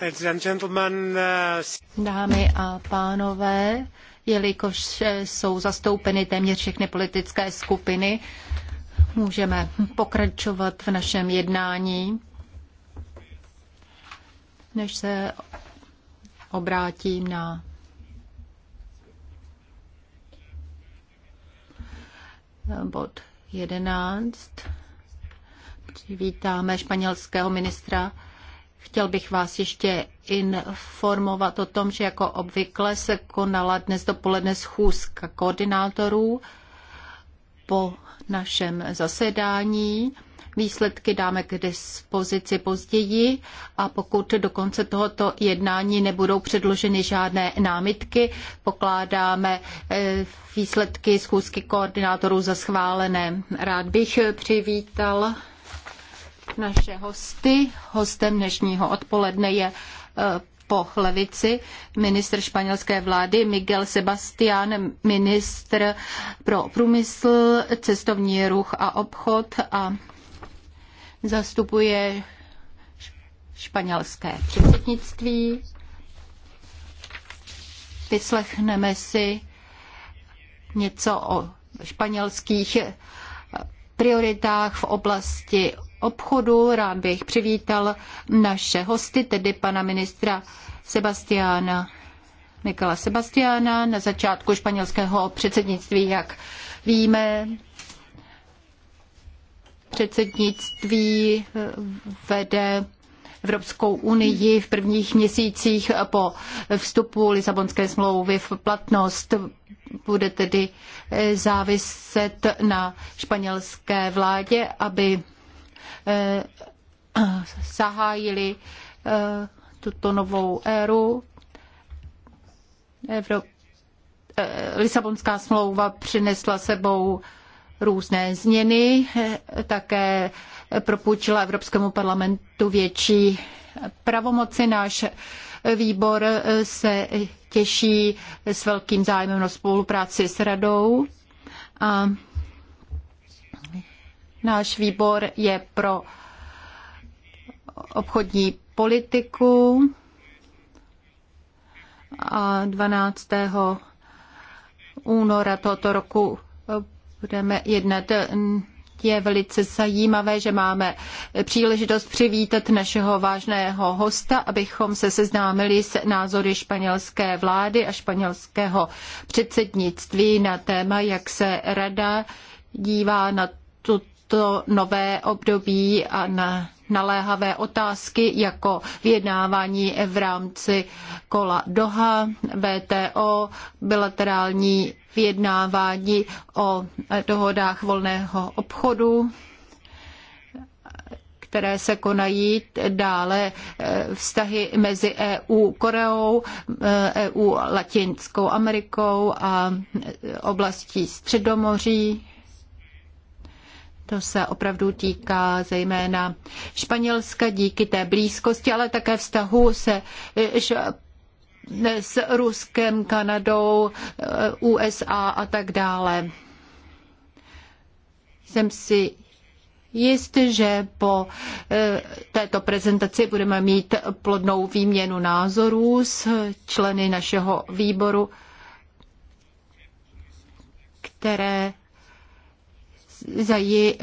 Uh, Dámy a pánové, jelikož eh, jsou zastoupeny téměř všechny politické skupiny, můžeme pokračovat v našem jednání. Než se obrátím na bod 11, přivítáme španělského ministra Chtěl bych vás ještě informovat o tom, že jako obvykle se konala dnes dopoledne schůzka koordinátorů po našem zasedání. Výsledky dáme k dispozici později a pokud do konce tohoto jednání nebudou předloženy žádné námitky, pokládáme eh, výsledky schůzky koordinátorů za schválené. Rád bych přivítal naše hosty. Hostem dnešního odpoledne je eh, po levici ministr španělské vlády Miguel Sebastián, ministr pro průmysl, cestovní ruch a obchod a zastupuje španělské předsednictví. Vyslechneme si něco o španělských prioritách v oblasti obchodu. Rád bych přivítal naše hosty, tedy pana ministra Sebastiána, Mikala Sebastiána na začátku španělského předsednictví, jak víme. Předsednictví eh, vede Evropskou unii v prvních měsících po vstupu Lisabonské smlouvy v platnost bude tedy eh, záviset na španělské vládě, aby Eh, zahájili eh, tuto novou éru. Eh, Lisabonská smlouva přinesla sebou různé změny, také propůjčila Evropskému parlamentu větší pravomoci. Náš výbor se těší s velkým zájmem na spolupráci s radou. A Náš výbor je pro obchodní politiku a 12. února tohoto roku budeme jednat. Je velice zajímavé, že máme příležitost přivítat našeho vážného hosta, abychom se seznámili s názory španělské vlády a španělského předsednictví na téma, jak se rada dívá na tuto to nové období a na naléhavé otázky jako vyjednávání v rámci kola Doha, VTO, bilaterální vyjednávání o dohodách volného obchodu, které se konají dále eh, vztahy mezi EU Koreou, EU eh, e Latinskou Amerikou a eh, oblastí Středomoří to se opravdu týká zejména Španělska díky té blízkosti, ale také vztahu se eh, s Ruskem, Kanadou, eh, USA a tak dále. Jsem si jist, že po eh, této prezentaci budeme mít plodnou výměnu názorů s členy našeho výboru, které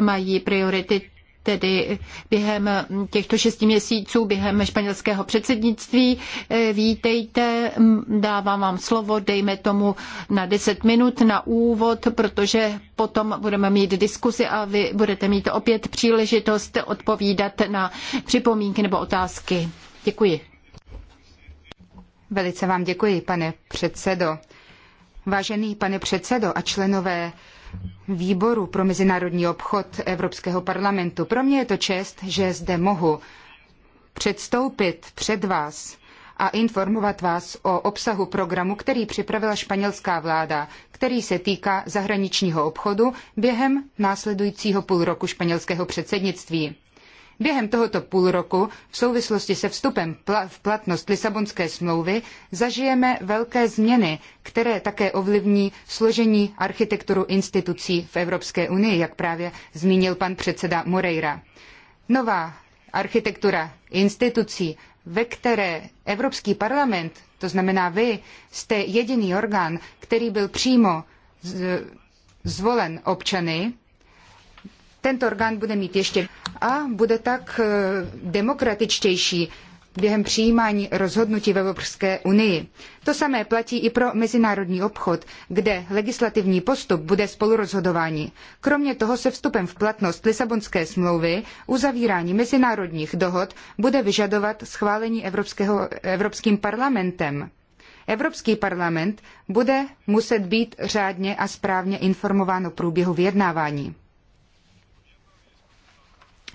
mají priority tedy během těchto šesti měsíců, během španělského předsednictví. Eh, vítejte, dávám vám slovo, dejme tomu na deset minut na úvod, protože potom budeme mít diskusi a vy budete mít opět příležitost odpovídat na připomínky nebo otázky. Děkuji. Velice vám děkuji, pane předsedo. Vážený pane předsedo a členové výboru pro mezinárodní obchod Evropského parlamentu. Pro mě je to čest, že zde mohu předstoupit před vás a informovat vás o obsahu programu, který připravila španělská vláda, který se týká zahraničního obchodu během následujícího půlroku španělského předsednictví. Během tohoto půl roku v souvislosti se vstupem v platnost Lisabonské smlouvy zažijeme velké změny, které také ovlivní složení architekturu institucí v Evropské unii, jak právě zmínil pan předseda Moreira. Nová architektura institucí, ve které Evropský parlament, to znamená vy, jste jediný orgán, který byl přímo zvolen občany, tento orgán bude mít ještě a bude tak eh, demokratičtější během přijímání rozhodnutí v Evropské unii. To samé platí i pro mezinárodní obchod, kde legislativní postup bude spolurozhodování. Kromě toho se vstupem v platnost Lisabonské smlouvy uzavírání mezinárodních dohod bude vyžadovat schválení Evropského, Evropským parlamentem. Evropský parlament bude muset být řádně a správně informován o průběhu vyjednávání.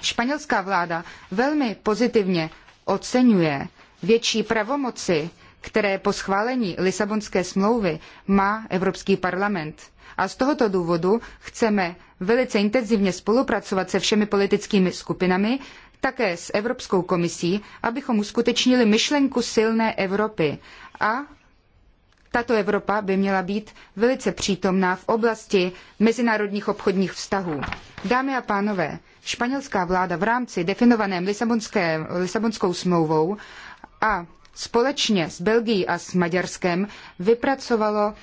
Španělská vláda velmi pozitivně oceňuje větší pravomoci, které po schválení Lisabonské smlouvy má Evropský parlament. A z tohoto důvodu chceme velice intenzivně spolupracovat se všemi politickými skupinami, také s Evropskou komisí, abychom uskutečnili myšlenku silné Evropy. A tato Evropa by měla být velice přítomná v oblasti mezinárodních obchodních vztahů. Dámy a pánové, španělská vláda v rámci definovaném Lisabonské, Lisabonskou smlouvou a společně s Belgií a s Maďarskem vypracovalo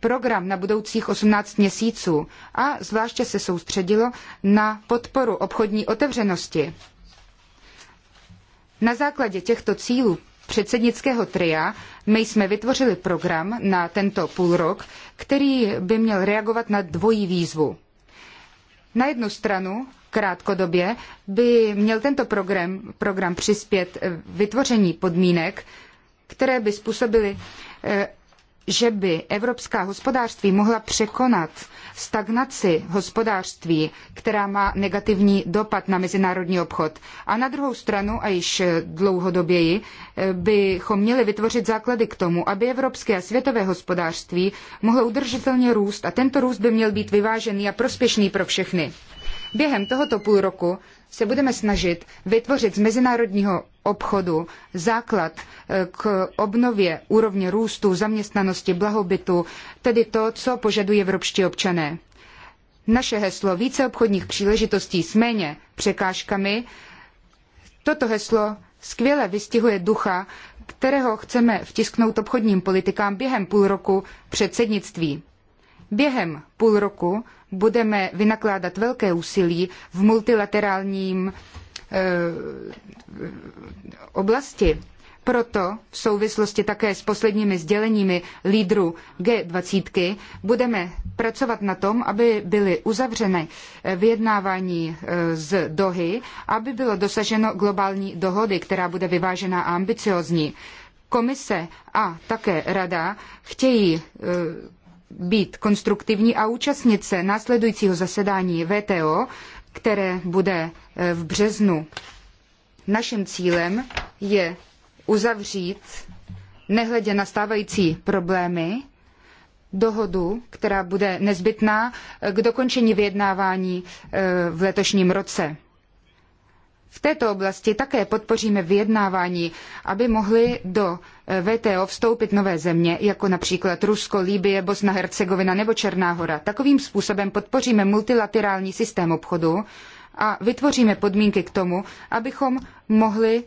program na budoucích 18 měsíců a zvláště se soustředilo na podporu obchodní otevřenosti. Na základě těchto cílů předsednického tria my jsme vytvořili program na tento půlrok, který by měl reagovat na dvojí výzvu. Na jednu stranu krátkodobě by měl tento program, program přispět eh, vytvoření podmínek, které by způsobily, eh, že by evropská hospodářství mohla překonat stagnaci hospodářství, která má negativní dopad na mezinárodní obchod. A na druhou stranu, a již eh, dlouhodoběji, bychom měli vytvořit základy k tomu, aby evropské a světové hospodářství mohlo udržitelně růst a tento růst by měl být vyvážený a prospěšný pro všechny. Během tohoto půl roku se budeme snažit vytvořit z mezinárodního obchodu základ eh, k obnově úrovně růstu, zaměstnanosti, blahobytu, tedy to, co požadují evropští občané. Naše heslo více obchodních příležitostí s méně překážkami, toto heslo skvěle vystihuje ducha, kterého chceme vtisknout obchodním politikám během půl roku předsednictví. Během půl roku budeme vynakládat velké úsilí v multilaterálním eh, oblasti. Proto v souvislosti také s posledními sděleními lídrů G20 budeme pracovat na tom, aby byly uzavřeny eh, vyjednávání eh, z Dohy, aby bylo dosaženo globální dohody, která bude vyvážená a ambiciozní. Komise a také rada chtějí být konstruktivní a účastnit se následujícího zasedání VTO, které bude e, v březnu. Naším cílem je uzavřít, nehledě na stávající problémy, dohodu, která bude nezbytná k dokončení vyjednávání e, v letošním roce v této oblasti také podpoříme vyjednávání, aby mohly do eh, VTO vstoupit nové země, jako například Rusko, Líbie, Bosna, Hercegovina nebo Černá hora. Takovým způsobem podpoříme multilaterální systém obchodu a vytvoříme podmínky k tomu, abychom mohli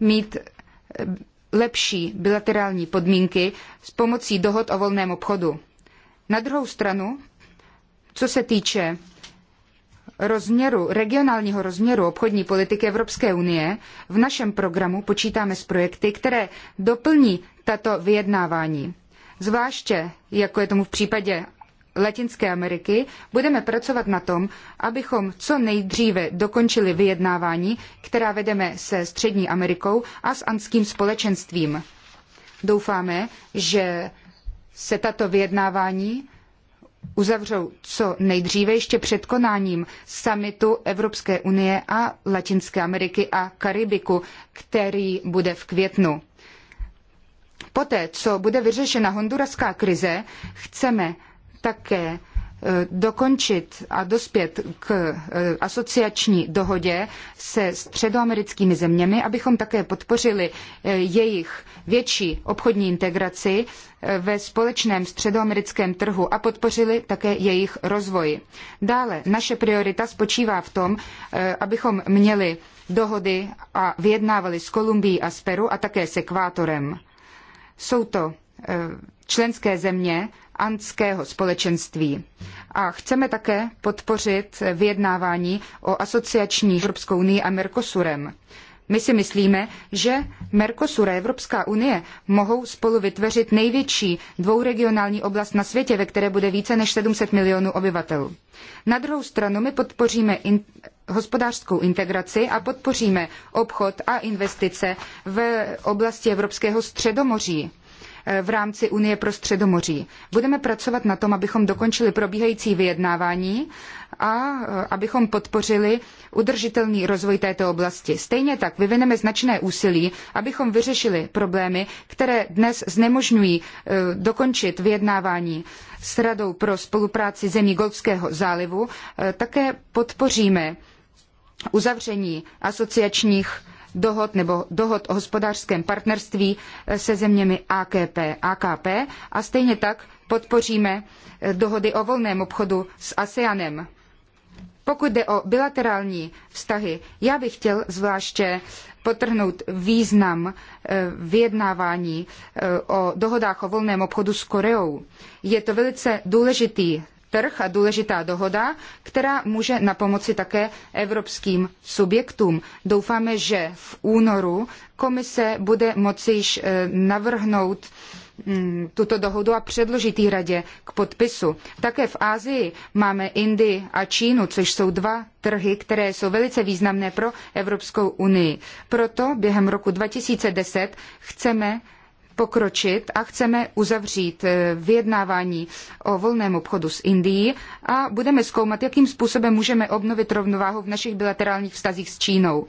mít eh, lepší bilaterální podmínky s pomocí dohod o volném obchodu. Na druhou stranu, co se týče rozměru, regionálního rozměru obchodní politiky Evropské unie v našem programu počítáme s projekty, které doplní tato vyjednávání. Zvláště, jako je tomu v případě Latinské Ameriky, budeme pracovat na tom, abychom co nejdříve dokončili vyjednávání, která vedeme se Střední Amerikou a s andským společenstvím. Doufáme, že se tato vyjednávání uzavřou co nejdříve ještě před konáním summitu Evropské unie a Latinské Ameriky a Karibiku, který bude v květnu. Poté, co bude vyřešena honduraská krize, chceme také Eh, dokončit a dospět k eh, asociační dohodě se středoamerickými zeměmi, abychom také podpořili eh, jejich větší obchodní integraci ve společném středoamerickém trhu a podpořili také jejich rozvoj. Dále naše priorita spočívá v tom, abychom měli dohody a vyjednávali s Kolumbií a s Peru a také s Ekvátorem. Jsou to členské země, andského společenství. A chceme také podpořit vyjednávání o asociační Evropskou unii a Mercosurem. My si myslíme, že Mercosur a Evropská unie mohou spolu vytvořit největší dvouregionální oblast na světě, ve které bude více než 700 milionů obyvatel. Na druhou stranu my podpoříme in hospodářskou integraci a podpoříme obchod a investice v oblasti Evropského středomoří v rámci Unie pro středomoří. Budeme pracovat na tom, abychom dokončili probíhající vyjednávání a eh, abychom podpořili udržitelný rozvoj této oblasti. Stejně tak vyvineme značné úsilí, abychom vyřešili problémy, které dnes znemožňují eh, dokončit vyjednávání s Radou pro spolupráci zemí Golfského zálivu. Eh, také podpoříme uzavření asociačních dohod nebo dohod o hospodářském partnerství eh, se zeměmi AKP, AKP a stejně tak podpoříme eh, dohody o volném obchodu s ASEANem. Pokud jde o bilaterální vztahy, já bych chtěl zvláště potrhnout význam eh, vyjednávání o dohodách o volném obchodu s Koreou. Je to velice důležitý trh a důležitá dohoda, která může napomoci také evropským subjektům. Doufáme, že v únoru komise bude moci již eh, navrhnout mm, tuto dohodu a předložit ji radě k podpisu. Také v Asii máme Indii a Čínu, což jsou dva trhy, které jsou velice významné pro Evropskou unii. Proto během roku 2010 chceme pokročit a chceme uzavřít eh, vyjednávání o volném obchodu s Indií a budeme zkoumat, jakým způsobem můžeme obnovit rovnováhu v našich bilaterálních vztazích s Čínou.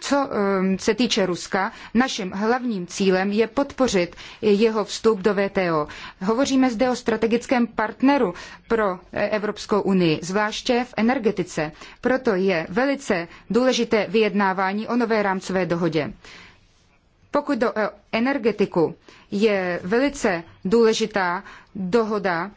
Co ehm, se týče Ruska, naším hlavním cílem je podpořit jeho vstup do WTO. Hovoříme zde o strategickém partneru pro eh, Evropskou unii, zvláště v energetice. Proto je velice důležité vyjednávání o nové rámcové dohodě. Pokud jde o energetiku, je velice důležitá dohoda,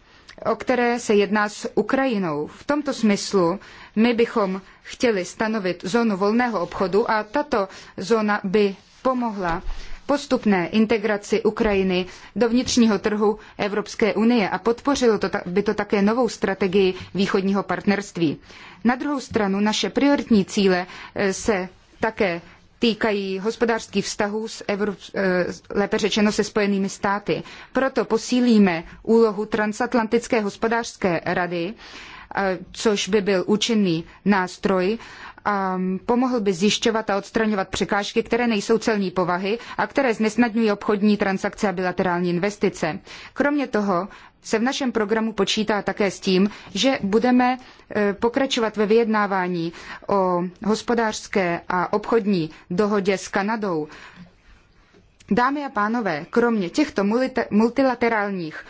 o které se jedná s Ukrajinou. V tomto smyslu my bychom chtěli stanovit zónu volného obchodu a tato zóna by pomohla postupné integraci Ukrajiny do vnitřního trhu Evropské unie a podpořilo to, by to také novou strategii východního partnerství. Na druhou stranu naše prioritní cíle eh, se také týkají hospodářských vztahů s Evrop, eh, lépe řečeno se Spojenými státy. Proto posílíme úlohu Transatlantické hospodářské rady, eh, což by byl účinný nástroj, a mm, pomohl by zjišťovat a odstraňovat překážky, které nejsou celní povahy a které znesnadňují obchodní transakce a bilaterální investice. Kromě toho se v našem programu počítá také s tím, že budeme e, pokračovat ve vyjednávání o hospodářské a obchodní dohodě s Kanadou. Dámy a pánové, kromě těchto multilaterálních,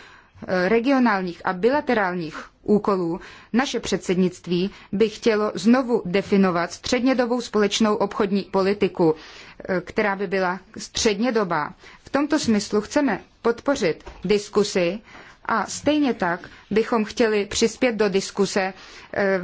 e, regionálních a bilaterálních úkolů naše předsednictví by chtělo znovu definovat střednědobou společnou obchodní politiku, e, která by byla střednědobá. V tomto smyslu chceme podpořit diskusy a stejně tak bychom chtěli přispět do diskuse eh,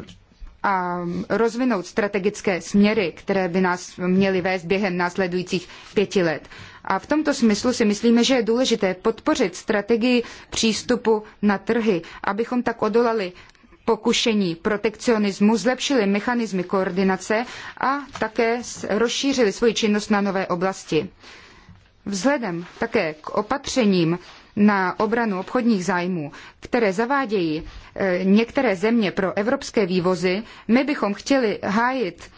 a rozvinout strategické směry, které by nás měly vést během následujících pěti let. A v tomto smyslu si myslíme, že je důležité podpořit strategii přístupu na trhy, abychom tak odolali pokušení protekcionismu, zlepšili mechanismy koordinace a také rozšířili svoji činnost na nové oblasti. Vzhledem také k opatřením, na obranu obchodních zájmů, které zavádějí eh, některé země pro evropské vývozy, my bychom chtěli hájit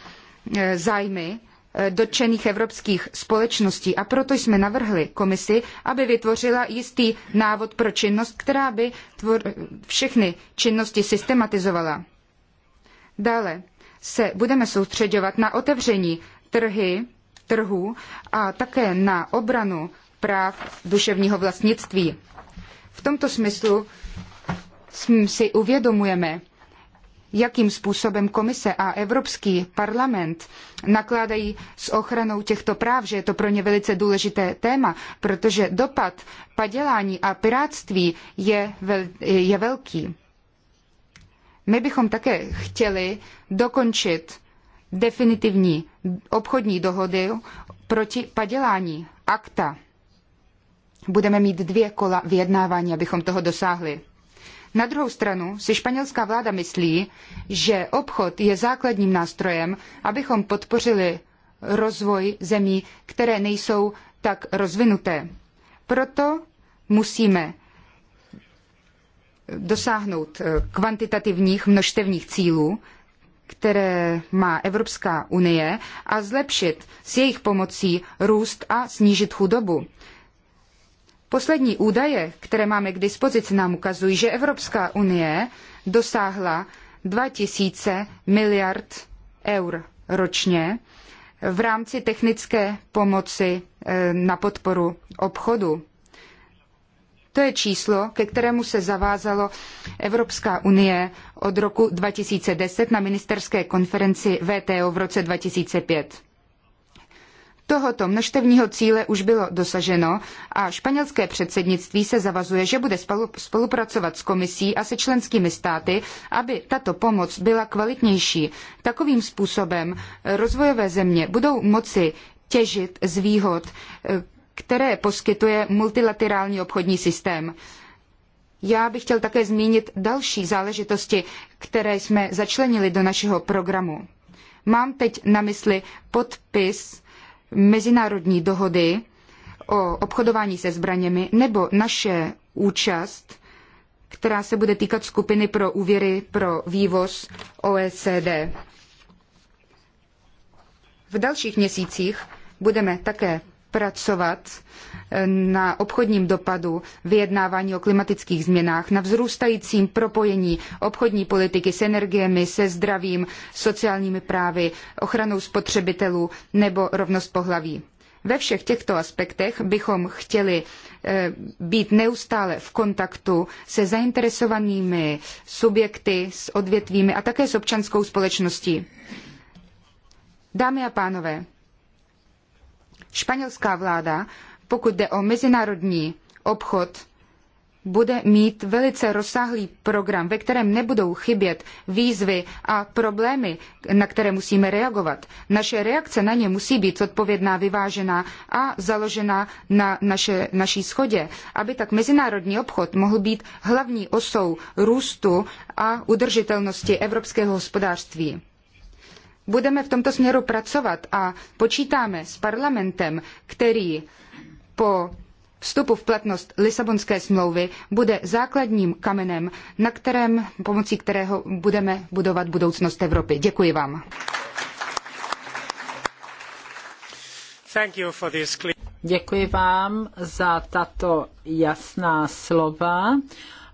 eh, zájmy eh, dotčených evropských společností a proto jsme navrhli komisi, aby vytvořila jistý návod pro činnost, která by všechny činnosti systematizovala. Dále se budeme soustředovat na otevření trhy, trhu a také na obranu práv duševního vlastnictví. V tomto smyslu si uvědomujeme, jakým způsobem komise a Evropský parlament nakládají s ochranou těchto práv, že je to pro ně velice důležité téma, protože dopad padělání a pirátství je, vel, je velký. My bychom také chtěli dokončit definitivní obchodní dohody proti padělání akta budeme mít dvě kola vyjednávání, abychom toho dosáhli. Na druhou stranu si španělská vláda myslí, že obchod je základním nástrojem, abychom podpořili rozvoj zemí, které nejsou tak rozvinuté. Proto musíme dosáhnout eh, kvantitativních množstevních cílů, které má Evropská unie a zlepšit s jejich pomocí růst a snížit chudobu. Poslední údaje, které máme k dispozici, nám ukazují, že Evropská unie dosáhla 2000 miliard eur ročně v rámci technické pomoci eh, na podporu obchodu. To je číslo, ke kterému se zavázalo Evropská unie od roku 2010 na ministerské konferenci WTO v roce 2005. Tohoto množstevního cíle už bylo dosaženo a španělské předsednictví se zavazuje, že bude spolupracovat s komisí a se členskými státy, aby tato pomoc byla kvalitnější. Takovým způsobem rozvojové země budou moci těžit z výhod, eh, které poskytuje multilaterální obchodní systém. Já bych chtěl také zmínit další záležitosti, které jsme začlenili do našeho programu. Mám teď na mysli podpis mezinárodní dohody o obchodování se zbraněmi nebo naše účast, která se bude týkat skupiny pro úvěry pro vývoz OECD. V dalších měsících budeme také pracovat eh, na obchodním dopadu vyjednávání o klimatických změnách, na vzrůstajícím propojení obchodní politiky s energiemi, se zdravím, sociálními právy, ochranou spotřebitelů nebo rovnost pohlaví. Ve všech těchto aspektech bychom chtěli eh, být neustále v kontaktu se zainteresovanými subjekty, s odvětvími a také s občanskou společností. Dámy a pánové, Španělská vláda, pokud jde o mezinárodní obchod, bude mít velice rozsáhlý program, ve kterém nebudou chybět výzvy a problémy, na které musíme reagovat. Naše reakce na ně musí být odpovědná, vyvážená a založená na naše, naší schodě, aby tak mezinárodní obchod mohl být hlavní osou růstu a udržitelnosti evropského hospodářství budeme v tomto směru pracovat a počítáme s parlamentem, který po vstupu v platnost Lisabonské smlouvy bude základním kamenem, na kterém, pomocí kterého budeme budovat budoucnost Evropy. Děkuji vám. Děkuji vám za tato jasná slova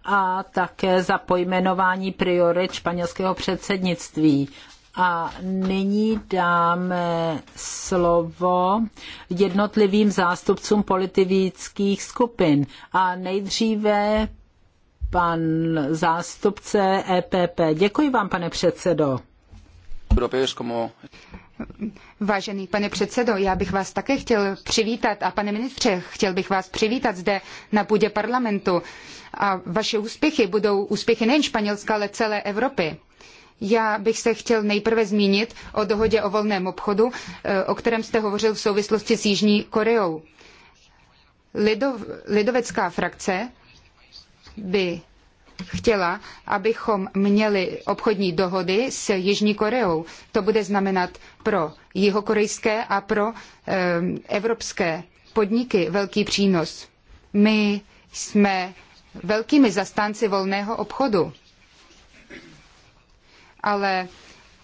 a také za pojmenování priorit španělského předsednictví. A nyní dáme slovo jednotlivým zástupcům politických skupin. A nejdříve pan zástupce EPP. Děkuji vám, pane předsedo. Vážený pane předsedo, já bych vás také chtěl přivítat a pane ministře, chtěl bych vás přivítat zde na půdě parlamentu. A vaše úspěchy budou úspěchy nejen Španělska, ale celé Evropy. Já bych se chtěl nejprve zmínit o dohodě o volném obchodu, eh, o kterém jste hovořil v souvislosti s Jižní Koreou. Lidov, lidovecká frakce by chtěla, abychom měli obchodní dohody s Jižní Koreou. To bude znamenat pro jihokorejské a pro eh, evropské podniky velký přínos. My jsme velkými zastánci volného obchodu ale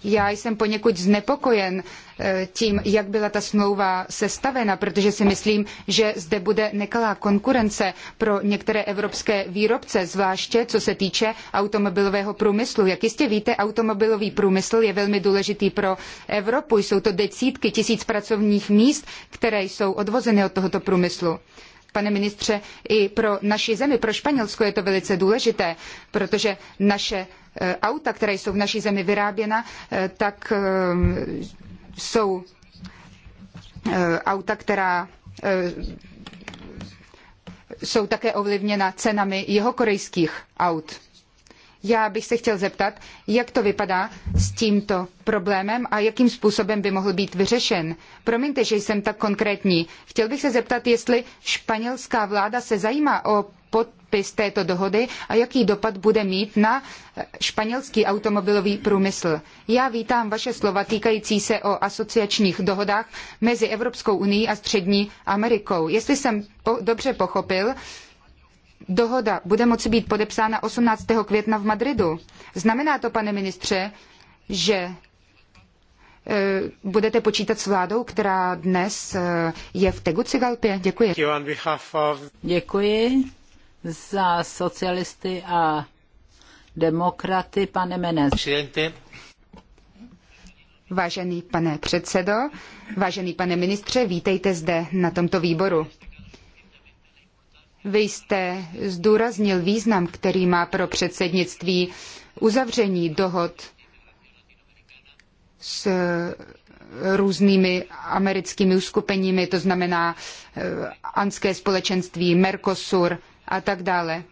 já jsem poněkud znepokojen eh, tím, jak byla ta smlouva sestavena, protože si myslím, že zde bude nekalá konkurence pro některé evropské výrobce, zvláště co se týče automobilového průmyslu. Jak jistě víte, automobilový průmysl je velmi důležitý pro Evropu. Jsou to desítky tisíc pracovních míst, které jsou odvozeny od tohoto průmyslu pane ministře, i pro naši zemi, pro Španělsko je to velice důležité, protože naše Eh, auta, která jsou v naší zemi vyráběna, eh, tak eh, jsou auta, která jsou také ovlivněna cenami jihokorejských aut. Já bych se chtěl zeptat, jak to vypadá s tímto problémem a jakým způsobem by mohl být vyřešen. Promiňte, že jsem tak konkrétní. Chtěl bych se zeptat, jestli španělská vláda se zajímá o podpis této dohody a jaký dopad bude mít na španělský automobilový průmysl. Já vítám vaše slova týkající se o asociačních dohodách mezi Evropskou unií a Střední Amerikou. Jestli jsem po, dobře pochopil, dohoda bude moci být podepsána 18. května v Madridu. Znamená to, pane ministře, že e, budete počítat s vládou, která dnes e, je v Tegucigalpě? Děkuji. Děkuji za socialisty a demokraty, pane Menez. Vážený pane předsedo, vážený pane ministře, vítejte zde na tomto výboru. Vy jste zdůraznil význam, který má pro předsednictví uzavření dohod s různými americkými uskupeními, to znamená eh, Andské společenství, Mercosur, a tak dále.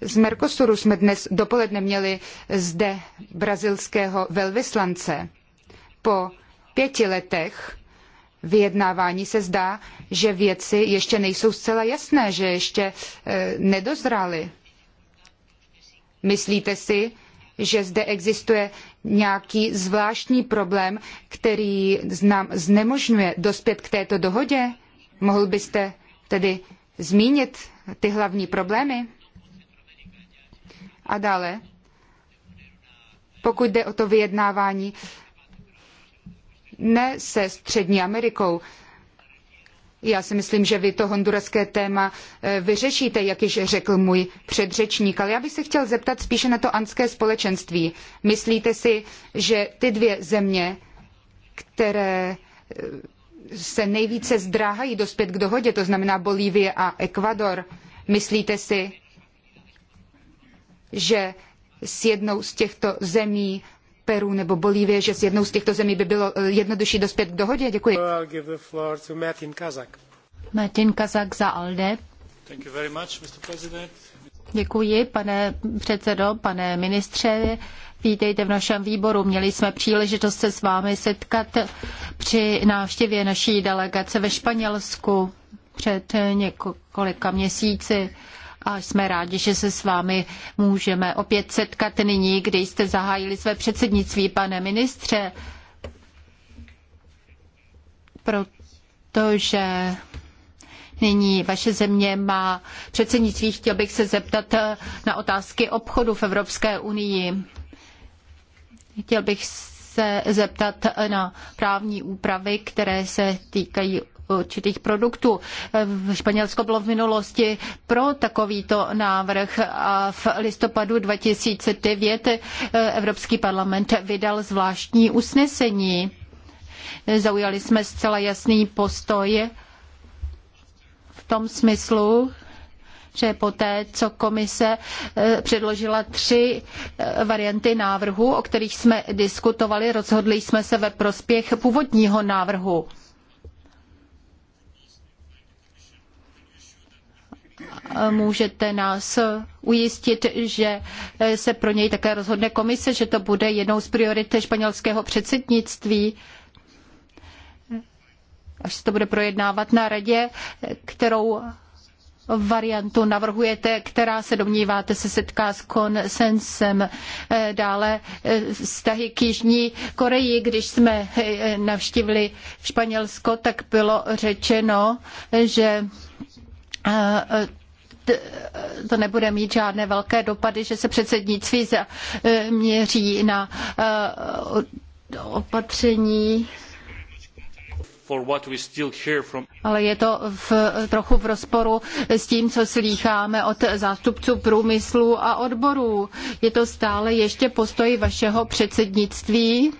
Z Mercosuru jsme dnes dopoledne měli zde brazilského velvyslance. Po pěti letech vyjednávání se zdá, že věci ještě nejsou zcela jasné, že ještě e, nedozrály. Myslíte si, že zde existuje nějaký zvláštní problém, který nám znemožňuje dospět k této dohodě? Mohl byste tedy zmínit ty hlavní problémy? A dále, pokud jde o to vyjednávání, ne se Střední Amerikou. Já si myslím, že vy to honduraské téma eh, vyřešíte, jak již řekl můj předřečník, ale já bych se chtěl zeptat spíše na to anské společenství. Myslíte si, že ty dvě země, které eh, se nejvíce zdráhají dospět k dohodě, to znamená Bolívie a Ekvador. Myslíte si, že s jednou z těchto zemí Peru nebo Bolívie, že s jednou z těchto zemí by bylo eh, jednodušší dospět k dohodě? Děkuji. Martin Kazak. Martin Kazak za ALDE. Much, Děkuji, pane předsedo, pane ministře. Vítejte v našem výboru. Měli jsme příležitost se s vámi setkat při návštěvě naší delegace ve Španělsku před několika měsíci a jsme rádi, že se s vámi můžeme opět setkat nyní, kdy jste zahájili své předsednictví, pane ministře, protože nyní vaše země má předsednictví. Chtěl bych se zeptat na otázky obchodu v Evropské unii. Chtěl bych se zeptat na právní úpravy, které se týkají určitých produktů. V Španělsko bylo v minulosti pro takovýto návrh a v listopadu 2009 Evropský parlament vydal zvláštní usnesení. Zaujali jsme zcela jasný postoj v tom smyslu, že poté, co komise eh, předložila tři eh, varianty návrhu, o kterých jsme diskutovali, rozhodli jsme se ve prospěch původního návrhu. můžete nás ujistit, že eh, se pro něj také rozhodne komise, že to bude jednou z priorit španělského předsednictví, až se to bude projednávat na radě, kterou variantu navrhujete, která se domníváte se setká s konsensem. Eh, dále eh, vztahy k Jižní Koreji, když jsme eh, navštívili Španělsko, tak bylo řečeno, že to nebude mít žádné velké dopady, že se předsednictví zaměří na opatření ale je to v, trochu v rozporu s tím, co slýcháme od zástupců průmyslu a odborů. Je to stále ještě postoj vašeho předsednictví?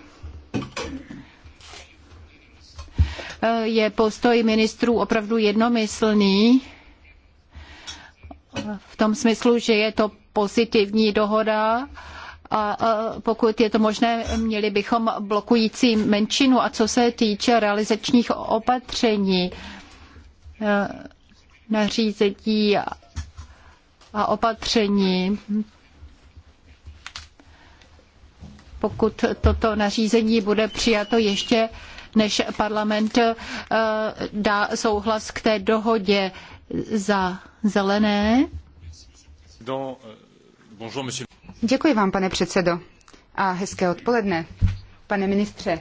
Je postoj ministrů opravdu jednomyslný? V tom smyslu, že je to pozitivní dohoda? a pokud je to možné, měli bychom blokující menšinu. A co se týče realizačních opatření, e, nařízení a opatření, pokud toto nařízení bude přijato ještě než parlament e, dá souhlas k té dohodě za zelené. E, Děkuji vám, pane předsedo. A hezké odpoledne, pane ministře.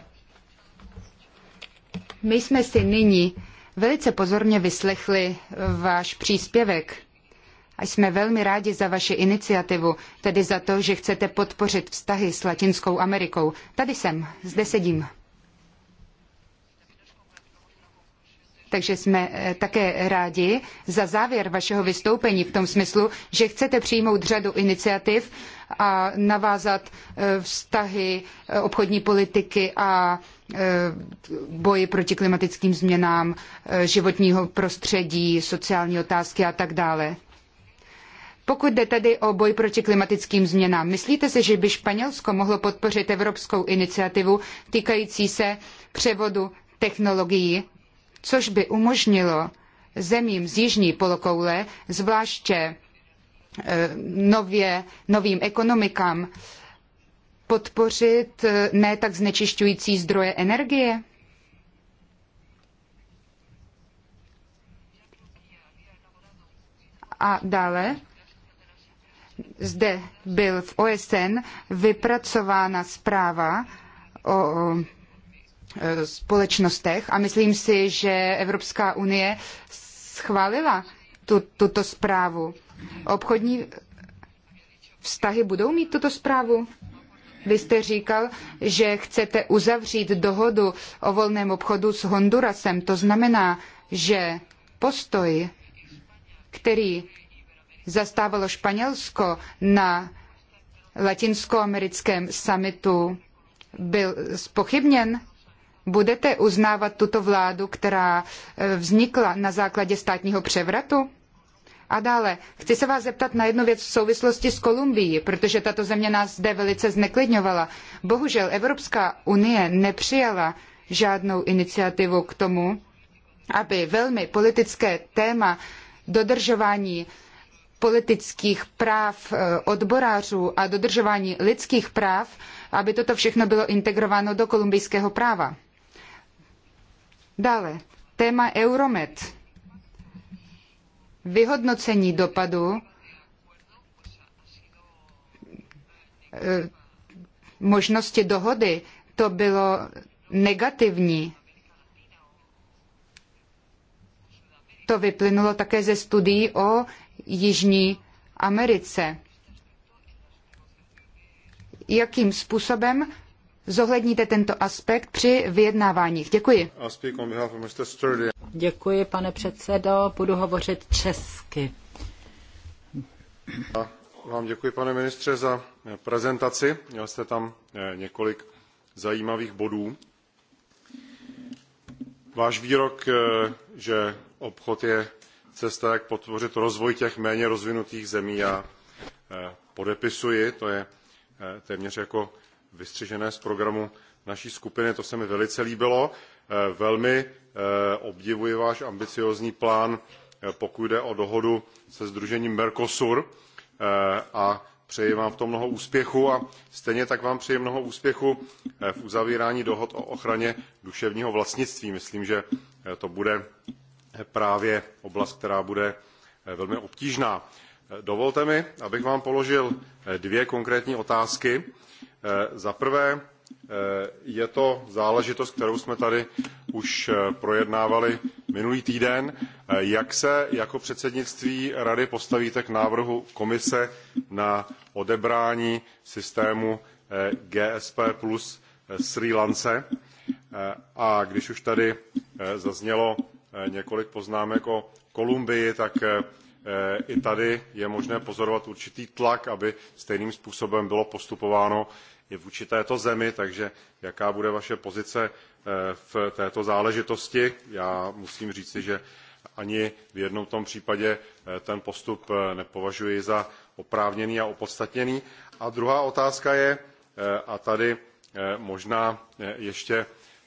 My jsme si nyní velice pozorně vyslechli váš příspěvek a jsme velmi rádi za vaši iniciativu, tedy za to, že chcete podpořit vztahy s Latinskou Amerikou. Tady jsem, zde sedím. takže jsme eh, také rádi za závěr vašeho vystoupení v tom smyslu, že chcete přijmout řadu iniciativ a navázat eh, vztahy eh, obchodní politiky a boji proti klimatickým změnám, životního prostředí, sociální otázky a tak dále. Pokud jde tedy o boj proti klimatickým změnám, myslíte si, že by Španělsko mohlo podpořit evropskou iniciativu týkající se převodu technologií což by umožnilo zemím z jižní polokoule, zvláště e, nově, novým ekonomikám, podpořit e, ne tak znečišťující zdroje energie? A dále zde byl v OSN vypracována zpráva o Eh, společnostech a myslím si, že Evropská unie schválila tu, tuto zprávu. Obchodní vztahy budou mít tuto zprávu? Vy jste říkal, že chcete uzavřít dohodu o volném obchodu s Hondurasem. To znamená, že postoj, který zastávalo Španělsko na latinskoamerickém summitu, byl spochybněn? budete uznávat tuto vládu, která e, vznikla na základě státního převratu? A dále, chci se vás zeptat na jednu věc v souvislosti s Kolumbií, protože tato země nás zde velice zneklidňovala. Bohužel Evropská unie nepřijala žádnou iniciativu k tomu, aby velmi politické téma dodržování politických práv e, odborářů a dodržování lidských práv, aby toto všechno bylo integrováno do kolumbijského práva. Dále, téma Euromed. Vyhodnocení dopadu eh, možnosti dohody, to bylo negativní. To vyplynulo také ze studií o Jižní Americe. Jakým způsobem zohledníte tento aspekt při vyjednáváních. Děkuji. Děkuji, pane předsedo. Budu hovořit česky. vám děkuji, pane ministře, za prezentaci. Měl jste tam eh, několik zajímavých bodů. Váš výrok, eh, že obchod je cesta, jak podpořit rozvoj těch méně rozvinutých zemí, já eh, podepisuji. To je téměř jako vystřižené z programu naší skupiny. To se mi velice líbilo. Eh, velmi eh, obdivuji váš ambiciózní plán, eh, pokud jde o dohodu se združením Mercosur a přeji vám v tom mnoho úspěchu a stejně tak vám přeji mnoho úspěchu v uzavírání dohod o ochraně duševního vlastnictví. Myslím, že to bude právě oblast, která bude velmi obtížná. Dovolte mi, abych vám položil dvě konkrétní otázky. Eh, za prvé eh, je to záležitost, kterou jsme tady už eh, projednávali minulý týden. Jak se jako předsednictví Rady postavíte k návrhu komise na odebrání systému GSP plus Sri Lance? A když už tady zaznělo několik poznámek o Kolumbii, tak Eh, I tady je možné pozorovat určitý tlak, aby stejným způsobem bylo postupováno i vůči této zemi, takže jaká bude vaše pozice eh, v této záležitosti? Já musím říci, že ani v jednom tom případě eh, ten postup nepovažuji za oprávněný a opodstatněný. A druhá otázka je, a tady možná ještě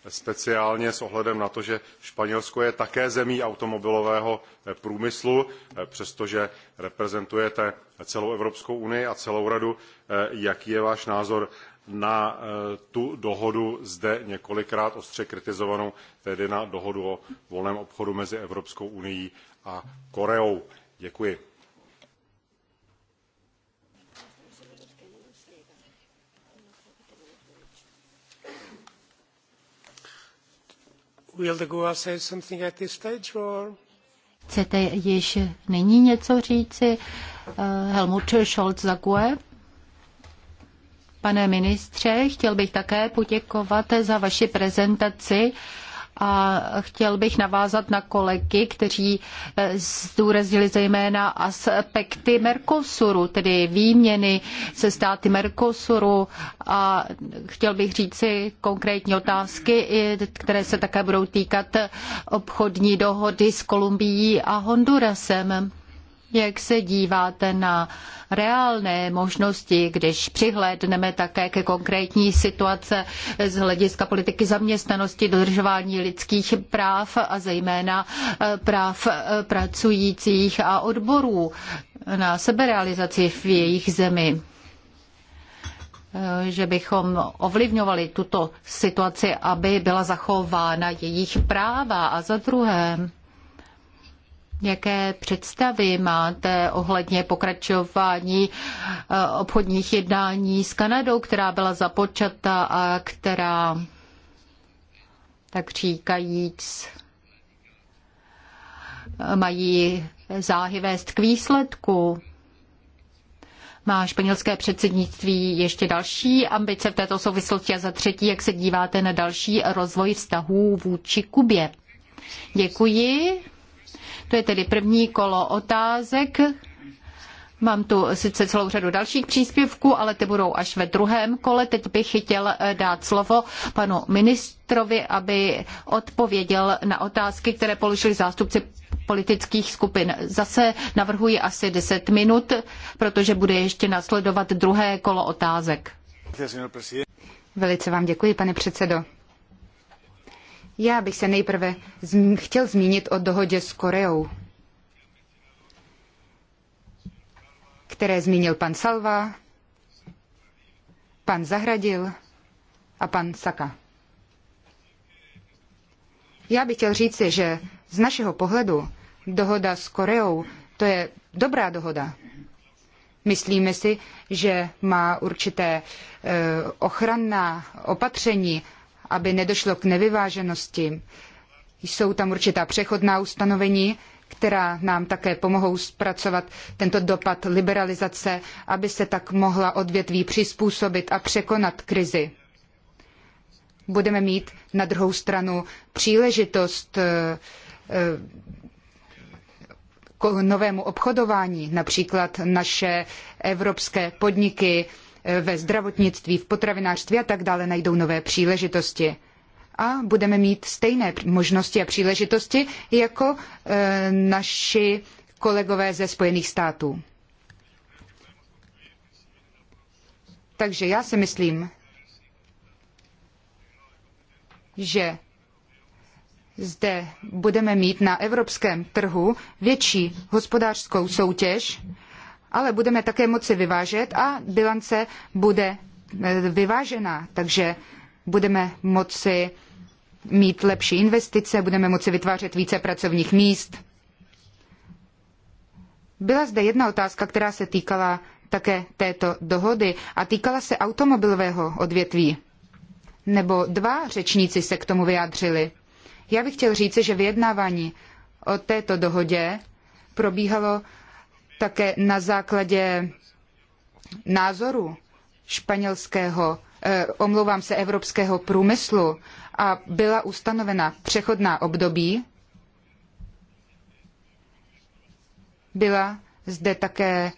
speciálně s ohledem na to, že Španělsko je také zemí automobilového eh, průmyslu, eh, přestože reprezentujete celou Evropskou unii a celou radu. Eh, jaký je váš názor na tu dohodu zde několikrát ostře kritizovanou, tedy na dohodu o volném obchodu mezi Evropskou unií a Koreou? Děkuji. Chcete již nyní něco říci? Eh, Helmut Scholz za GUE. Pane ministře, chtěl bych také poděkovat za vaši prezentaci a chtěl bych navázat na kolegy, kteří eh, zdůraznili zejména aspekty Mercosuru, tedy výměny se státy Mercosuru. A chtěl bych říci konkrétní otázky, které se také budou týkat obchodní dohody s Kolumbií a Hondurasem. Jak se díváte na reálné možnosti, když přihlédneme také ke konkrétní situace z hlediska politiky zaměstnanosti, dodržování lidských práv a zejména eh, práv eh, pracujících a odborů na seberealizaci v jejich zemi? Eh, že bychom ovlivňovali tuto situaci, aby byla zachována jejich práva. A za druhé, Jaké představy máte ohledně pokračování eh, obchodních jednání s Kanadou, která byla započata a která, tak říkajíc, mají záhy vést k výsledku? Má španělské předsednictví ještě další ambice v této souvislosti a za třetí, jak se díváte na další rozvoj vztahů vůči Kubě? Děkuji. To je tedy první kolo otázek. Mám tu sice celou řadu dalších příspěvků, ale ty budou až ve druhém kole. Teď bych chtěl eh, dát slovo panu ministrovi, aby odpověděl na otázky, které položili zástupci politických skupin. Zase navrhuji asi 10 minut, protože bude ještě nasledovat druhé kolo otázek. Velice vám děkuji, pane předsedo. Já bych se nejprve chtěl zmínit o dohodě s Koreou, které zmínil pan Salva, pan Zahradil a pan Saka. Já bych chtěl říci, že z našeho pohledu dohoda s Koreou to je dobrá dohoda. Myslíme si, že má určité eh, ochranná opatření aby nedošlo k nevyváženosti. Jsou tam určitá přechodná ustanovení, která nám také pomohou zpracovat tento dopad liberalizace, aby se tak mohla odvětví přizpůsobit a překonat krizi. Budeme mít na druhou stranu příležitost eh, eh, k novému obchodování, například naše evropské podniky Eh, ve zdravotnictví, v potravinářství a tak dále najdou nové příležitosti. A budeme mít stejné možnosti a příležitosti jako eh, naši kolegové ze Spojených států. Takže já si myslím, že zde budeme mít na evropském trhu větší hospodářskou soutěž ale budeme také moci vyvážet a bilance bude e, vyvážená, takže budeme moci mít lepší investice, budeme moci vytvářet více pracovních míst. Byla zde jedna otázka, která se týkala také této dohody a týkala se automobilového odvětví. Nebo dva řečníci se k tomu vyjádřili. Já bych chtěl říci, že vyjednávání o této dohodě probíhalo také na základě názoru španělského, eh, omlouvám se, evropského průmyslu a byla ustanovena přechodná období, byla zde také,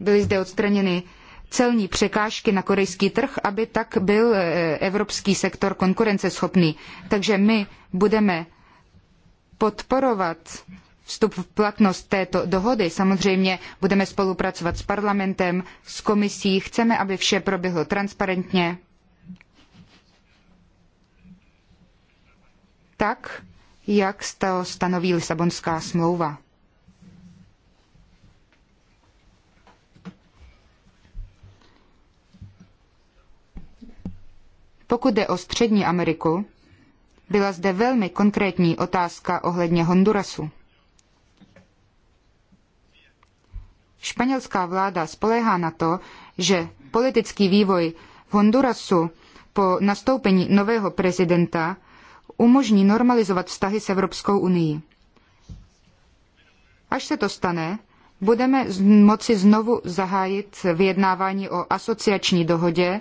byly zde odstraněny celní překážky na korejský trh, aby tak byl eh, evropský sektor konkurenceschopný. Takže my budeme podporovat vstup v platnost této dohody. Samozřejmě budeme spolupracovat s parlamentem, s komisí. Chceme, aby vše proběhlo transparentně. Tak, jak to stanoví Lisabonská smlouva. Pokud jde o Střední Ameriku, byla zde velmi konkrétní otázka ohledně Hondurasu. Španělská vláda spoléhá na to, že politický vývoj v Hondurasu po nastoupení nového prezidenta umožní normalizovat vztahy s Evropskou unii. Až se to stane, budeme moci znovu zahájit vyjednávání o asociační dohodě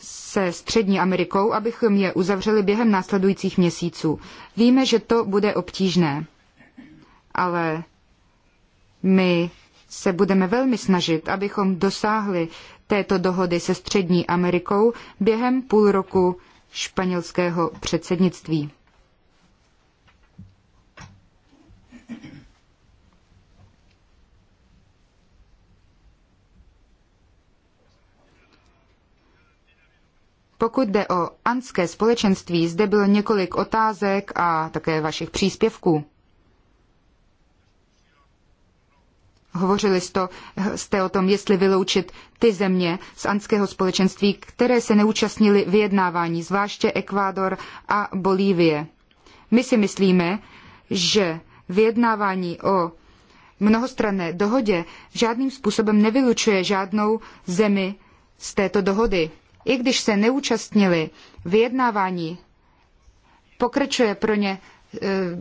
se Střední Amerikou, abychom je uzavřeli během následujících měsíců. Víme, že to bude obtížné, ale my se budeme velmi snažit, abychom dosáhli této dohody se Střední Amerikou během půl roku španělského předsednictví. Pokud jde o anské společenství, zde bylo několik otázek a také vašich příspěvků. Hovořili jste o tom, jestli vyloučit ty země z andského společenství, které se neúčastnily vyjednávání, zvláště Ekvádor a Bolívie. My si myslíme, že vyjednávání o mnohostranné dohodě žádným způsobem nevylučuje žádnou zemi z této dohody. I když se neúčastnili vyjednávání, pokračuje pro ně e,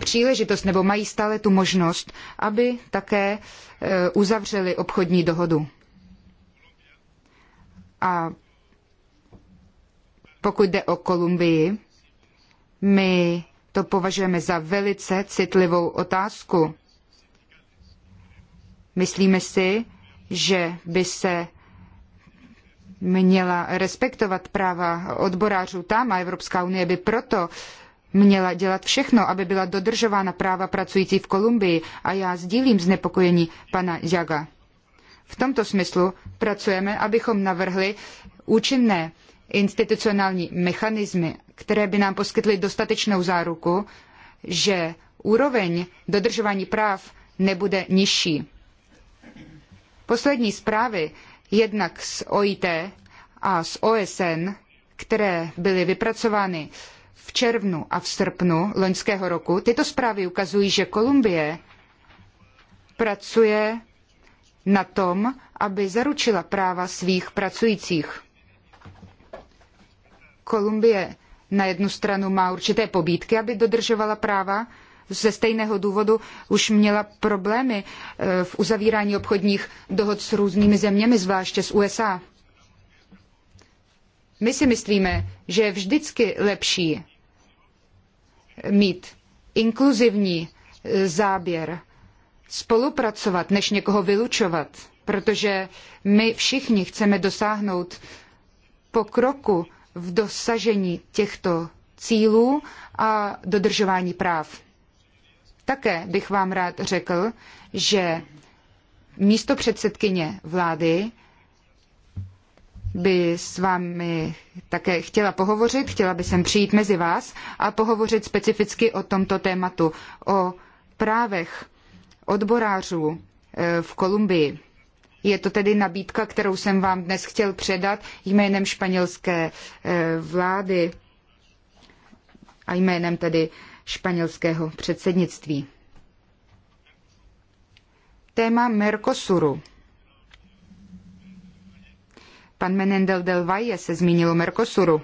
příležitost nebo mají stále tu možnost, aby také e, uzavřeli obchodní dohodu. A pokud jde o Kolumbii, my to považujeme za velice citlivou otázku. Myslíme si, že by se měla respektovat práva odborářů tam a Evropská unie by proto měla dělat všechno, aby byla dodržována práva pracující v Kolumbii a já sdílím znepokojení pana Jaga. V tomto smyslu pracujeme, abychom navrhli účinné institucionální mechanismy, které by nám poskytly dostatečnou záruku, že úroveň dodržování práv nebude nižší. Poslední zprávy jednak z OIT a z OSN, které byly vypracovány červnu a v srpnu loňského roku, tyto zprávy ukazují, že Kolumbie pracuje na tom, aby zaručila práva svých pracujících. Kolumbie na jednu stranu má určité pobídky, aby dodržovala práva, ze stejného důvodu už měla problémy eh, v uzavírání obchodních dohod s různými zeměmi, zvláště s USA. My si myslíme, že je vždycky lepší mít inkluzivní e, záběr, spolupracovat, než někoho vylučovat, protože my všichni chceme dosáhnout pokroku v dosažení těchto cílů a dodržování práv. Také bych vám rád řekl, že místo předsedkyně vlády by s vámi také chtěla pohovořit, chtěla by sem přijít mezi vás a pohovořit specificky o tomto tématu, o právech odborářů eh, v Kolumbii. Je to tedy nabídka, kterou jsem vám dnes chtěl předat jménem španělské eh, vlády a jménem tedy španělského předsednictví. Téma Mercosuru. Pan Menendel del Valle se zmínil o Mercosuru.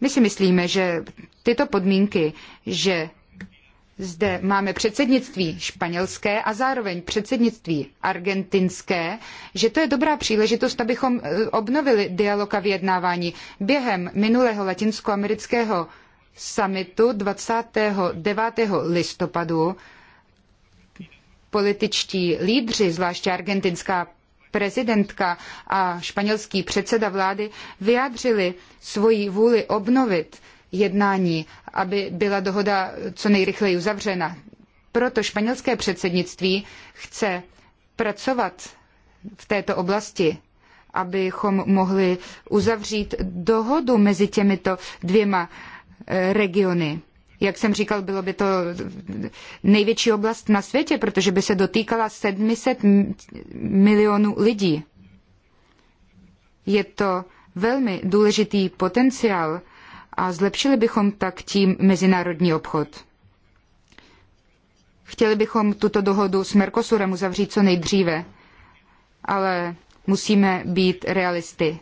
My si myslíme, že tyto podmínky, že zde máme předsednictví španělské a zároveň předsednictví argentinské, že to je dobrá příležitost, abychom eh, obnovili dialog a vyjednávání. Během minulého latinskoamerického summitu 29. listopadu političtí lídři, zvláště argentinská prezidentka a španělský předseda vlády, vyjádřili svoji vůli obnovit jednání, aby byla dohoda co nejrychleji uzavřena. Proto španělské předsednictví chce pracovat v této oblasti, abychom mohli uzavřít dohodu mezi těmito dvěma eh, regiony. Jak jsem říkal, bylo by to největší oblast na světě, protože by se dotýkala 700 milionů lidí. Je to velmi důležitý potenciál a zlepšili bychom tak tím mezinárodní obchod. Chtěli bychom tuto dohodu s Mercosurem uzavřít co nejdříve, ale musíme být realisty.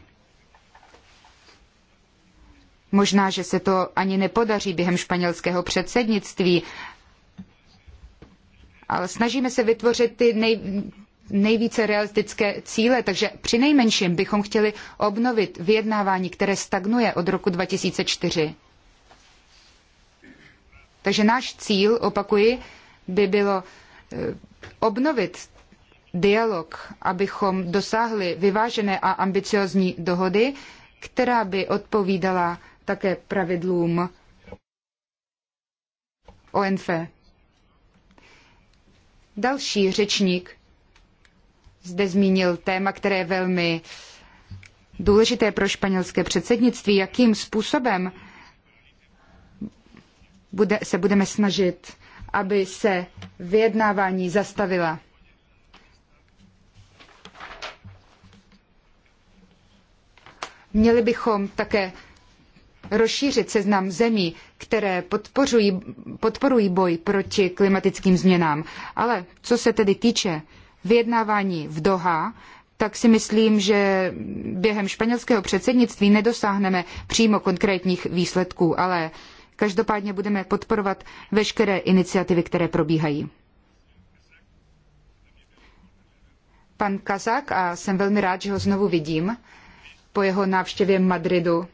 Možná, že se to ani nepodaří během španělského předsednictví, ale snažíme se vytvořit ty nej, nejvíce realistické cíle, takže při nejmenším bychom chtěli obnovit vyjednávání, které stagnuje od roku 2004. Takže náš cíl, opakuji, by bylo eh, obnovit dialog, abychom dosáhli vyvážené a ambiciózní dohody, která by odpovídala také pravidlům ONF. Další řečník zde zmínil téma, které je velmi důležité pro španělské předsednictví, jakým způsobem bude, se budeme snažit, aby se vyjednávání zastavila. Měli bychom také rozšířit seznam zemí, které podporují, podporují boj proti klimatickým změnám. Ale co se tedy týče vyjednávání v Doha, tak si myslím, že během španělského předsednictví nedosáhneme přímo konkrétních výsledků, ale každopádně budeme podporovat veškeré iniciativy, které probíhají. Pan Kazak, a jsem velmi rád, že ho znovu vidím po jeho návštěvě Madridu,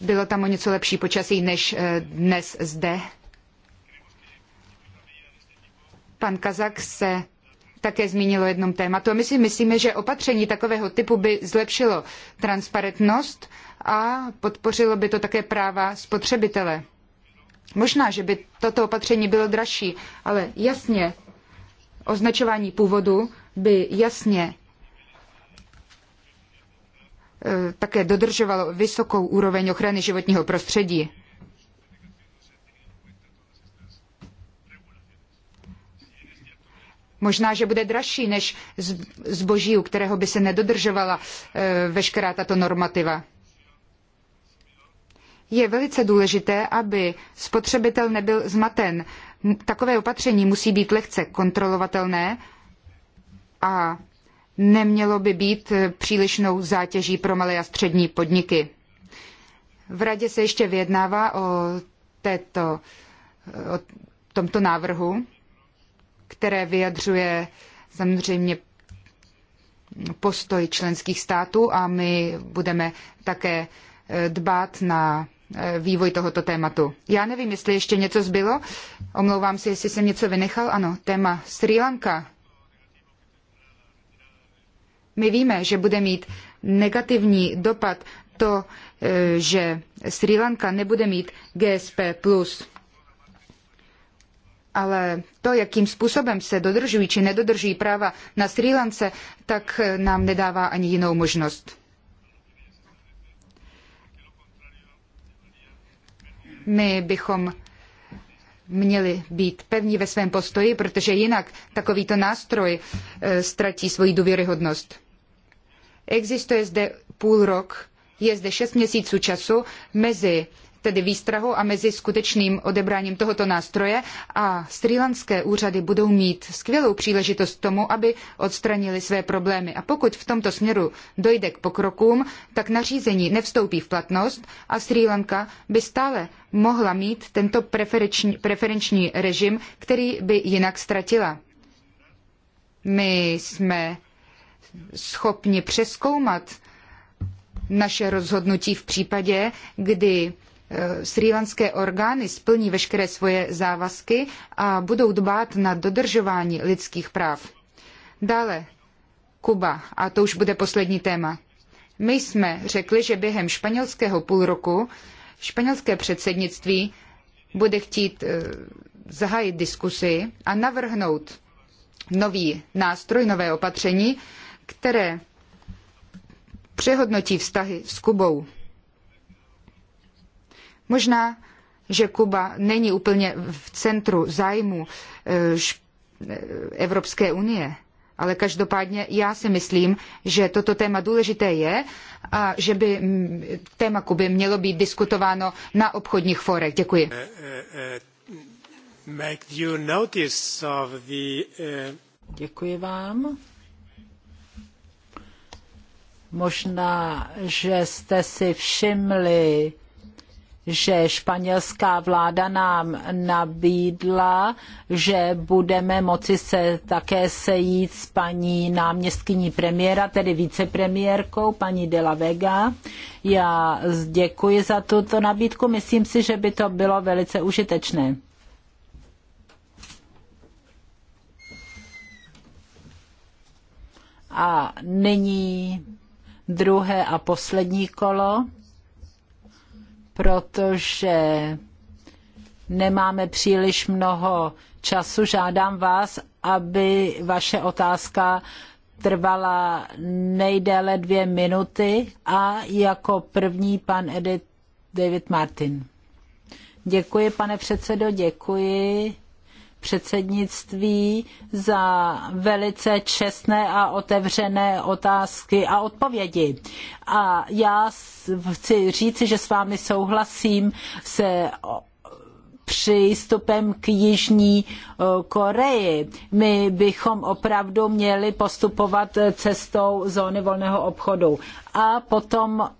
bylo tam o něco lepší počasí než eh, dnes zde. Pan Kazak se také zmínil o jednom tématu. A my si myslíme, že opatření takového typu by zlepšilo transparentnost a podpořilo by to také práva spotřebitele. Možná, že by toto opatření bylo dražší, ale jasně označování původu by jasně Eh, také dodržovalo vysokou úroveň ochrany životního prostředí. Možná, že bude dražší než zboží, u kterého by se nedodržovala eh, veškerá tato normativa. Je velice důležité, aby spotřebitel nebyl zmaten. Takové opatření musí být lehce kontrolovatelné a nemělo by být přílišnou zátěží pro malé a střední podniky. V radě se ještě vyjednává o, této, o tomto návrhu, které vyjadřuje samozřejmě postoj členských států a my budeme také dbát na vývoj tohoto tématu. Já nevím, jestli ještě něco zbylo. Omlouvám se, jestli jsem něco vynechal. Ano, téma Sri Lanka. My víme, že bude mít negativní dopad to, e, že Sri Lanka nebude mít GSP+. Ale to, jakým způsobem se dodržují či nedodržují práva na Sri Lance, tak nám nedává ani jinou možnost. My bychom měli být pevní ve svém postoji, protože jinak takovýto nástroj e, ztratí svoji důvěryhodnost. Existuje zde půl rok, je zde šest měsíců času mezi tedy výstrahu a mezi skutečným odebráním tohoto nástroje a srílanské úřady budou mít skvělou příležitost k tomu, aby odstranili své problémy. A pokud v tomto směru dojde k pokrokům, tak nařízení nevstoupí v platnost a Srí Lanka by stále mohla mít tento preferenční, preferenční režim, který by jinak ztratila. My jsme schopni přeskoumat naše rozhodnutí v případě, kdy eh, srílanské orgány splní veškeré svoje závazky a budou dbát na dodržování lidských práv. Dále, Kuba, a to už bude poslední téma. My jsme řekli, že během španělského půlroku španělské předsednictví bude chtít eh, zahájit diskusi a navrhnout nový nástroj, nové opatření, které přehodnotí vztahy s Kubou. Možná, že Kuba není úplně v centru zájmu eh, eh, Evropské unie, ale každopádně já si myslím, že toto téma důležité je a že by mm, téma Kuby mělo být diskutováno na obchodních fórech. Děkuji. Eh, Děkuji vám. Možná, že jste si všimli, že španělská vláda nám nabídla, že budeme moci se také sejít s paní náměstkyní premiéra, tedy vicepremiérkou, paní de la Vega. Já děkuji za tuto nabídku, myslím si, že by to bylo velice užitečné. A nyní druhé a poslední kolo, protože nemáme příliš mnoho času. Žádám vás, aby vaše otázka trvala nejdéle dvě minuty a jako první pan Edith David Martin. Děkuji, pane předsedo, děkuji předsednictví za velice čestné a otevřené otázky a odpovědi. A já chci říci, že s vámi souhlasím se přístupem k Jižní eh, Koreji. My bychom opravdu měli postupovat cestou zóny volného obchodu. A potom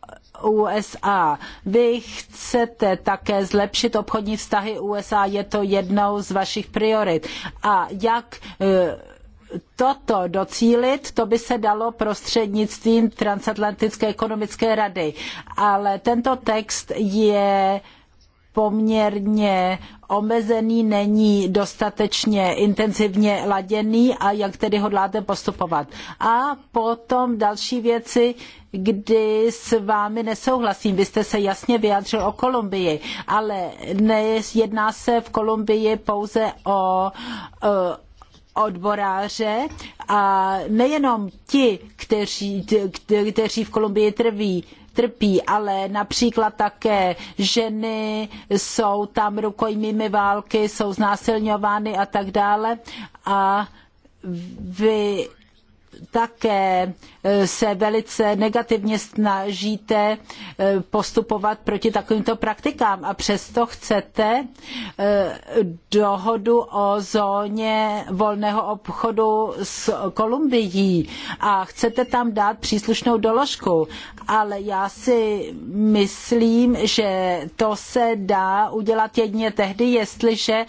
USA. Vy chcete také zlepšit obchodní vztahy USA, je to jednou z vašich priorit. A jak eh, toto docílit, to by se dalo prostřednictvím Transatlantické ekonomické rady. Ale tento text je poměrně omezený, není dostatečně intenzivně laděný a jak tedy hodláte postupovat. A potom další věci, kdy s vámi nesouhlasím. Vy jste se jasně vyjádřil o Kolumbii, ale nejedná se v Kolumbii pouze o, o odboráře a nejenom ti, kteří, kteří v Kolumbii trví, trpí, ale například také ženy jsou tam rukojmími války, jsou znásilňovány a tak dále. A vy také se velice negativně snažíte eh, postupovat proti takovýmto praktikám a přesto chcete eh, dohodu o zóně volného obchodu s Kolumbií a chcete tam dát příslušnou doložku. Ale já si myslím, že to se dá udělat jedině tehdy, jestliže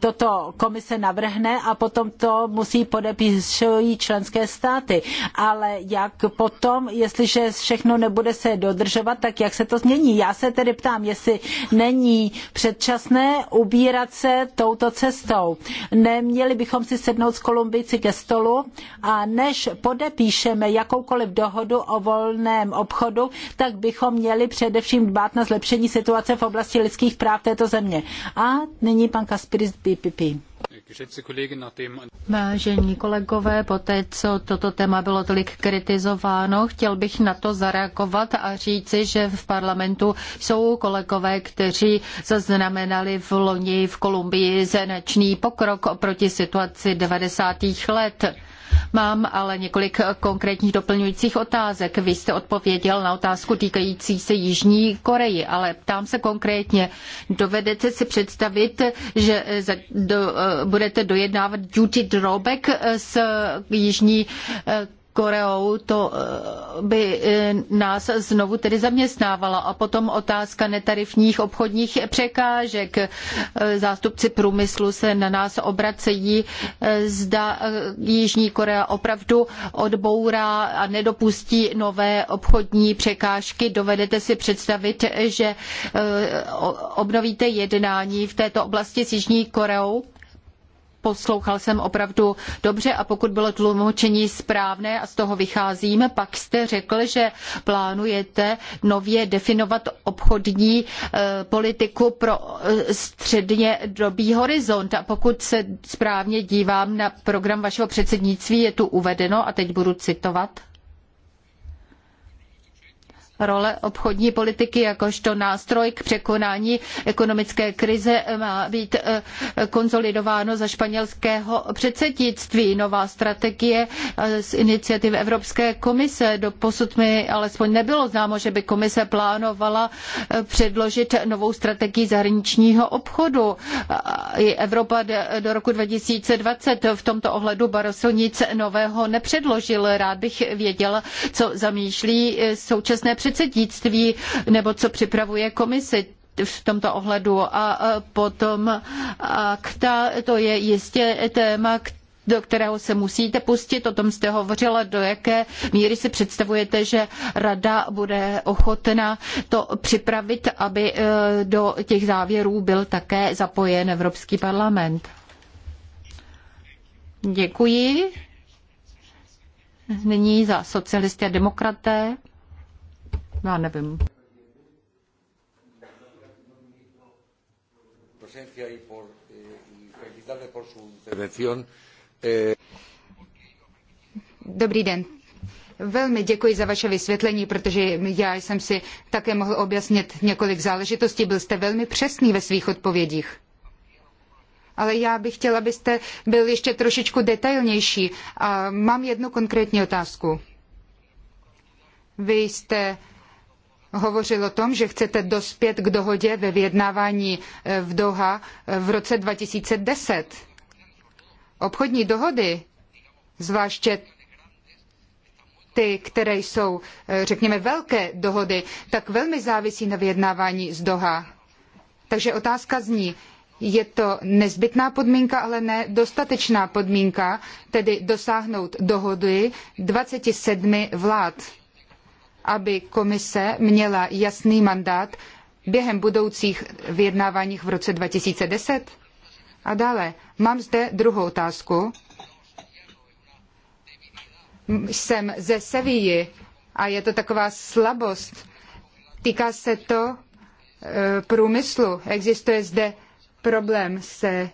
toto komise navrhne a potom to musí podepíšují členské státy ale jak potom, jestliže všechno nebude se dodržovat, tak jak se to změní? Já se tedy ptám, jestli není předčasné ubírat se touto cestou. Neměli bychom si sednout s Kolumbijci ke stolu a než podepíšeme jakoukoliv dohodu o volném obchodu, tak bychom měli především dbát na zlepšení situace v oblasti lidských práv této země. A nyní pan Kaspiris BPP. Vážení kolegové, po té, co toto téma bylo tolik kritizováno, chtěl bych na to zareagovat a říci, že v parlamentu jsou kolegové, kteří zaznamenali v loni v Kolumbii značný pokrok oproti situaci 90. let Mám ale několik konkrétních doplňujících otázek. Vy jste odpověděl na otázku týkající se Jižní Koreji, ale ptám se konkrétně, dovedete si představit, že budete dojednávat duty drawback s Jižní eh, Koreou, to eh, by eh, nás znovu tedy zaměstnávalo. A potom otázka netarifních obchodních překážek. Eh, zástupci průmyslu se na nás obracejí, zda Jižní Korea opravdu odbourá a nedopustí nové obchodní překážky. Dovedete si představit, že obnovíte jednání v této oblasti s Jižní Koreou? poslouchal jsem opravdu dobře a pokud bylo tlumočení správné a z toho vycházím, pak jste řekl, že plánujete nově definovat obchodní e, politiku pro e, středně dobý horizont. A pokud se správně dívám na program vašeho předsednictví, je tu uvedeno, a teď budu citovat, Role obchodní politiky jakožto nástroj k překonání ekonomické krize má být eh, konsolidováno za španělského předsednictví. Nová strategie eh, z iniciativy Evropské komise. Doposud mi alespoň nebylo známo, že by komise plánovala eh, předložit novou strategii zahraničního obchodu. I Evropa do roku 2020 v tomto ohledu Barroso nic nového nepředložil. Rád bych věděl, co zamýšlí současné předsednictví předsednictví nebo co připravuje komisi v tomto ohledu. A potom akta, to je jistě téma, do kterého se musíte pustit, o tom jste hovořila, do jaké míry si představujete, že rada bude ochotna to připravit, aby e, do těch závěrů byl také zapojen Evropský parlament. Děkuji. Nyní za socialisty a demokraté. Já nevím. Eh, eh, Dobrý den. Velmi děkuji za vaše vysvětlení, protože já jsem si také mohl objasnit několik záležitostí. Byl jste velmi přesný ve svých odpovědích. Ale já bych chtěla, abyste byl ještě trošičku detailnější. A mám jednu konkrétní otázku. Vy jste hovořil o tom, že chcete dospět k dohodě ve vyjednávání e, v Doha e, v roce 2010. Obchodní dohody, zvláště ty, které jsou, e, řekněme, velké dohody, tak velmi závisí na vyjednávání z Doha. Takže otázka zní, je to nezbytná podmínka, ale ne dostatečná podmínka, tedy dosáhnout dohody 27 vlád aby komise měla jasný mandát během budoucích vyjednávání v roce 2010? A dále, mám zde druhou otázku. Jsem ze Sevilly a je to taková slabost. Týká se to e, průmyslu. Existuje zde problém se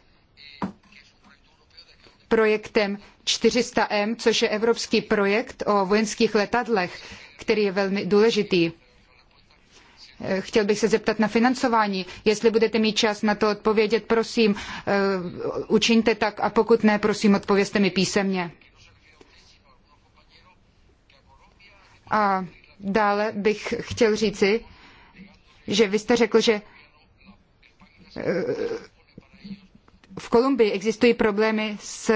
projektem 400M, což je evropský projekt o vojenských letadlech který je velmi důležitý. Chtěl bych se zeptat na financování. Jestli budete mít čas na to odpovědět, prosím, eh, učiňte tak a pokud ne, prosím, odpovězte mi písemně. A dále bych chtěl říci, že vy jste řekl, že eh, v Kolumbii existují problémy s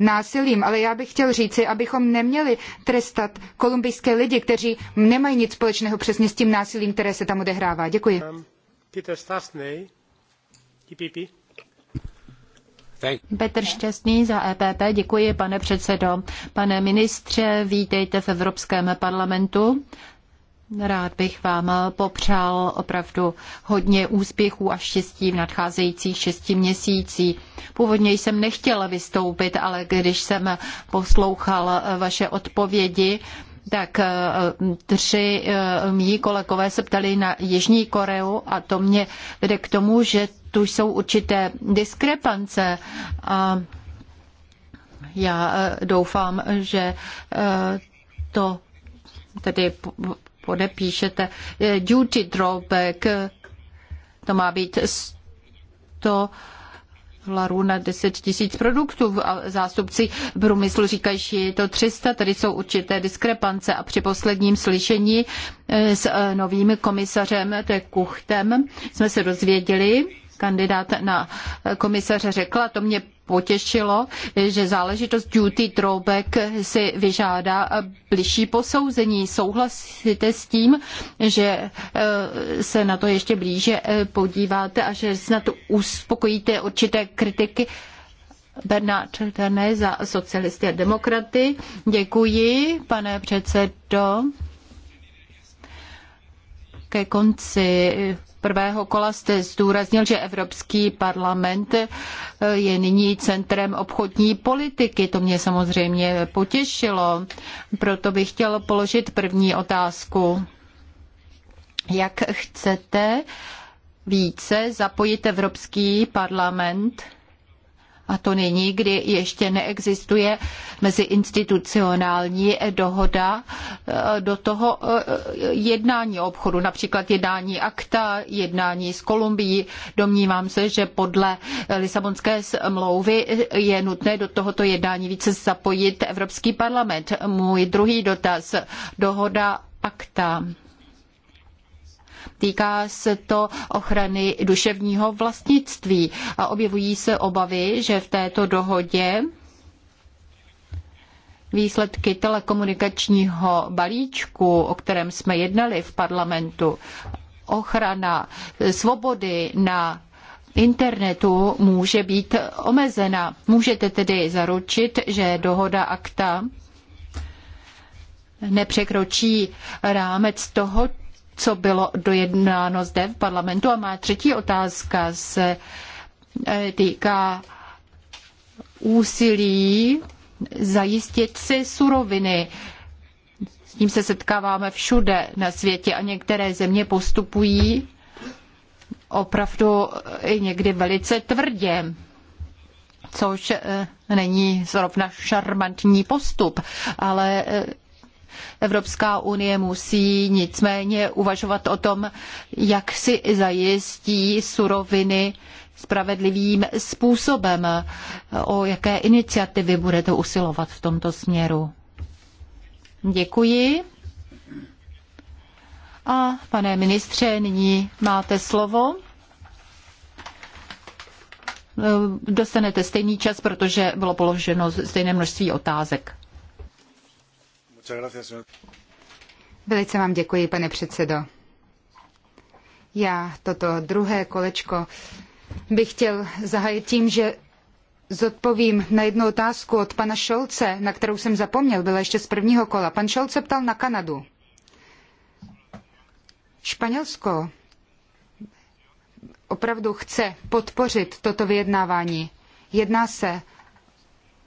násilím, ale já bych chtěl říci, abychom neměli trestat kolumbijské lidi, kteří nemají nic společného přesně s tím násilím, které se tam odehrává. Děkuji. Um, Peter Stasny, EPP. Petr Šťastný za EPP, děkuji pane předsedo. Pane ministře, vítejte v Evropském parlamentu Rád bych vám popřál opravdu hodně úspěchů a štěstí v nadcházejících šesti měsících. Původně jsem nechtěla vystoupit, ale když jsem poslouchal vaše odpovědi, tak eh, tři eh, mý kolegové se ptali na Jižní Koreu a to mě vede k tomu, že tu jsou určité diskrepance. A já eh, doufám, že to tedy podepíšete. Eh, duty drawback, to má být 100 dolarů na 10 tisíc produktů. A zástupci průmyslu říkají, že je to 300, tady jsou určité diskrepance. A při posledním slyšení eh, s eh, novým komisařem je Kuchtem jsme se dozvěděli, kandidát na komisaře řekla, to mě potěšilo, že záležitost duty drawback si vyžádá bližší posouzení. Souhlasíte s tím, že e, se na to ještě blíže e, podíváte a že snad uspokojíte určité kritiky? Bernard Dané za socialisty a demokraty. Děkuji, pane předsedo. Ke konci prvého kola jste zdůraznil, že Evropský parlament eh, je nyní centrem obchodní politiky. To mě samozřejmě potěšilo. Proto bych chtěl položit první otázku. Jak chcete více zapojit Evropský parlament? A to nyní, kdy ještě neexistuje meziinstitucionální dohoda eh, do toho eh, jednání o obchodu, například jednání akta, jednání s Kolumbií. Domnívám se, že podle Lisabonské smlouvy je nutné do tohoto jednání více zapojit Evropský parlament. Můj druhý dotaz, dohoda akta týká se to ochrany duševního vlastnictví a objevují se obavy, že v této dohodě výsledky telekomunikačního balíčku, o kterém jsme jednali v parlamentu, ochrana svobody na internetu může být omezena. Můžete tedy zaručit, že dohoda akta nepřekročí rámec toho, co bylo dojednáno zde v parlamentu. A má třetí otázka se eh, týká úsilí zajistit si suroviny. S tím se setkáváme všude na světě a některé země postupují opravdu i někdy velice tvrdě, což eh, není zrovna šarmantní postup, ale eh, Evropská unie musí nicméně uvažovat o tom, jak si zajistí suroviny spravedlivým způsobem. O jaké iniciativy budete usilovat v tomto směru? Děkuji. A pane ministře, nyní máte slovo. Dostanete stejný čas, protože bylo položeno stejné množství otázek. Velice vám děkuji, pane předsedo. Já toto druhé kolečko bych chtěl zahájit tím, že zodpovím na jednu otázku od pana Šolce, na kterou jsem zapomněl, byla ještě z prvního kola. Pan Šolce ptal na Kanadu. Španělsko opravdu chce podpořit toto vyjednávání. Jedná se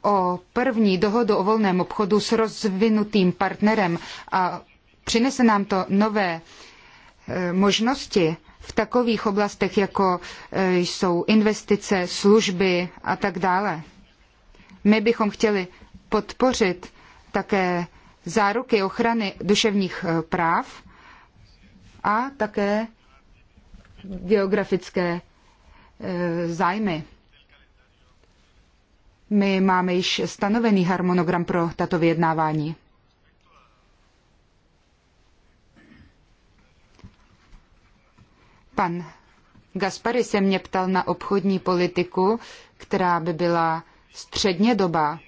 o první dohodu o volném obchodu s rozvinutým partnerem a přinese nám to nové e, možnosti v takových oblastech, jako e, jsou investice, služby a tak dále. My bychom chtěli podpořit také záruky ochrany duševních e, práv a také geografické zájmy. My máme již stanovený harmonogram pro tato vyjednávání. Pan Gaspary se mě ptal na obchodní politiku, která by byla středně doba.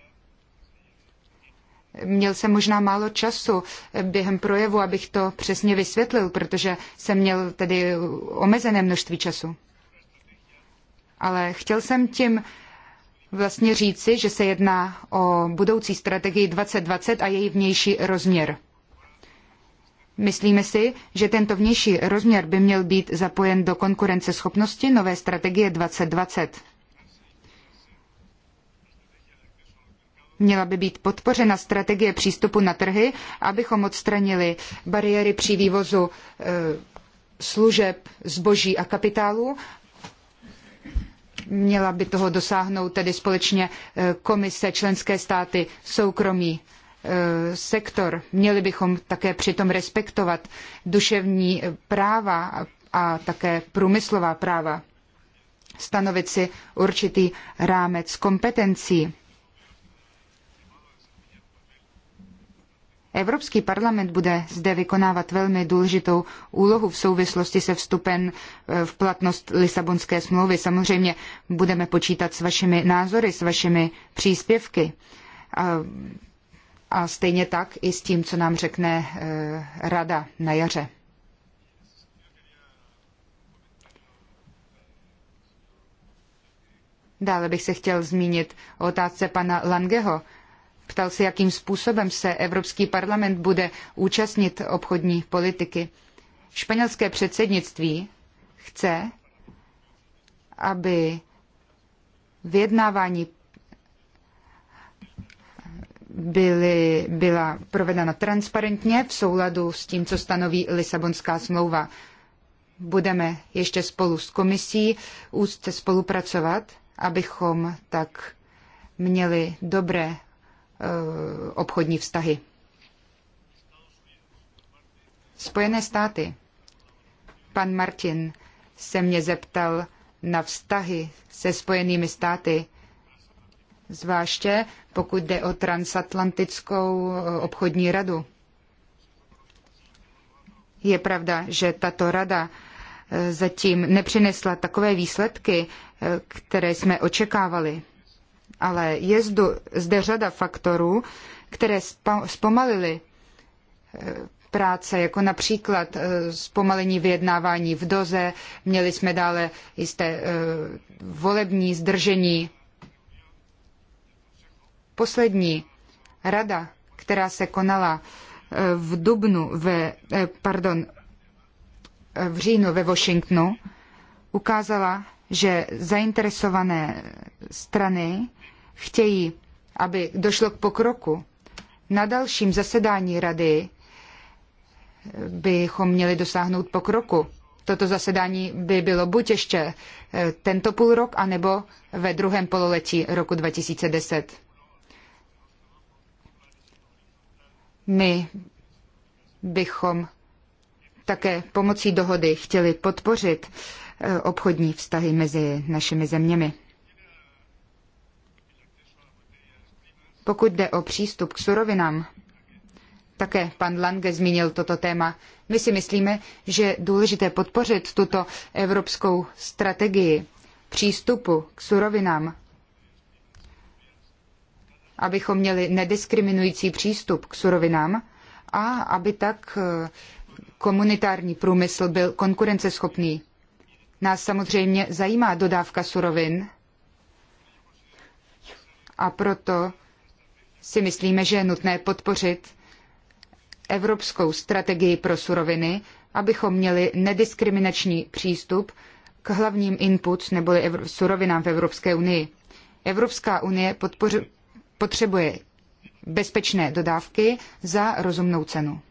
Měl jsem možná málo času během projevu, abych to přesně vysvětlil, protože jsem měl tedy omezené množství času. Ale chtěl jsem tím vlastně říci, že se jedná o budoucí strategii 2020 a její vnější rozměr. Myslíme si, že tento vnější rozměr by měl být zapojen do konkurenceschopnosti nové strategie 2020. Měla by být podpořena strategie přístupu na trhy, abychom odstranili bariéry při vývozu eh, služeb, zboží a kapitálu Měla by toho dosáhnout tedy společně e, komise, členské státy, soukromý e, sektor. Měli bychom také přitom respektovat duševní práva a také průmyslová práva. Stanovit si určitý rámec kompetencí Evropský parlament bude zde vykonávat velmi důležitou úlohu v souvislosti se vstupem e, v platnost Lisabonské smlouvy. Samozřejmě budeme počítat s vašimi názory, s vašimi příspěvky. A, a stejně tak i s tím, co nám řekne e, rada na jaře. Dále bych se chtěl zmínit o otázce pana Langeho Ptal se, jakým způsobem se Evropský parlament bude účastnit obchodní politiky. Španělské předsednictví chce, aby vyjednávání byly, byla provedena transparentně v souladu s tím, co stanoví Lisabonská smlouva. Budeme ještě spolu s komisí úzce spolupracovat, abychom tak měli dobré Eh, obchodní vztahy. Spojené státy. Pan Martin se mě zeptal na vztahy se Spojenými státy, zvláště pokud jde o transatlantickou eh, obchodní radu. Je pravda, že tato rada eh, zatím nepřinesla takové výsledky, které jsme očekávali ale je zde řada faktorů, které zpomalily eh, práce, jako například eh, zpomalení vyjednávání v doze, měli jsme dále jisté eh, volební zdržení. Poslední rada, která se konala v dubnu ve, pardon, v říjnu ve Washingtonu, ukázala, že zainteresované strany chtějí, aby došlo k pokroku, na dalším zasedání rady bychom měli dosáhnout pokroku. Toto zasedání by bylo buď ještě eh, tento půl rok, anebo ve druhém pololetí roku 2010. My bychom také pomocí dohody chtěli podpořit eh, obchodní vztahy mezi našimi zeměmi. Pokud jde o přístup k surovinám, také pan Lange zmínil toto téma. My si myslíme, že je důležité podpořit tuto evropskou strategii přístupu k surovinám, abychom měli nediskriminující přístup k surovinám a aby tak eh, komunitární průmysl byl konkurenceschopný. Nás samozřejmě zajímá dodávka surovin a proto si myslíme, že je nutné podpořit evropskou strategii pro suroviny, abychom měli nediskriminační přístup k hlavním input neboli surovinám v Evropské unii. Evropská unie potřebuje bezpečné dodávky za rozumnou cenu.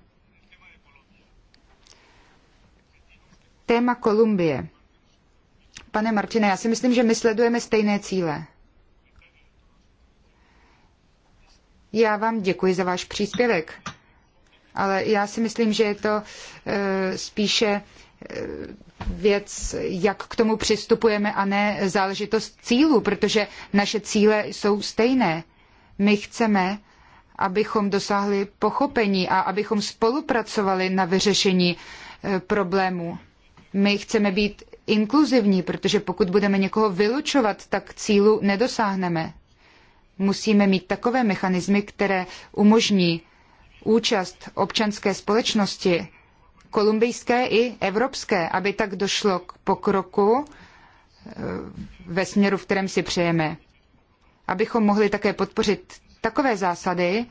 Téma Kolumbie. Pane Martine, já si myslím, že my sledujeme stejné cíle. Já vám děkuji za váš příspěvek, ale já si myslím, že je to e, spíše e, věc, jak k tomu přistupujeme a ne záležitost cílů, protože naše cíle jsou stejné. My chceme, abychom dosáhli pochopení a abychom spolupracovali na vyřešení e, problému. My chceme být inkluzivní, protože pokud budeme někoho vylučovat, tak cílu nedosáhneme. Musíme mít takové mechanismy, které umožní účast občanské společnosti, kolumbijské i evropské, aby tak došlo k pokroku eh, ve směru, v kterém si přejeme. Abychom mohli také podpořit takové zásady,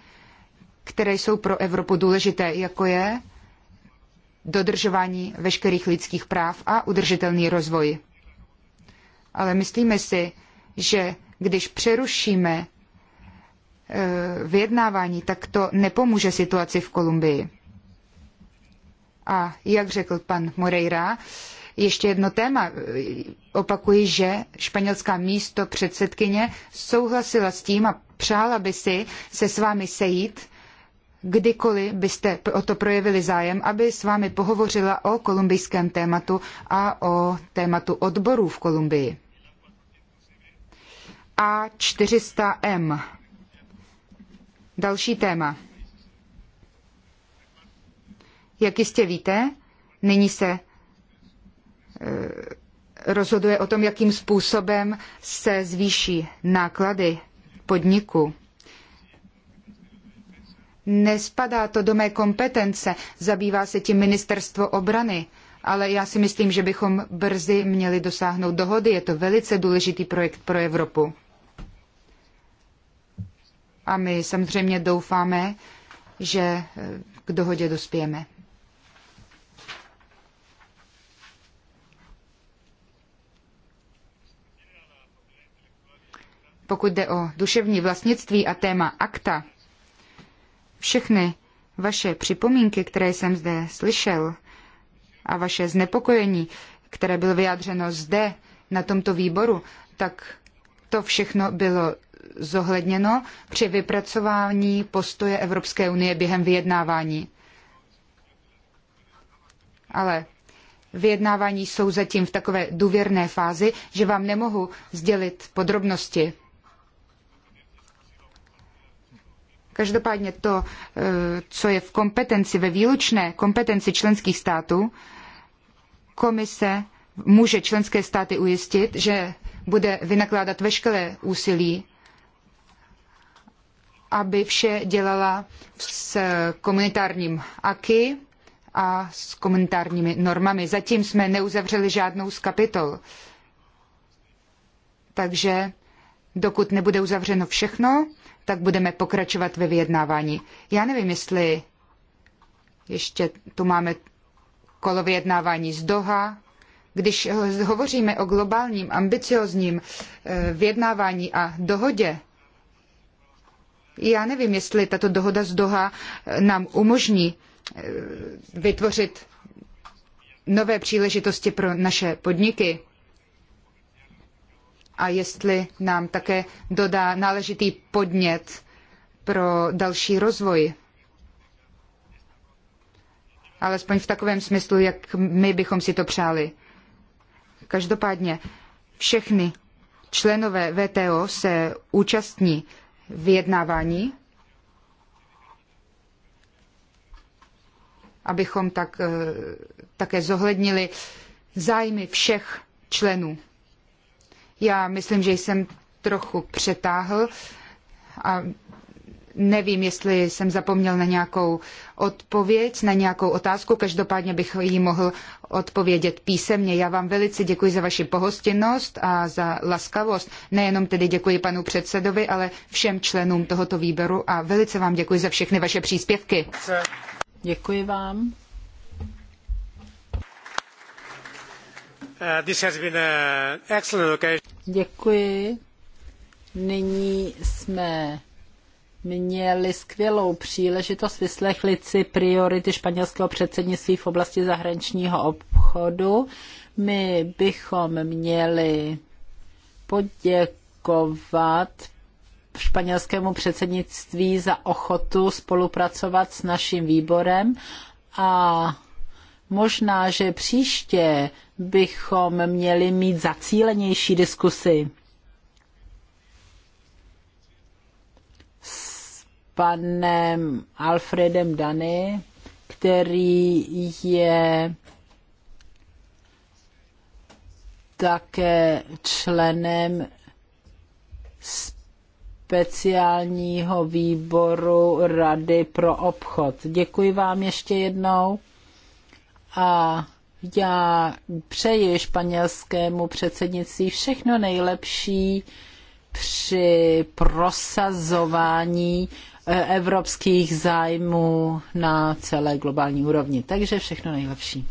které jsou pro Evropu důležité, jako je dodržování veškerých lidských práv a udržitelný rozvoj. Ale myslíme si, že když přerušíme Eh, vyjednávání, tak to nepomůže situaci v Kolumbii. A jak řekl pan Moreira, ještě jedno téma. Opakuji, že španělská místo předsedkyně souhlasila s tím a přála by si se s vámi sejít, kdykoliv byste o to projevili zájem, aby s vámi pohovořila o kolumbijském tématu a o tématu odborů v Kolumbii. A400M Další téma. Jak jistě víte, nyní se e, rozhoduje o tom, jakým způsobem se zvýší náklady podniku. Nespadá to do mé kompetence, zabývá se tím ministerstvo obrany, ale já si myslím, že bychom brzy měli dosáhnout dohody. Je to velice důležitý projekt pro Evropu a my samozřejmě doufáme, že eh, k dohodě dospějeme. Pokud jde o duševní vlastnictví a téma akta, všechny vaše připomínky, které jsem zde slyšel, a vaše znepokojení, které bylo vyjádřeno zde, na tomto výboru, tak to všechno bylo zohledněno při vypracování postoje Evropské unie během vyjednávání. Ale vyjednávání jsou zatím v takové důvěrné fázi, že vám nemohu sdělit podrobnosti. Každopádně to, eh, co je v kompetenci, ve výlučné kompetenci členských států, komise může členské státy ujistit, že bude vynakládat veškeré úsilí aby vše dělala s komunitárním aky a s komunitárními normami. Zatím jsme neuzavřeli žádnou z kapitol. Takže dokud nebude uzavřeno všechno, tak budeme pokračovat ve vyjednávání. Já nevím, jestli ještě tu máme kolo vyjednávání z Doha. Když hovoříme o globálním, ambiciozním eh, vyjednávání a dohodě, já nevím, jestli tato dohoda z Doha nám umožní eh, vytvořit nové příležitosti pro naše podniky a jestli nám také dodá náležitý podnět pro další rozvoj. Alespoň v takovém smyslu, jak my bychom si to přáli. Každopádně všechny členové VTO se účastní vyjednávání, abychom tak eh, také zohlednili zájmy všech členů. Já myslím, že jsem trochu přetáhl a Nevím, jestli jsem zapomněl na nějakou odpověď, na nějakou otázku, každopádně bych ji mohl odpovědět písemně. Já vám velice děkuji za vaši pohostinnost a za laskavost. Nejenom tedy děkuji panu předsedovi, ale všem členům tohoto výboru a velice vám děkuji za všechny vaše příspěvky. Děkuji vám. Uh, děkuji. Nyní jsme měli skvělou příležitost vyslechli si priority španělského předsednictví v oblasti zahraničního obchodu. My bychom měli poděkovat španělskému předsednictví za ochotu spolupracovat s naším výborem a možná, že příště bychom měli mít zacílenější diskusy. panem Alfredem Dany, který je také členem speciálního výboru Rady pro obchod. Děkuji vám ještě jednou a já přeji španělskému předsednictví všechno nejlepší při prosazování Eh, evropských zájmů na celé globální úrovni. Takže všechno nejlepší.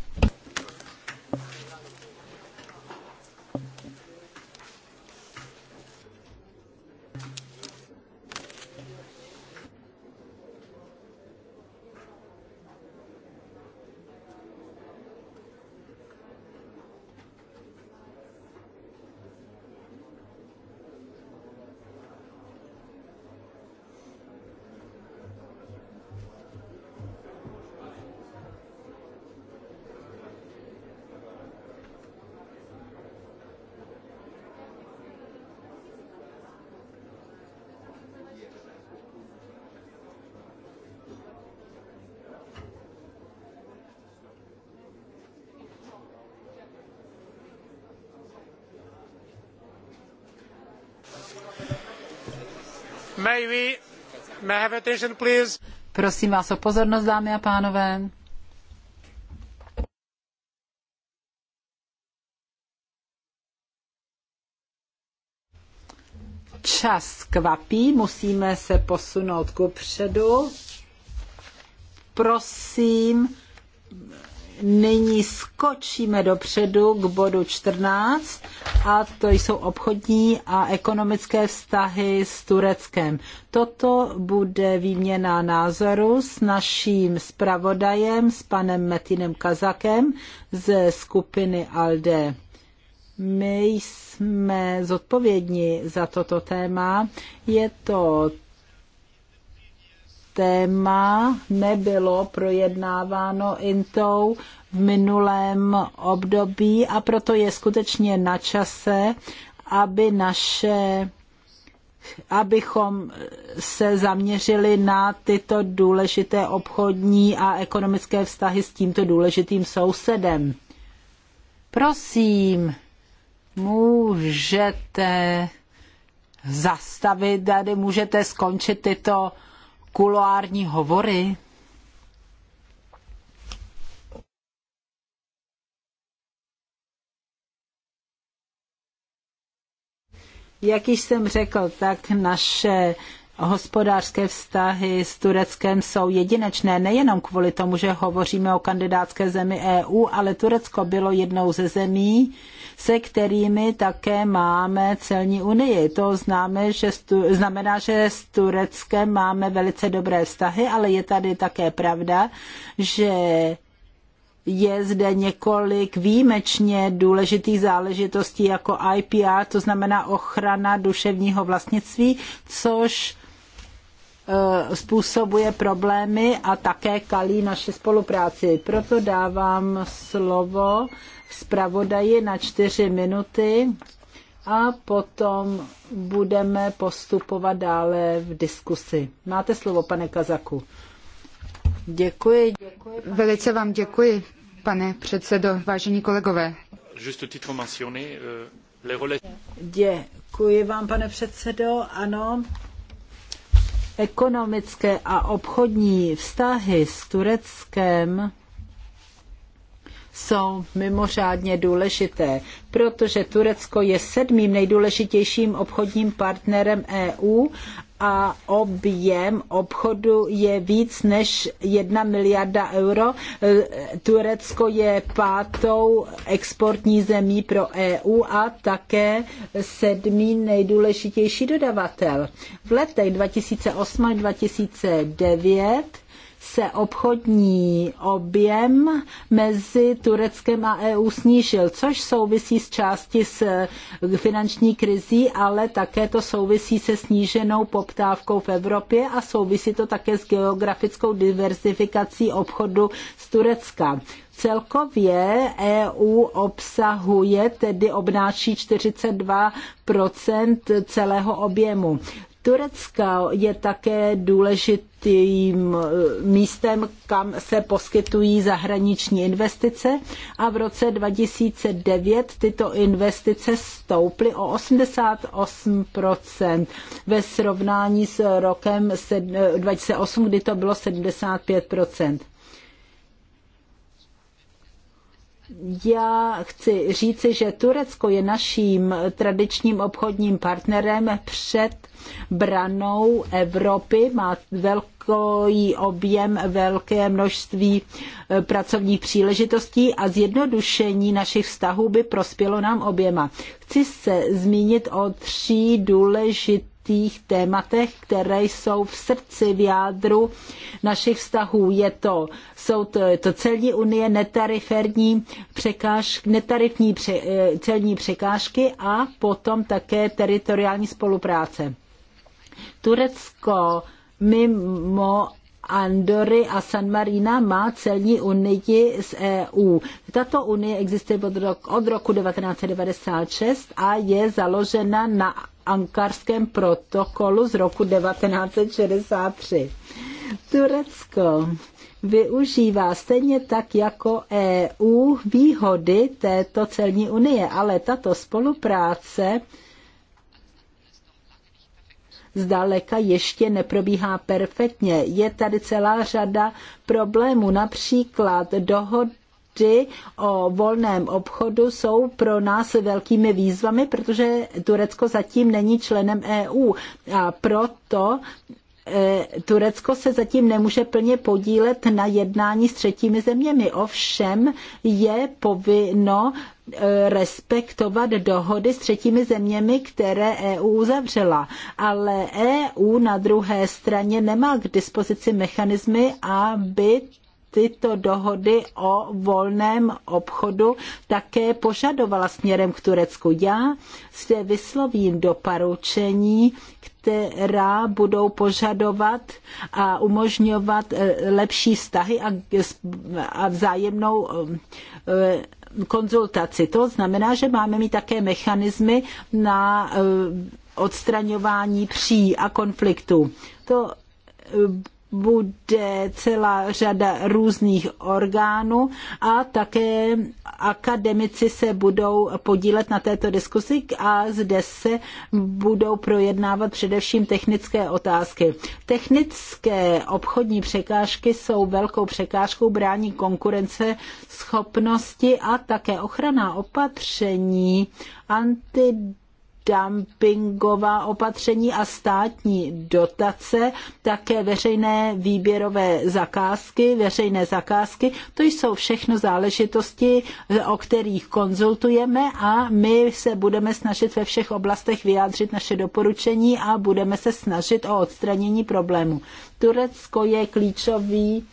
Ivy, may I have attention, please? Prosím vás o pozornost, dámy a pánové. Čas kvapí, musíme se posunout ku předu. Prosím, nyní skočíme dopředu k bodu 14 a to jsou obchodní a ekonomické vztahy s Tureckem. Toto bude výměna názoru s naším zpravodajem, s panem Metinem Kazakem ze skupiny ALDE. My jsme zodpovědní za toto téma. Je to téma nebylo projednáváno intou v minulém období a proto je skutečně na čase, aby naše abychom se zaměřili na tyto důležité obchodní a ekonomické vztahy s tímto důležitým sousedem. Prosím, můžete zastavit, tady můžete skončit tyto kuloární hovory? Jak již jsem řekl, tak naše hospodářské vztahy s Tureckem jsou jedinečné nejenom kvůli tomu, že hovoříme o kandidátské zemi EU, ale Turecko bylo jednou ze zemí, se kterými také máme celní unii. To známe, že stu, znamená, že s Tureckem máme velice dobré vztahy, ale je tady také pravda, že je zde několik výjimečně důležitých záležitostí jako IPR, to znamená ochrana duševního vlastnictví, což Eh, způsobuje problémy a také kalí naši spolupráci. Proto dávám slovo zpravodaji na čtyři minuty a potom budeme postupovat dále v diskusi. Máte slovo, pane Kazaku. Děkuji. děkuji Velice vám děkuji, pane předsedo, vážení kolegové. Euh, děkuji vám, pane předsedo. Ano, ekonomické a obchodní vztahy s Tureckem jsou mimořádně důležité, protože Turecko je sedmým nejdůležitějším obchodním partnerem EU a objem obchodu je víc než jedna miliarda euro. E, Turecko je pátou exportní zemí pro EU a také sedmý nejdůležitější dodavatel. V letech 2008 2009 se obchodní objem mezi Tureckem a EU snížil, což souvisí s části s finanční krizí, ale také to souvisí se sníženou poptávkou v Evropě a souvisí to také s geografickou diversifikací obchodu z Turecka. Celkově EU obsahuje, tedy obnáší 42 celého objemu. Turecka je také důležitým eh, místem, kam se poskytují zahraniční investice a v roce 2009 tyto investice stouply o 88% ve srovnání s rokem 2008, eh, kdy to bylo 75%. já chci říci, že Turecko je naším tradičním obchodním partnerem před branou Evropy, má velký objem, velké množství eh, pracovních příležitostí a zjednodušení našich vztahů by prospělo nám oběma. Chci se zmínit o tří důležitých těch tématech, které jsou v srdci, v jádru našich vztahů. Je to, jsou to, je to celní unie, netarifní překážky, netarifní pře, eh, celní překážky a potom také teritoriální spolupráce. Turecko mimo Andory a San Marina má celní unii z EU. Tato unie existuje od roku, od roku 1996 a je založena na ankarském protokolu z roku 1963. Turecko využívá stejně tak jako EU výhody této celní unie, ale tato spolupráce zdaleka ještě neprobíhá perfektně. Je tady celá řada problémů, například dohod dohody o volném obchodu jsou pro nás velkými výzvami, protože Turecko zatím není členem EU a proto e, Turecko se zatím nemůže plně podílet na jednání s třetími zeměmi, ovšem je povinno respektovat dohody s třetími zeměmi, které EU uzavřela. Ale EU na druhé straně nemá k dispozici mechanismy, aby tyto dohody o volném obchodu také požadovala směrem k Turecku. Já zde vyslovím doporučení, která budou požadovat a umožňovat eh, lepší vztahy a vzájemnou eh, konzultaci. To znamená, že máme mít také mechanismy na eh, odstraňování pří a konfliktů. To eh, bude celá řada různých orgánů a také akademici se budou podílet na této diskusi a zde se budou projednávat především technické otázky. Technické obchodní překážky jsou velkou překážkou brání konkurence, schopnosti a také ochrana opatření anti dumpingová opatření a státní dotace, také veřejné výběrové zakázky, veřejné zakázky. To jsou všechno záležitosti, o kterých konzultujeme a my se budeme snažit ve všech oblastech vyjádřit naše doporučení a budeme se snažit o odstranění problému. Turecko je klíčový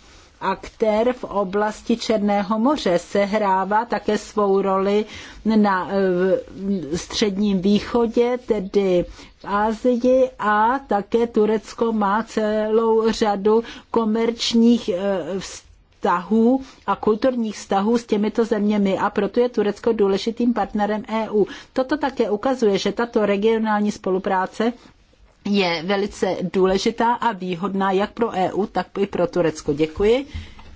aktér v oblasti Černého moře sehrává také svou roli na eh, středním východě, tedy v Ázii a také Turecko má celou řadu komerčních eh, vztahů a kulturních vztahů s těmito zeměmi a proto je Turecko důležitým partnerem EU. Toto také ukazuje, že tato regionální spolupráce je velice důležitá a výhodná jak pro EU, tak i pro Turecko. Děkuji.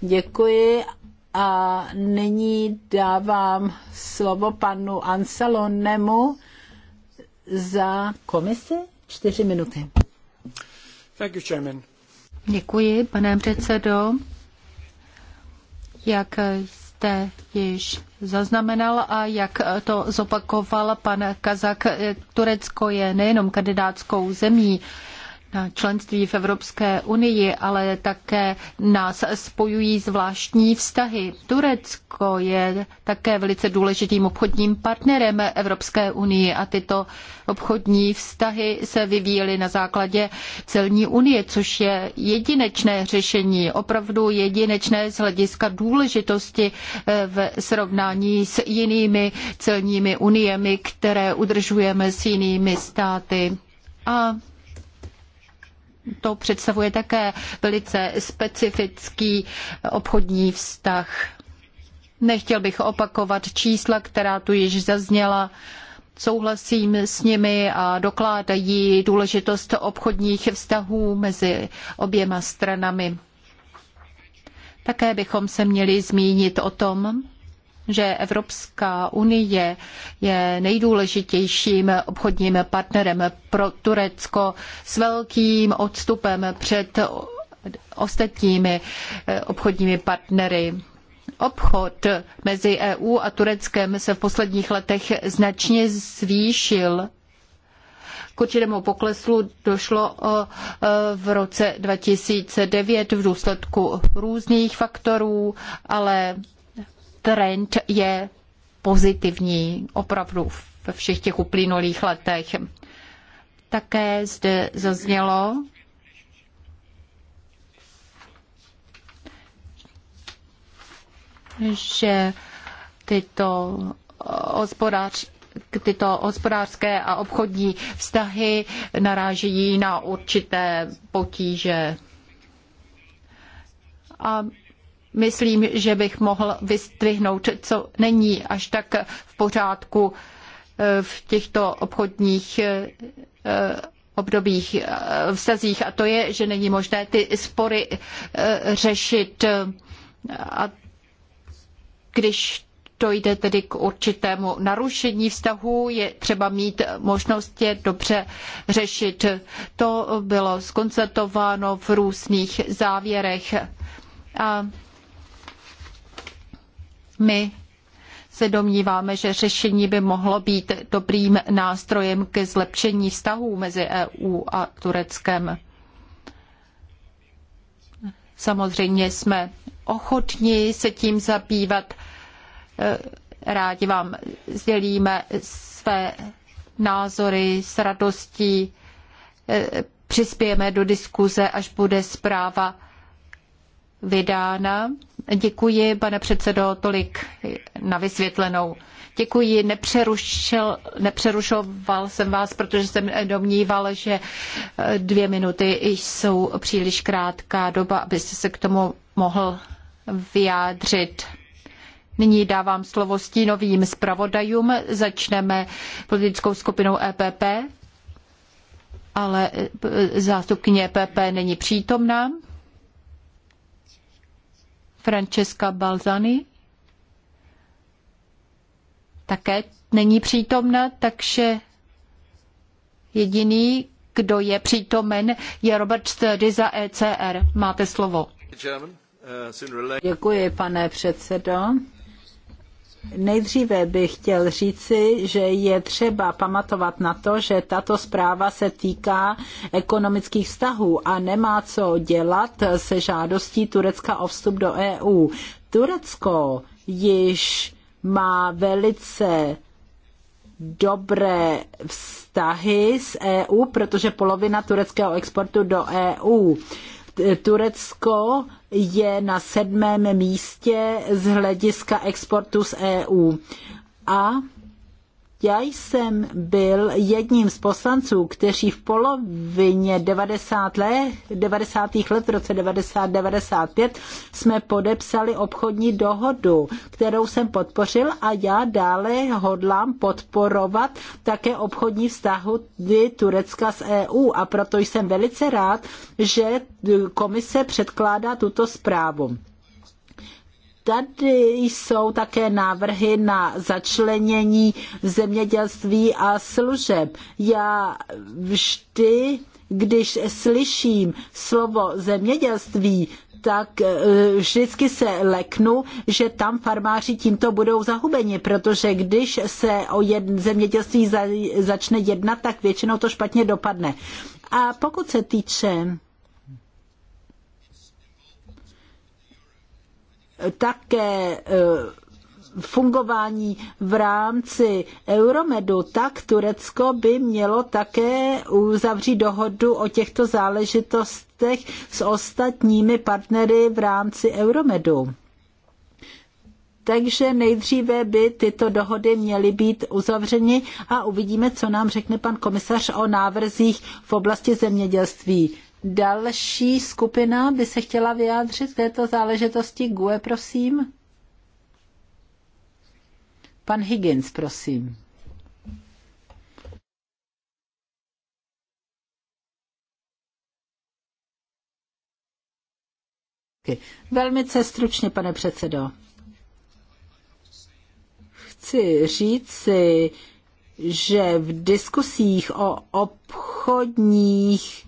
Děkuji a nyní dávám slovo panu Anselonemu za komisi. Čtyři minuty. Thank you, Chairman. Děkuji, pane předsedo. Jak jste již zaznamenal a jak to zopakoval pan Kazak, Turecko je nejenom kandidátskou zemí, na členství v Evropské unii, ale také nás spojují zvláštní vztahy. Turecko je také velice důležitým obchodním partnerem Evropské unie a tyto obchodní vztahy se vyvíjely na základě celní unie, což je jedinečné řešení, opravdu jedinečné z hlediska důležitosti eh, v srovnání s jinými celními uniemi, které udržujeme s jinými státy. A to představuje také velice specifický obchodní vztah. Nechtěl bych opakovat čísla, která tu již zazněla. Souhlasím s nimi a dokládají důležitost obchodních vztahů mezi oběma stranami. Také bychom se měli zmínit o tom, že Evropská unie je nejdůležitějším obchodním partnerem pro Turecko s velkým odstupem před ostatními eh, obchodními partnery. Obchod mezi EU a Tureckem se v posledních letech značně zvýšil. K určitému poklesu došlo eh, v roce 2009 v důsledku různých faktorů, ale trend je pozitivní opravdu ve všech těch uplynulých letech. Také zde zaznělo, že tyto hospodář, tyto hospodářské a obchodní vztahy narážejí na určité potíže. A myslím, že bych mohl vystvihnout, co není až tak v pořádku eh, v těchto obchodních eh, eh, obdobích vztazích a to je, že není možné ty spory řešit a když to jde tedy k určitému narušení vztahu, je třeba mít možnost je dobře řešit. To bylo skonstatováno v různých závěrech. A my se domníváme, že řešení by mohlo být dobrým nástrojem ke zlepšení vztahů mezi EU a Tureckem. Samozřejmě jsme ochotni se tím zabývat. Eh, rádi vám sdělíme své názory s radostí. Eh, přispějeme do diskuze, až bude zpráva vydána. Děkuji, pane předsedo, tolik na vysvětlenou. Děkuji, nepřerušil, nepřerušoval jsem vás, protože jsem domníval, že dvě minuty jsou příliš krátká doba, abyste se k tomu mohl vyjádřit. Nyní dávám slovo stínovým zpravodajům. Začneme politickou skupinou EPP, ale e, e, zástupkyně EPP není přítomná. Francesca Balzani také není přítomna, takže jediný, kdo je přítomen, je Robert Sturdy za ECR. Máte slovo. Uh, Děkuji, pane předsedo. Nejdříve bych chtěl říci, že je třeba pamatovat na to, že tato zpráva se týká ekonomických vztahů a nemá co dělat se žádostí Turecka o vstup do EU. Turecko již má velice dobré vztahy s EU, protože polovina tureckého exportu do EU. Turecko je na sedmém místě z hlediska exportu z EU. A já jsem byl jedním z poslanců, kteří v polovině 90. let, 90. let v roce 90-95 jsme podepsali obchodní dohodu, kterou jsem podpořil a já dále hodlám podporovat také obchodní vztahu Turecka s EU a proto jsem velice rád, že komise předkládá tuto zprávu. Tady jsou také návrhy na začlenění zemědělství a služeb. Já vždy, když slyším slovo zemědělství, tak eh, vždycky se leknu, že tam farmáři tímto budou zahubeni, protože když se o zemědělství začne jednat, tak většinou to špatně dopadne. A pokud se týče také e, fungování v rámci Euromedu, tak Turecko by mělo také uzavřít dohodu o těchto záležitostech s ostatními partnery v rámci Euromedu. Takže nejdříve by tyto dohody měly být uzavřeny a uvidíme, co nám řekne pan komisař o návrzích v oblasti zemědělství. Další skupina by se chtěla vyjádřit k této záležitosti. GUE, prosím. Pan Higgins, prosím. Velmi cestručně stručně, pane předsedo. Chci říci, že v diskusích o obchodních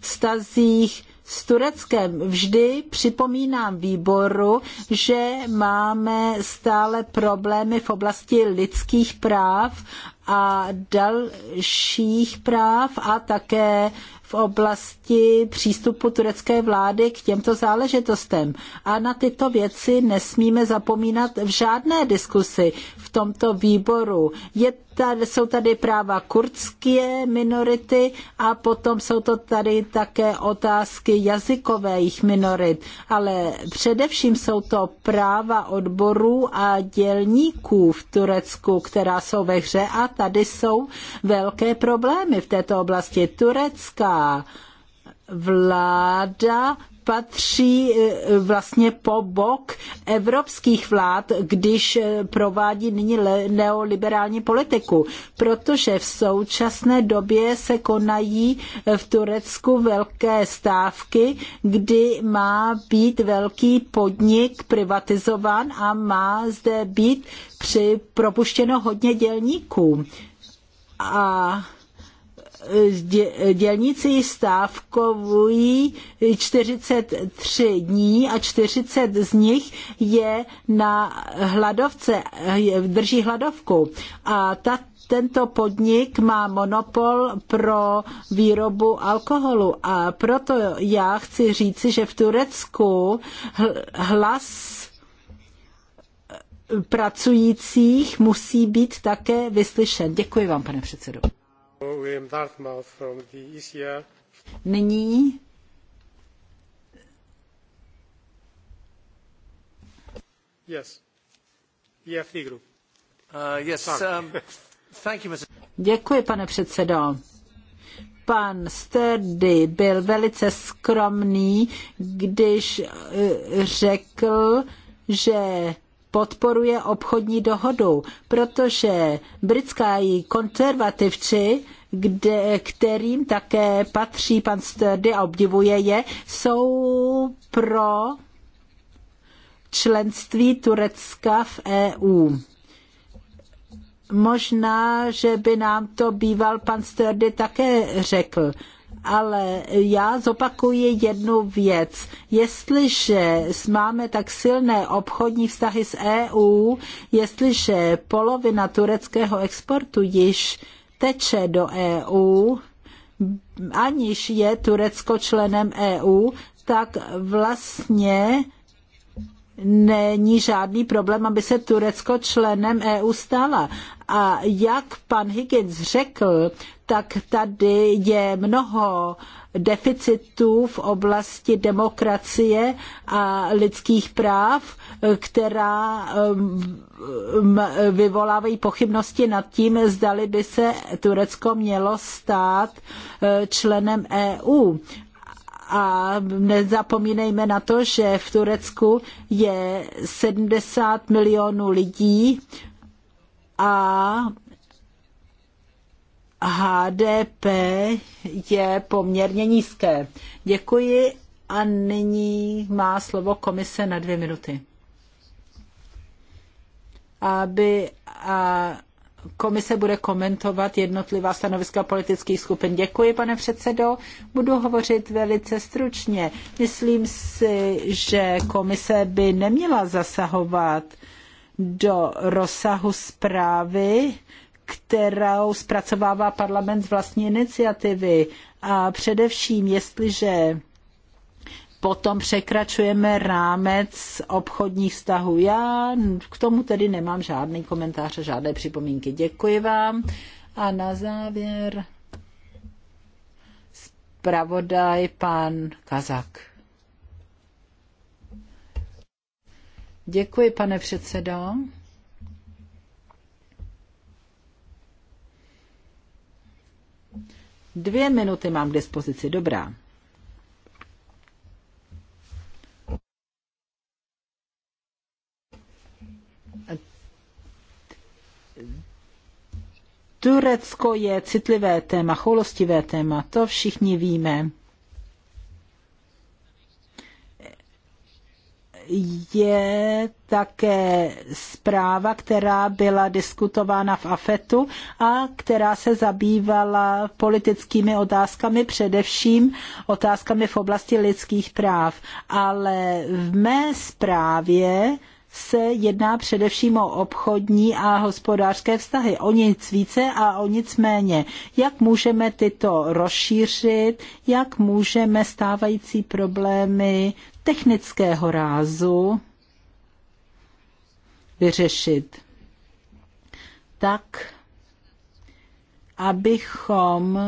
vztazích s Tureckem. Vždy připomínám výboru, že máme stále problémy v oblasti lidských práv a dalších práv a také v oblasti přístupu turecké vlády k těmto záležitostem. A na tyto věci nesmíme zapomínat v žádné diskusi v tomto výboru. Je tady, jsou tady práva kurdské minority a potom jsou to tady také otázky jazykových minorit, ale především jsou to práva odborů a dělníků v Turecku, která jsou ve hře a tady jsou velké problémy v této oblasti. Turecká vláda patří e, vlastně po bok evropských vlád, když e, provádí nyní neoliberální politiku, protože v současné době se konají e, v Turecku velké stávky, kdy má být velký podnik privatizován a má zde být při propuštěno hodně dělníků. A dělníci stávkovují 43 dní a 40 z nich je na hladovce, drží hladovku. A ta, tento podnik má monopol pro výrobu alkoholu a proto já chci říci, že v Turecku hlas pracujících musí být také vyslyšen. Děkuji vám, pane předsedo. E Nyní Yes. E group. Uh, yes, um, thank you, Mr. Děkuji, pane předsedo. Pan Sturdy byl velice skromný, když uh, řekl, že podporuje obchodní dohodu, protože britská konzervativci kde, kterým také patří pan Sturdy a obdivuje je, jsou pro členství Turecka v EU. Možná, že by nám to býval pan Sturdy také řekl, ale já zopakuji jednu věc. Jestliže máme tak silné obchodní vztahy s EU, jestliže polovina tureckého exportu již teče do EU, aniž je Turecko členem EU, tak vlastně není žádný problém, aby se Turecko členem EU stala. A jak pan Higgins řekl, tak tady je mnoho deficitů v oblasti demokracie a lidských práv, která um, vyvolávají pochybnosti nad tím, zdali by se Turecko mělo stát eh, členem EU a nezapomínejme na to, že v Turecku je 70 milionů lidí a HDP je poměrně nízké. Děkuji a nyní má slovo komise na dvě minuty. Aby a komise bude komentovat jednotlivá stanoviska politických skupin. Děkuji, pane předsedo. Budu hovořit velice stručně. Myslím si, že komise by neměla zasahovat do rozsahu zprávy, kterou zpracovává parlament z vlastní iniciativy. A především, jestliže potom překračujeme rámec obchodních vztahů. Já k tomu tedy nemám žádný komentář a žádné připomínky. Děkuji vám. A na závěr zpravodaj pan Kazak. Děkuji, pane předsedo. Dvě minuty mám k dispozici, dobrá. Turecko je citlivé téma, choulostivé téma, to všichni víme. je také zpráva, která byla diskutována v AFETu a která se zabývala politickými otázkami, především otázkami v oblasti lidských práv. Ale v mé zprávě se jedná především o obchodní a hospodářské vztahy. O nic více a o nic méně. Jak můžeme tyto rozšířit, jak můžeme stávající problémy technického rázu vyřešit tak, abychom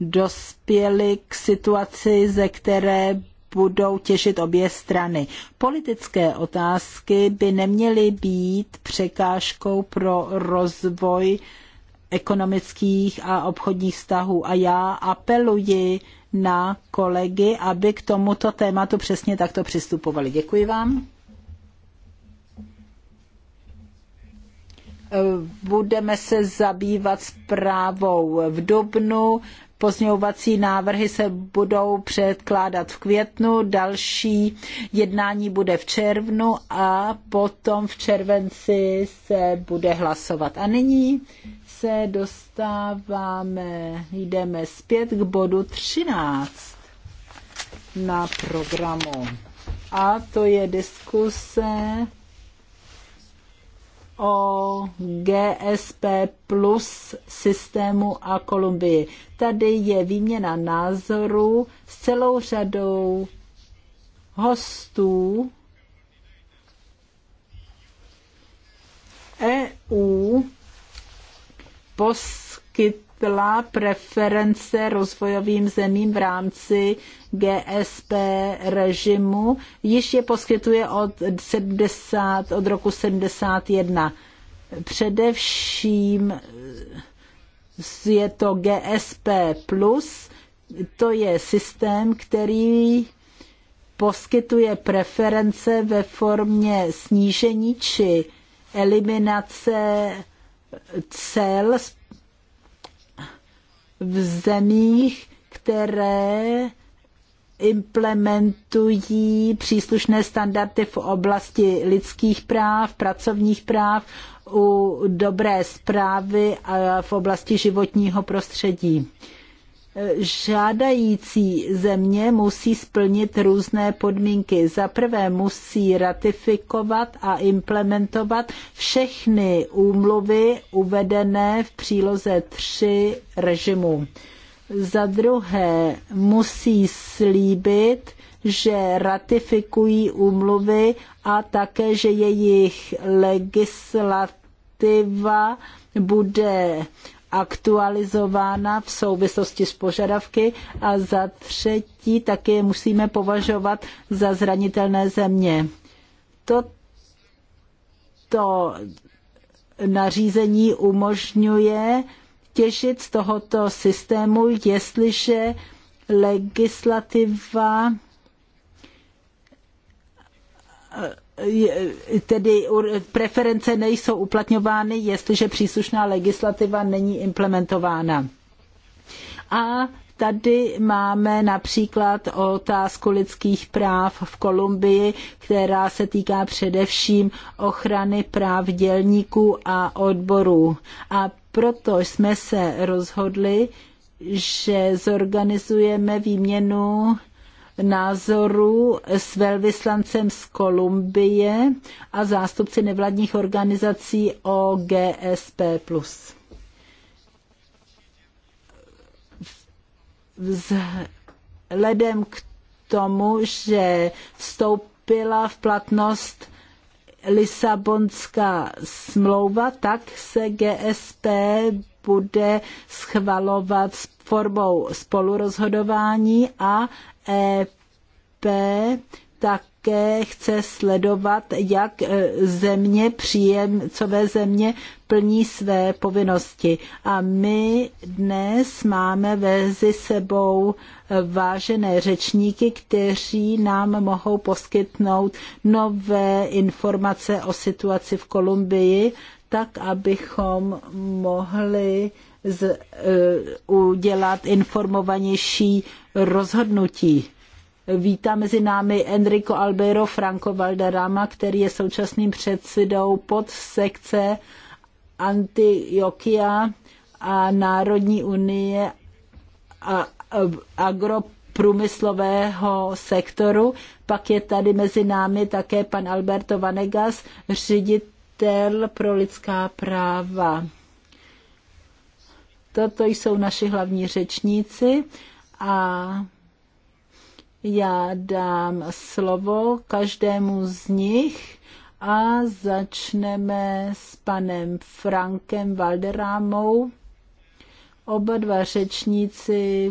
dospěli k situaci, ze které budou těšit obě strany. Politické otázky by neměly být překážkou pro rozvoj ekonomických a obchodních vztahů. A já apeluji na kolegy, aby k tomuto tématu přesně takto přistupovali. Děkuji vám. Budeme se zabývat zprávou v Dubnu. Pozměňovací návrhy se budou předkládat v květnu, další jednání bude v červnu a potom v červenci se bude hlasovat. A nyní se dostáváme, jdeme zpět k bodu 13 na programu. A to je diskuse o GSP plus systému a Kolumbii. Tady je výměna názorů s celou řadou hostů EU poskytla preference rozvojovým zemím v rámci GSP režimu, již je poskytuje od, 70, od roku 71. Především je to GSP+, to je systém, který poskytuje preference ve formě snížení či eliminace cel v zemích, které implementují příslušné standardy v oblasti lidských práv, pracovních práv, u dobré zprávy a v oblasti životního prostředí žádající země musí splnit různé podmínky. Za prvé musí ratifikovat a implementovat všechny úmluvy uvedené v příloze 3 režimu. Za druhé musí slíbit, že ratifikují úmluvy a také, že jejich legislativa bude aktualizována v souvislosti s požadavky a za třetí také musíme považovat za zranitelné země. To, to nařízení umožňuje těžit z tohoto systému, jestliže legislativa tedy preference nejsou uplatňovány, jestliže příslušná legislativa není implementována. A tady máme například otázku lidských práv v Kolumbii, která se týká především ochrany práv dělníků a odborů. A proto jsme se rozhodli, že zorganizujeme výměnu názorů s velvyslancem z Kolumbie a zástupci nevladních organizací o GSP+. Vzhledem k tomu, že vstoupila v platnost Lisabonská smlouva, tak se GSP bude schvalovat s formou spolurozhodování a EP také chce sledovat, jak e, země, příjemcové země plní své povinnosti. A my dnes máme mezi sebou e, vážené řečníky, kteří nám mohou poskytnout nové informace o situaci v Kolumbii, tak abychom mohli z, e, udělat informovanější rozhodnutí. Vítá mezi námi Enrico Albero, Franco Valderrama, který je současným předsedou pod sekce Antioquia a Národní unie a agroprůmyslového sektoru. Pak je tady mezi námi také pan Alberto Vanegas, ředitel pro lidská práva. Toto jsou naši hlavní řečníci a já dám slovo každému z nich a začneme s panem Frankem Valderámou. Oba dva řečníci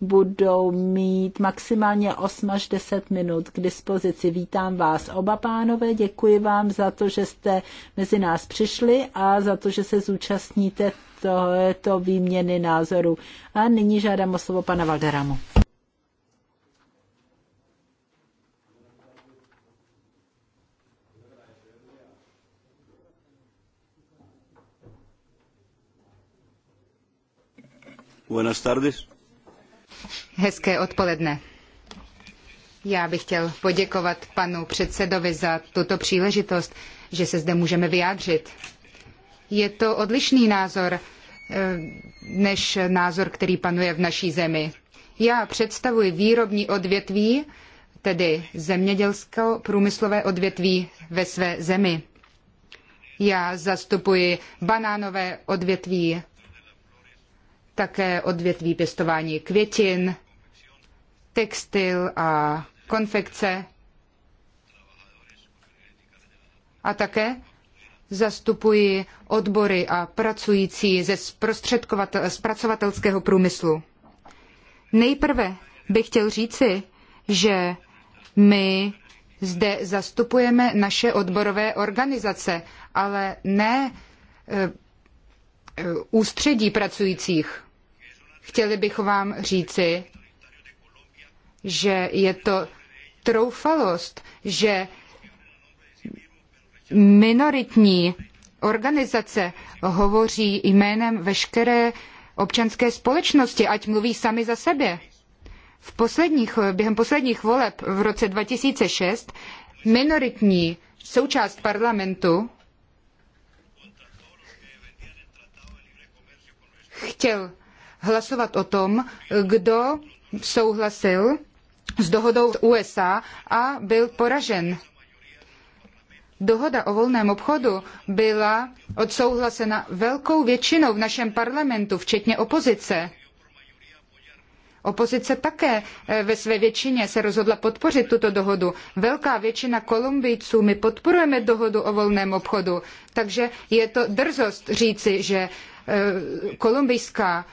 budou mít maximálně 8 až 10 minut k dispozici. Vítám vás oba pánové, děkuji vám za to, že jste mezi nás přišli a za to, že se zúčastníte tohoto výměny názorů. A nyní žádám o slovo pana Valderamu. Buenas tardes. Hezké odpoledne. Já bych chtěl poděkovat panu předsedovi za tuto příležitost, že se zde můžeme vyjádřit je to odlišný názor eh, než názor, který panuje v naší zemi. Já představuji výrobní odvětví, tedy zemědělsko-průmyslové odvětví ve své zemi. Já zastupuji banánové odvětví, také odvětví pěstování květin, textil a konfekce a také zastupuji odbory a pracující ze zpracovatelského průmyslu. Nejprve bych chtěl říci, že my zde zastupujeme naše odborové organizace, ale ne e, e, ústředí pracujících. Chtěli bychom vám říci, že je to troufalost, že minoritní organizace hovoří jménem veškeré občanské společnosti, ať mluví sami za sebe. V posledních, během posledních voleb v roce 2006 minoritní součást parlamentu chtěl hlasovat o tom, kdo souhlasil s dohodou USA a byl poražen. Dohoda o volném obchodu byla odsouhlasena velkou většinou v našem parlamentu, včetně opozice. Opozice také eh, ve své většině se rozhodla podpořit tuto dohodu. Velká většina Kolumbijců, my podporujeme dohodu o volném obchodu, takže je to drzost říci, že eh, kolumbijská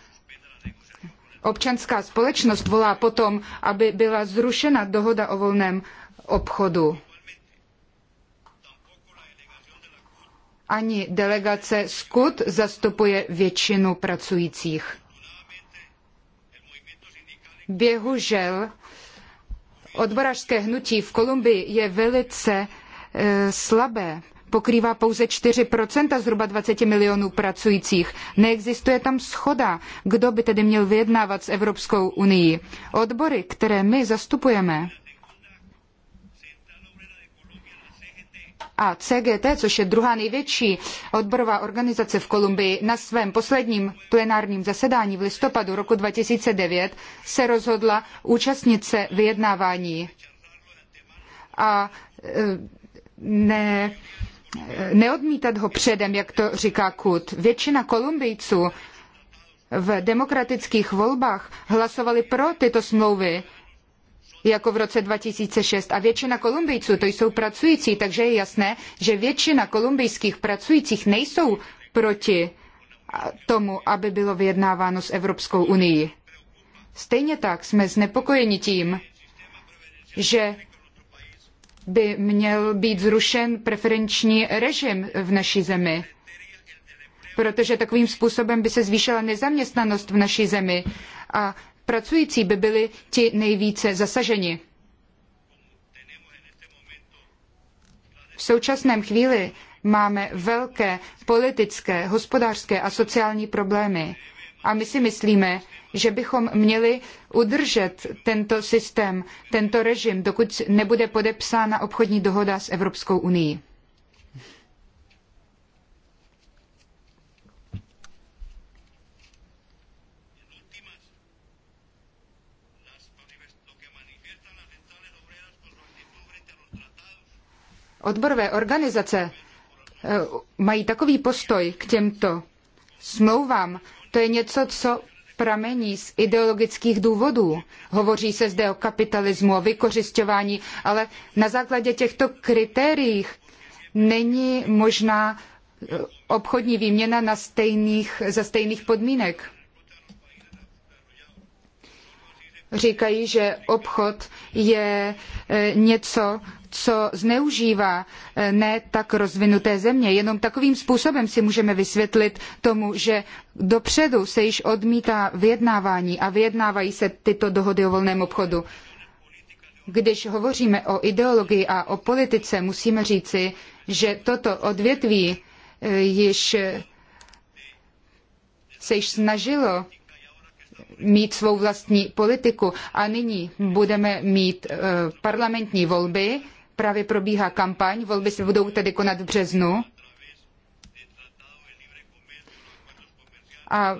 občanská společnost volá potom, aby byla zrušena dohoda o volném obchodu. ani delegace Skut zastupuje většinu pracujících. Běhužel odborářské hnutí v Kolumbii je velice e, slabé. Pokrývá pouze 4% zhruba 20 milionů pracujících. Neexistuje tam schoda, kdo by tedy měl vyjednávat s Evropskou unii. Odbory, které my zastupujeme, a CGT, což je druhá největší odborová organizace v Kolumbii, na svém posledním plenárním zasedání v listopadu roku 2009 se rozhodla účastnit se vyjednávání a e, ne, e, neodmítat ho předem, jak to říká Kut. Většina Kolumbijců v demokratických volbách hlasovali pro tyto smlouvy jako v roce 2006. A většina Kolumbijců to jsou pracující, takže je jasné, že většina kolumbijských pracujících nejsou proti tomu, aby bylo vyjednáváno s Evropskou unii. Stejně tak jsme znepokojeni tím, že by měl být zrušen preferenční režim v naší zemi, protože takovým způsobem by se zvýšila nezaměstnanost v naší zemi a pracující by byli ti nejvíce zasaženi. V současném chvíli máme velké politické, hospodářské a sociální problémy. A my si myslíme, že bychom měli udržet tento systém, tento režim, dokud nebude podepsána obchodní dohoda s Evropskou unií. odborové organizace eh, mají takový postoj k těmto smlouvám, to je něco, co pramení z ideologických důvodů. Hovoří se zde o kapitalismu, o vykořišťování, ale na základě těchto kritérií není možná eh, obchodní výměna na stejných, za stejných podmínek. říkají, že obchod je e, něco, co zneužívá e, ne tak rozvinuté země. Jenom takovým způsobem si můžeme vysvětlit tomu, že dopředu se již odmítá vyjednávání a vyjednávají se tyto dohody o volném obchodu. Když hovoříme o ideologii a o politice, musíme říci, že toto odvětví e, již se již snažilo mít svou vlastní politiku. A nyní budeme mít eh, parlamentní volby, právě probíhá kampaň, volby se budou tedy konat v březnu. A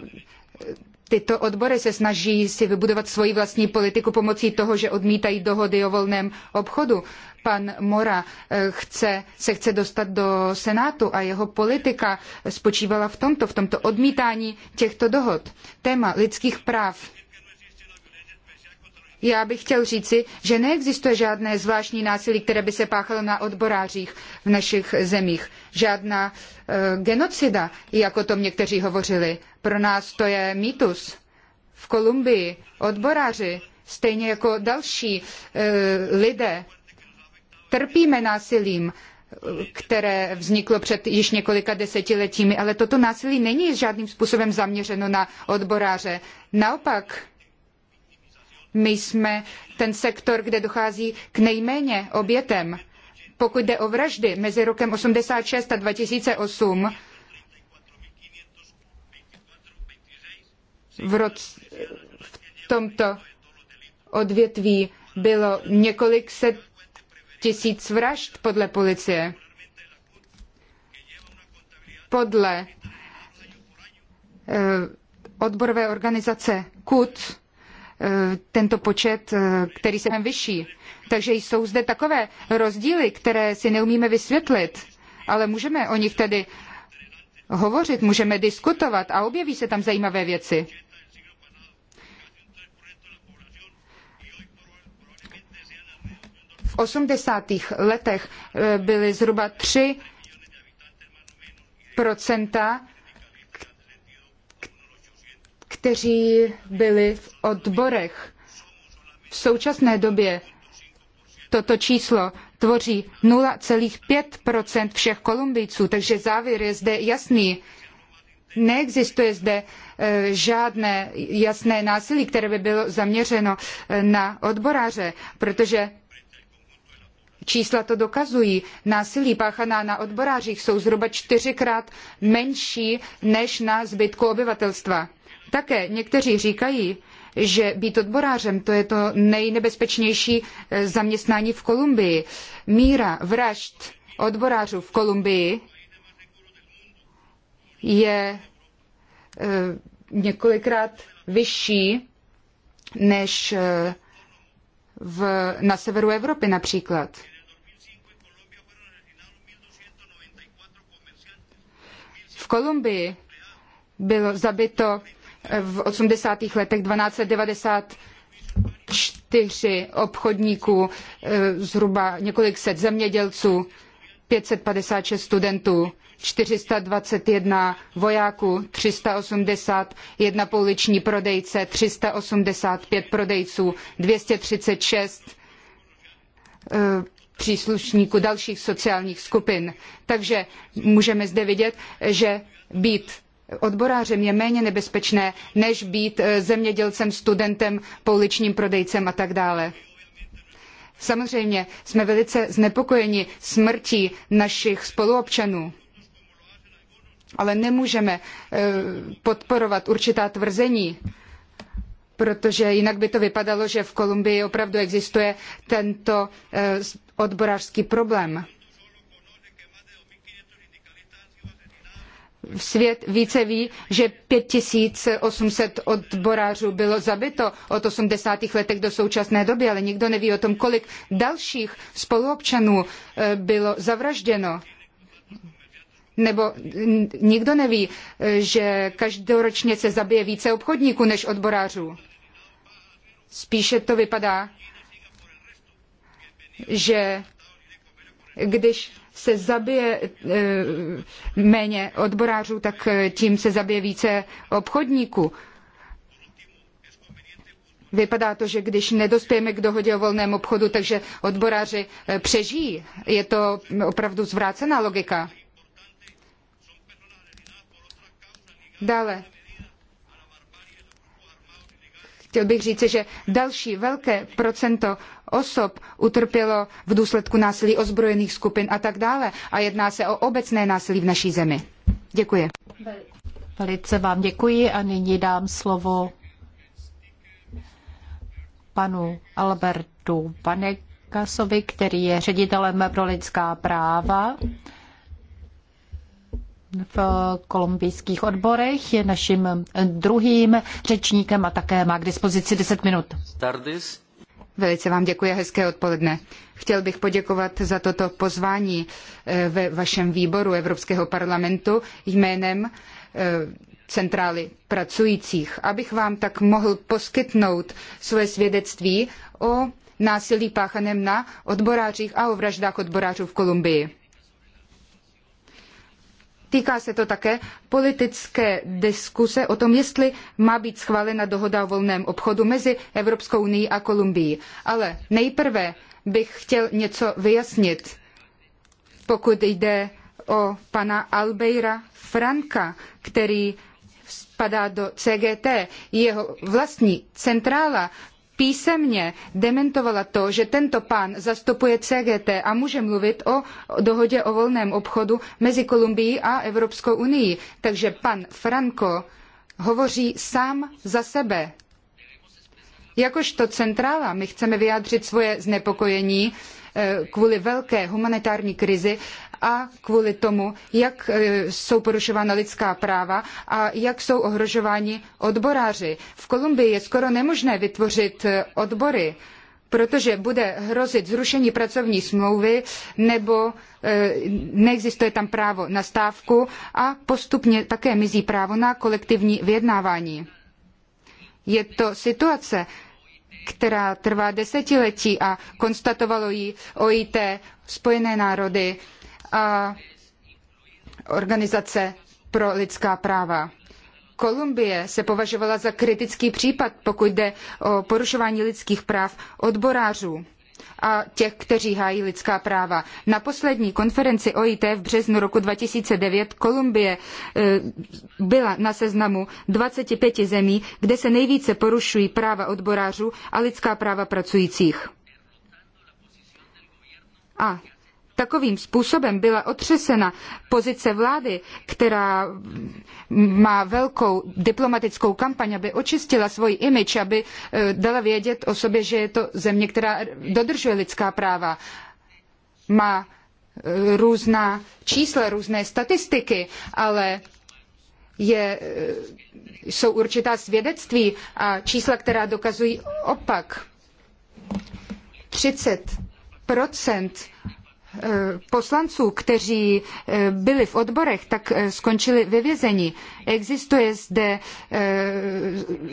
tyto odbory se snaží si vybudovat svoji vlastní politiku pomocí toho, že odmítají dohody o volném obchodu. Pan Mora eh, chce, se chce dostat do Senátu a jeho politika spočívala v tomto, v tomto odmítání těchto dohod. Téma lidských práv já bych chtěl říci, že neexistuje žádné zvláštní násilí, které by se páchalo na odborářích v našich zemích. Žádná eh, genocida, genocida, jako tom někteří hovořili. Pro nás to je mýtus. V Kolumbii odboráři, stejně jako další uh, lidé, trpíme násilím které vzniklo před již několika desetiletími, ale toto násilí není žádným způsobem zaměřeno na odboráře. Naopak, my jsme ten sektor, kde dochází k nejméně obětem. Pokud jde o vraždy mezi rokem 86 a 2008, v, roc, v tomto odvětví bylo několik set tisíc vražd podle policie. Podle eh, odborové organizace KUT Eh, tento počet, eh, který se vyšší. Takže jsou zde takové rozdíly, které si neumíme vysvětlit, ale můžeme o nich tedy hovořit, můžeme diskutovat a objeví se tam zajímavé věci. V 80. letech eh, byly zhruba 3 procenta kteří byli v odborech. V současné době toto číslo tvoří 0,5 všech Kolumbijců, takže závěr je zde jasný. Neexistuje zde e, žádné jasné násilí, které by bylo zaměřeno e, na odboráře, protože Čísla to dokazují. Násilí páchaná na odborářích jsou zhruba čtyřikrát menší než na zbytku obyvatelstva. Také někteří říkají, že být odborářem to je to nejnebezpečnější eh, zaměstnání v Kolumbii. Míra vražd odborářů v Kolumbii je eh, několikrát vyšší než eh, v, na severu Evropy například. V Kolumbii bylo zabito v 80. letech 1290 čtyři obchodníků, eh, zhruba několik set zemědělců, 556 studentů, 421 vojáků, 381 pouliční prodejce, 385 prodejců, 236 eh, příslušníků dalších sociálních skupin. Takže můžeme zde vidět, že být odborářem je méně nebezpečné, než být eh, zemědělcem, studentem, pouličním prodejcem a tak dále. Samozřejmě jsme velice znepokojeni smrtí našich spoluobčanů, ale nemůžeme eh, podporovat určitá tvrzení, protože jinak by to vypadalo, že v Kolumbii opravdu existuje tento eh, odborářský problém. svět více ví, že 5800 odborářů bylo zabito od 80. letech do současné doby, ale nikdo neví o tom, kolik dalších spoluobčanů e, bylo zavražděno nebo nikdo neví, e, že každoročně se zabije více obchodníků než odborářů. Spíše to vypadá, že když se zabije eh, méně odborářů, tak eh, tím se zabije více obchodníků. Vypadá to, že když nedospějeme k dohodě o volném obchodu, takže odboráři eh, přežijí. Je to opravdu zvrácená logika. Dále, Chtěl bych říci, že další velké procento osob utrpělo v důsledku násilí ozbrojených skupin a tak dále. A jedná se o obecné násilí v naší zemi. Děkuji. Velice vám děkuji a nyní dám slovo panu Albertu Panekasovi, který je ředitelem pro lidská práva v kolumbijských odborech, je naším druhým řečníkem a také má k dispozici 10 minut. Stardis. Velice vám děkuji a hezké odpoledne. Chtěl bych poděkovat za toto pozvání eh, ve vašem výboru Evropského parlamentu jménem eh, centrály pracujících, abych vám tak mohl poskytnout svoje svědectví o násilí páchaném na odborářích a o vraždách odborářů v Kolumbii. Týká se to také politické diskuse o tom, jestli má být schválena dohoda o volném obchodu mezi Evropskou unií a Kolumbií. Ale nejprve bych chtěl něco vyjasnit, pokud jde o pana Albeira Franka, který spadá do CGT. Jeho vlastní centrála písemně dementovala to, že tento pán zastupuje CGT a může mluvit o dohodě o volném obchodu mezi Kolumbií a Evropskou unii. Takže pan Franco hovoří sám za sebe. Jakožto centrála my chceme vyjádřit svoje znepokojení eh, kvůli velké humanitární krizi a kvůli tomu, jak e, jsou porušována lidská práva a jak jsou ohrožováni odboráři. V Kolumbii je skoro nemožné vytvořit e, odbory protože bude hrozit zrušení pracovní smlouvy nebo e, neexistuje tam právo na stávku a postupně také mizí právo na kolektivní vyjednávání. Je to situace, která trvá desetiletí a konstatovalo ji OIT, Spojené národy, a organizace pro lidská práva. Kolumbie se považovala za kritický případ, pokud jde o porušování lidských práv odborářů a těch, kteří hájí lidská práva. Na poslední konferenci OIT v březnu roku 2009 Kolumbie eh, byla na seznamu 25 zemí, kde se nejvíce porušují práva odborářů a lidská práva pracujících. A takovým způsobem byla otřesena pozice vlády, která má velkou diplomatickou kampaň, aby očistila svůj imič, aby eh, dala vědět o sobě, že je to země, která dodržuje lidská práva, má eh, různá čísla, různé statistiky, ale je, eh, jsou určitá svědectví a čísla, která dokazují opak. 30 Eh, poslanců, kteří eh, byli v odborech, tak eh, skončili ve vězení. Existuje zde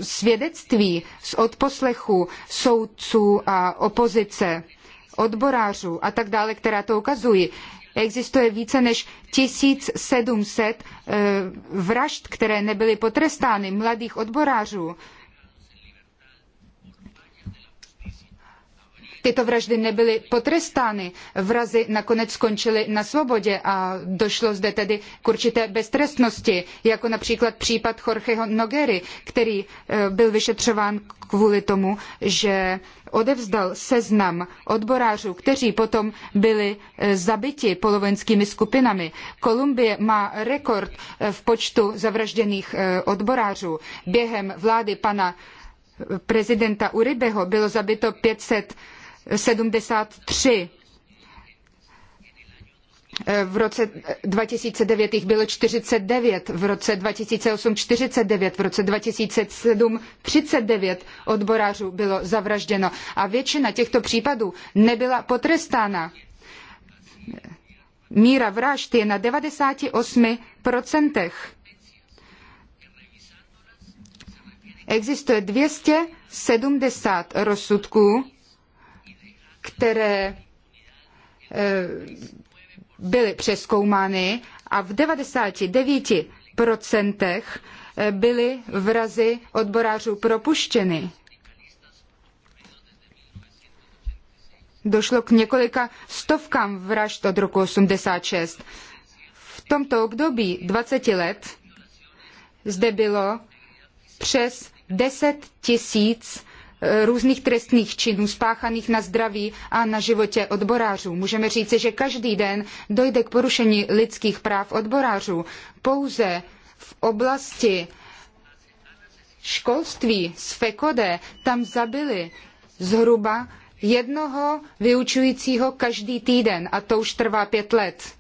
svědectví z odposlechu soudců a opozice, odborářů a tak dále, která to ukazují. Existuje více než 1700 vražd, které nebyly potrestány mladých odborářů Tyto vraždy nebyly potrestány, vrazi nakonec skončili na svobodě a došlo zde tedy k určité beztrestnosti, jako například případ Jorgeho Nogery, který eh, byl vyšetřován kvůli tomu, že odevzdal seznam odborářů, kteří potom byli eh, zabiti polovenskými skupinami. Kolumbie má rekord eh, v počtu zavražděných odborářů. Během vlády pana prezidenta Uribeho bylo zabito 500 73. V roce 2009 jich bylo 49, v roce 2008 49, v roce 2007 39 odborářů bylo zavražděno a většina těchto případů nebyla potrestána. Míra vražd je na 98%. Existuje 270 rozsudků, které eh, byly přeskoumány a v 99% eh, byly vrazy odborářů propuštěny. Došlo k několika stovkám vražd od roku 86. V tomto období 20 let zde bylo přes 10 tisíc různých trestných činů spáchaných na zdraví a na životě odborářů. Můžeme říci, že každý den dojde k porušení lidských práv odborářů. Pouze v oblasti školství z Fekode tam zabili zhruba jednoho vyučujícího každý týden a to už trvá pět let.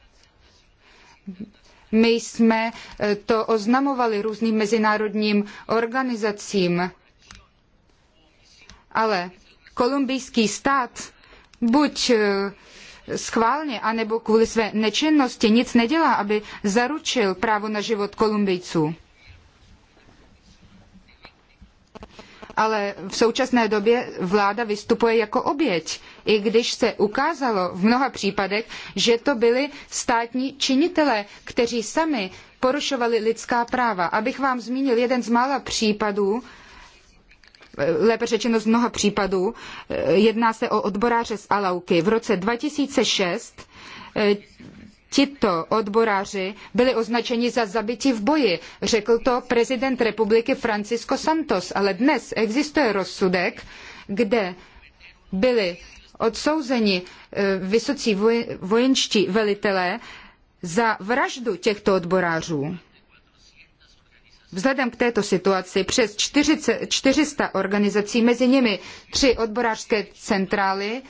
My jsme eh, to oznamovali různým mezinárodním organizacím ale kolumbijský stát buď eh, schválně, anebo kvůli své nečinnosti nic nedělá, aby zaručil právo na život Kolumbijců. ale v současné době vláda vystupuje jako oběť, i když se ukázalo v mnoha případech, že to byli státní činitelé, kteří sami porušovali lidská práva. Abych vám zmínil jeden z mála případů, lépe řečeno z mnoha případů. Eh, jedná se o odboráře z Alauky. V roce 2006 eh, Tito odboráři byli označeni za zabiti v boji. Řekl to prezident republiky Francisco Santos, ale dnes existuje rozsudek, kde byli odsouzeni eh, vysocí vojenští velitelé za vraždu těchto odborářů. Vzhledem k této situaci přes 40, 400 organizací, mezi nimi tři odborářské centrály,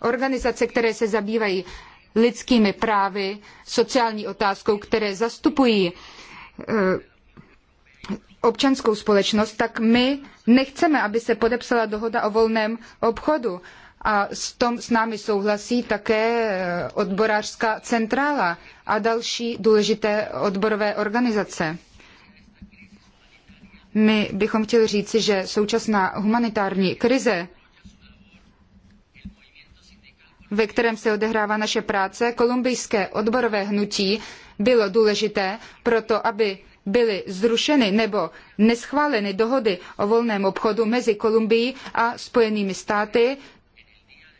organizace, které se zabývají lidskými právy, sociální otázkou, které zastupují eh, občanskou společnost, tak my nechceme, aby se podepsala dohoda o volném obchodu. A s, tom, s námi souhlasí také eh, odborářská centrála a další důležité odborové organizace. My bychom chtěli říci, že současná humanitární krize, ve kterém se odehrává naše práce, kolumbijské odborové hnutí bylo důležité proto, aby byly zrušeny nebo neschváleny dohody o volném obchodu mezi Kolumbií a Spojenými státy,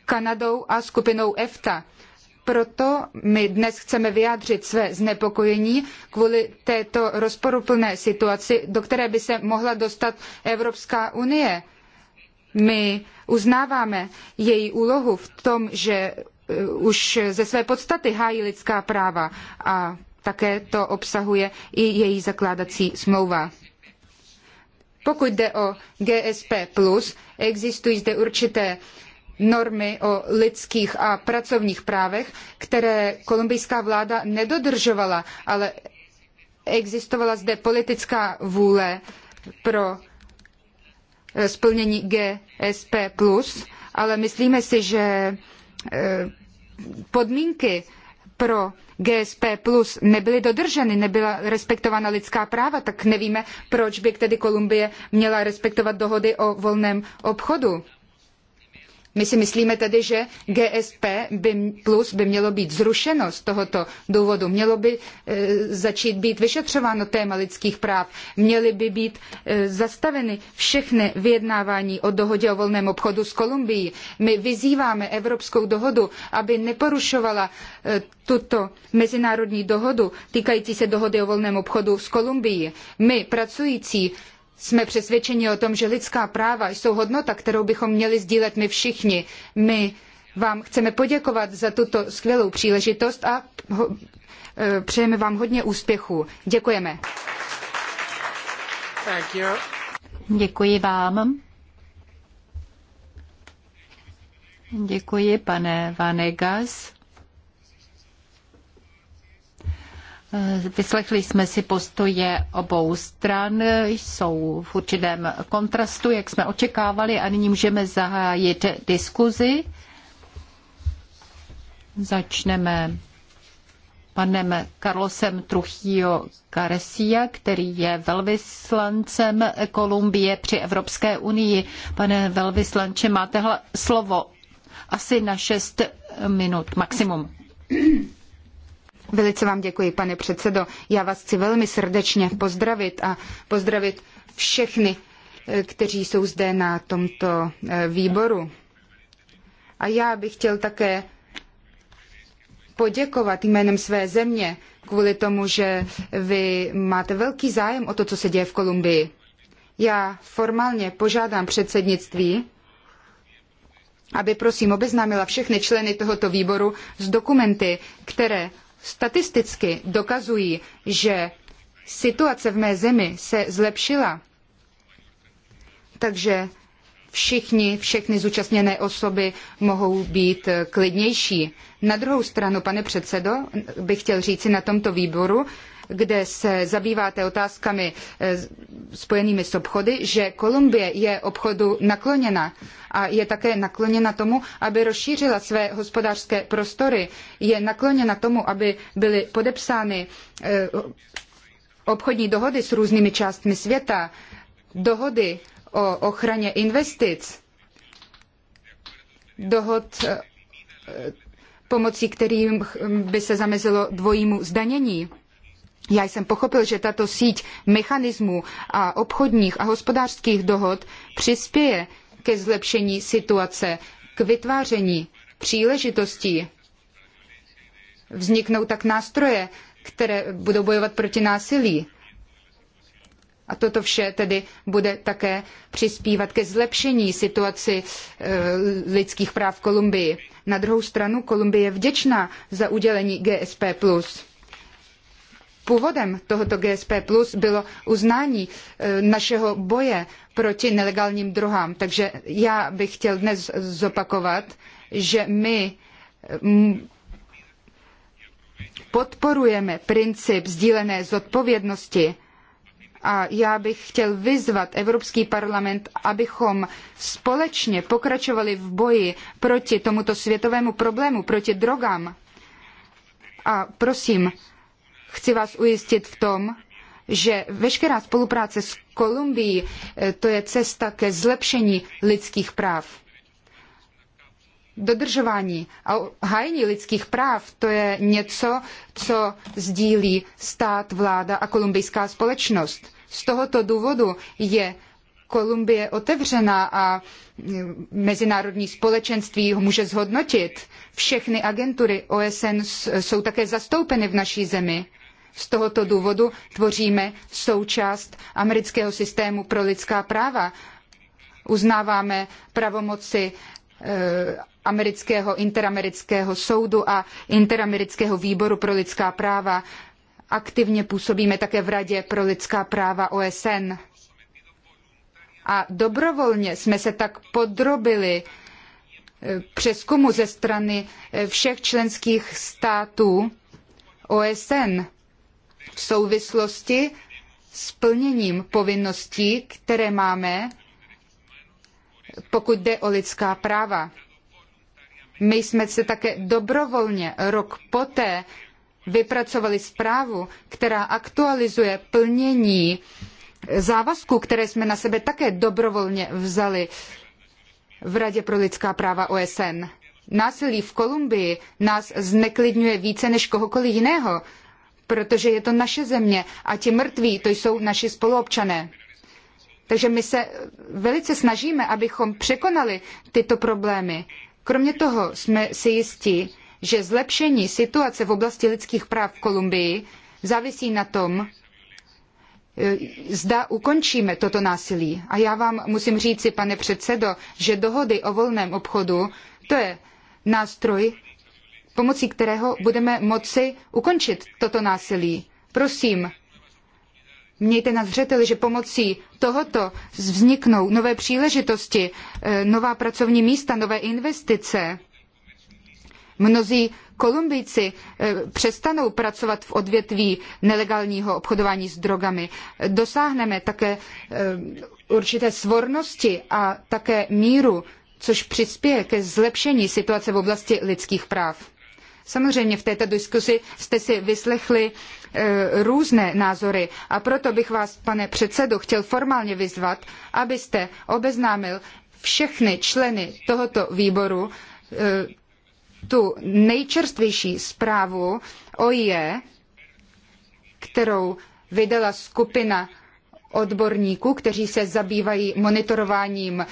Kanadou a skupinou EFTA proto my dnes chceme vyjádřit své znepokojení kvůli této rozporuplné situaci, do které by se mohla dostat Evropská unie. My uznáváme její úlohu v tom, že eh, už ze své podstaty hájí lidská práva a také to obsahuje i její zakládací smlouva. Pokud jde o GSP+, existují zde určité normy o lidských a pracovních právech, které kolumbijská vláda nedodržovala, ale existovala zde politická vůle pro eh, splnění GSP+, ale myslíme si, že eh, podmínky pro GSP plus nebyly dodrženy, nebyla respektována lidská práva, tak nevíme, proč by tedy Kolumbie měla respektovat dohody o volném obchodu. My si myslíme tedy, že GSP by, plus by mělo být zrušeno z tohoto důvodu. Mělo by e, začít být vyšetřováno téma lidských práv. Měly by být e, zastaveny všechny vyjednávání o dohodě o volném obchodu s Kolumbií. My vyzýváme Evropskou dohodu, aby neporušovala e, tuto mezinárodní dohodu týkající se dohody o volném obchodu s Kolumbií. My, pracující jsme přesvědčeni o tom, že lidská práva jsou hodnota, kterou bychom měli sdílet my všichni. My vám chceme poděkovat za tuto skvělou příležitost a e, přejeme vám hodně úspěchů. Děkujeme. Děkuji vám. Děkuji, pane Vanegas. Eh, vyslechli jsme si postoje obou stran, jsou v určitém kontrastu, jak jsme očekávali, a nyní můžeme zahájit diskuzi. Začneme panem Carlosem Truchio Garcia, který je velvyslancem Kolumbie při Evropské unii. Pane velvyslanče, máte slovo asi na šest minut maximum. Velice vám děkuji, pane předsedo. Já vás chci velmi srdečně pozdravit a pozdravit všechny, eh, kteří jsou zde na tomto eh, výboru. A já bych chtěl také poděkovat jménem své země kvůli tomu, že vy máte velký zájem o to, co se děje v Kolumbii. Já formálně požádám předsednictví, aby prosím obeznámila všechny členy tohoto výboru s dokumenty, které statisticky dokazují, že situace v mé zemi se zlepšila, takže všichni, všechny zúčastněné osoby mohou být klidnější. Na druhou stranu, pane předsedo, bych chtěl říci na tomto výboru, kde se zabýváte otázkami eh, spojenými s obchody, že Kolumbie je obchodu nakloněna a je také nakloněna tomu, aby rozšířila své hospodářské prostory, je nakloněna tomu, aby byly podepsány eh, obchodní dohody s různými částmi světa, dohody o ochraně investic, dohod eh, pomocí kterým hm, by se zamezilo dvojímu zdanění. Já jsem pochopil, že tato síť mechanismů a obchodních a hospodářských dohod přispěje ke zlepšení situace, k vytváření příležitostí. Vzniknou tak nástroje, které budou bojovat proti násilí. A toto vše tedy bude také přispívat ke zlepšení situaci eh, lidských práv v Kolumbii. Na druhou stranu Kolumbie je vděčná za udělení GSP+. Původem tohoto GSP Plus bylo uznání e, našeho boje proti nelegálním druhám. Takže já bych chtěl dnes zopakovat, že my e, podporujeme princip sdílené zodpovědnosti a já bych chtěl vyzvat Evropský parlament, abychom společně pokračovali v boji proti tomuto světovému problému, proti drogám. A prosím, Chci vás ujistit v tom, že veškerá spolupráce s Kolumbií e, to je cesta ke zlepšení lidských práv. Dodržování a hájení lidských práv to je něco, co sdílí stát, vláda a kolumbijská společnost. Z tohoto důvodu je Kolumbie otevřená a e, mezinárodní společenství ho může zhodnotit. Všechny agentury OSN jsou také zastoupeny v naší zemi. Z tohoto důvodu tvoříme součást amerického systému pro lidská práva. Uznáváme pravomoci eh, amerického interamerického soudu a interamerického výboru pro lidská práva. Aktivně působíme také v Radě pro lidská práva OSN. A dobrovolně jsme se tak podrobili eh, přeskumu ze strany eh, všech členských států OSN v souvislosti s plněním povinností, které máme, pokud jde o lidská práva. My jsme se také dobrovolně rok poté vypracovali zprávu, která aktualizuje plnění závazků, které jsme na sebe také dobrovolně vzali v Radě pro lidská práva OSN. Násilí v Kolumbii nás zneklidňuje více než kohokoliv jiného protože je to naše země a ti mrtví, to jsou naši spoluobčané. Takže my se velice snažíme, abychom překonali tyto problémy. Kromě toho jsme si jistí, že zlepšení situace v oblasti lidských práv v Kolumbii závisí na tom, e, zda ukončíme toto násilí. A já vám musím říci, pane předsedo, že dohody o volném obchodu, to je nástroj, pomocí kterého budeme moci ukončit toto násilí. Prosím, mějte na zřeteli, že pomocí tohoto vzniknou nové příležitosti, e, nová pracovní místa, nové investice. Mnozí Kolumbijci e, přestanou pracovat v odvětví nelegálního obchodování s drogami. Dosáhneme také e, určité svornosti a také míru, což přispěje ke zlepšení situace v oblasti lidských práv. Samozřejmě v této diskusi jste si vyslechli e, různé názory a proto bych vás, pane předsedo, chtěl formálně vyzvat, abyste obeznámil všechny členy tohoto výboru e, tu nejčerstvější zprávu o je, kterou vydala skupina odborníků, kteří se zabývají monitorováním e,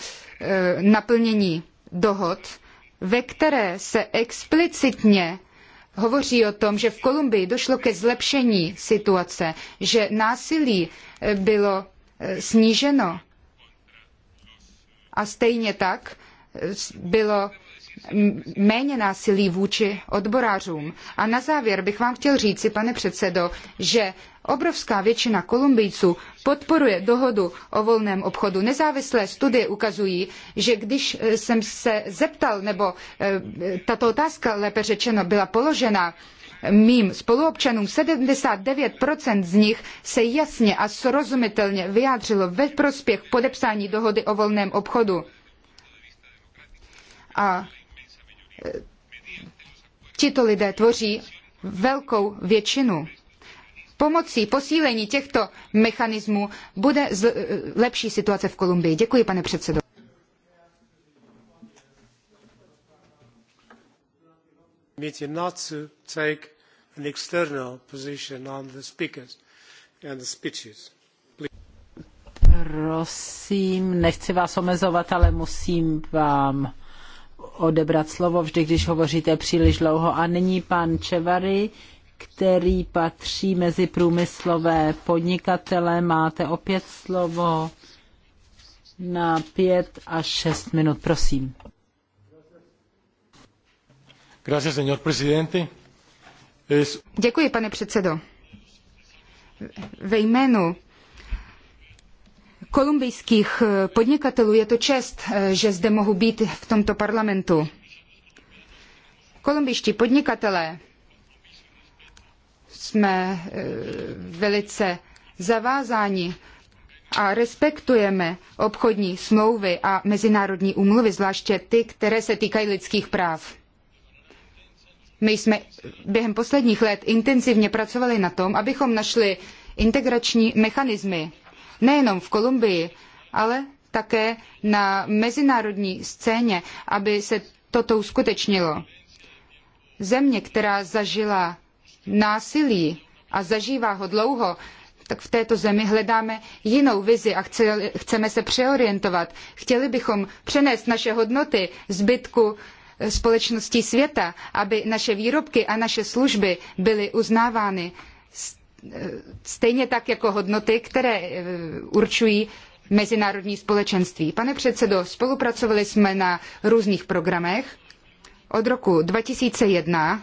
naplnění dohod ve které se explicitně hovoří o tom, že v Kolumbii došlo ke zlepšení situace, že násilí eh, bylo eh, sníženo. A stejně tak eh, bylo méně násilí vůči odborářům. A na závěr bych vám chtěl říci, pane předsedo, že obrovská většina Kolumbijců podporuje dohodu o volném obchodu. Nezávislé studie ukazují, že když e, jsem se zeptal, nebo e, tato otázka, lépe řečeno, byla položena, mým spoluobčanům 79% z nich se jasně a srozumitelně vyjádřilo ve prospěch podepsání dohody o volném obchodu. A tito lidé tvoří velkou většinu. Pomocí posílení těchto mechanismů bude eh, lepší situace v Kolumbii. Děkuji, pane předsedo. meeting not to take an external position on the speakers Prosím, nechci vás omezovat, ale musím vám odebrat slovo vždy, když hovoříte příliš dlouho. A nyní pan Čevary, který patří mezi průmyslové podnikatele. Máte opět slovo na pět až šest minut, prosím. Děkuji, pane předsedo. Ve jménu kolumbijských eh, podnikatelů. Je to čest, eh, že zde mohu být v tomto parlamentu. Kolumbiští podnikatelé jsme eh, velice zavázáni a respektujeme obchodní smlouvy a mezinárodní úmluvy, zvláště ty, které se týkají lidských práv. My jsme během posledních let intenzivně pracovali na tom, abychom našli integrační mechanismy nejenom v Kolumbii, ale také na mezinárodní scéně, aby se toto uskutečnilo. Země, která zažila násilí a zažívá ho dlouho, tak v této zemi hledáme jinou vizi a chceme se přeorientovat. Chtěli bychom přenést naše hodnoty zbytku společností světa, aby naše výrobky a naše služby byly uznávány stejně tak jako hodnoty, které eh, určují mezinárodní společenství. Pane předsedo, spolupracovali jsme na různých programech. Od roku 2001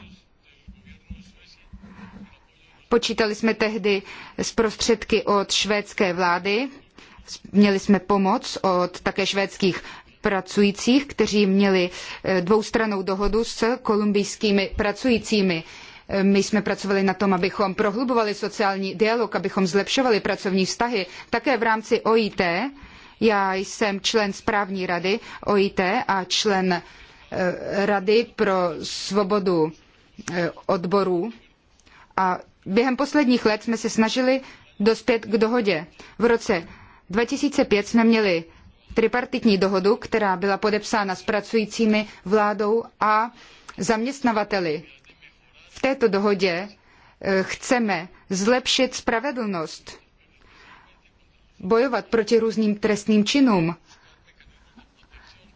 počítali jsme tehdy s prostředky od švédské vlády, měli jsme pomoc od také švédských pracujících, kteří měli eh, dvoustrannou dohodu s kolumbijskými pracujícími. My jsme pracovali na tom, abychom prohlubovali sociální dialog, abychom zlepšovali pracovní vztahy. Také v rámci OIT, já jsem člen správní rady OIT a člen e, Rady pro svobodu e, odborů. A během posledních let jsme se snažili dospět k dohodě. V roce 2005 jsme měli tripartitní dohodu, která byla podepsána s pracujícími vládou a zaměstnavateli. V této dohodě eh, chceme zlepšit spravedlnost, bojovat proti různým trestným činům,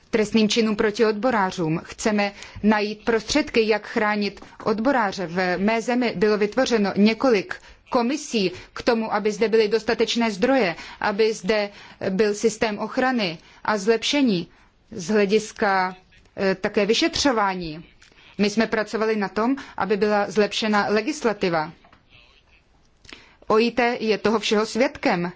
trestným činům proti odborářům. Chceme najít prostředky, jak chránit odboráře. V mé zemi bylo vytvořeno několik komisí k tomu, aby zde byly dostatečné zdroje, aby zde byl systém ochrany a zlepšení z hlediska eh, také vyšetřování. My jsme pracovali na tom, aby byla zlepšena legislativa. OIT je toho všeho svědkem.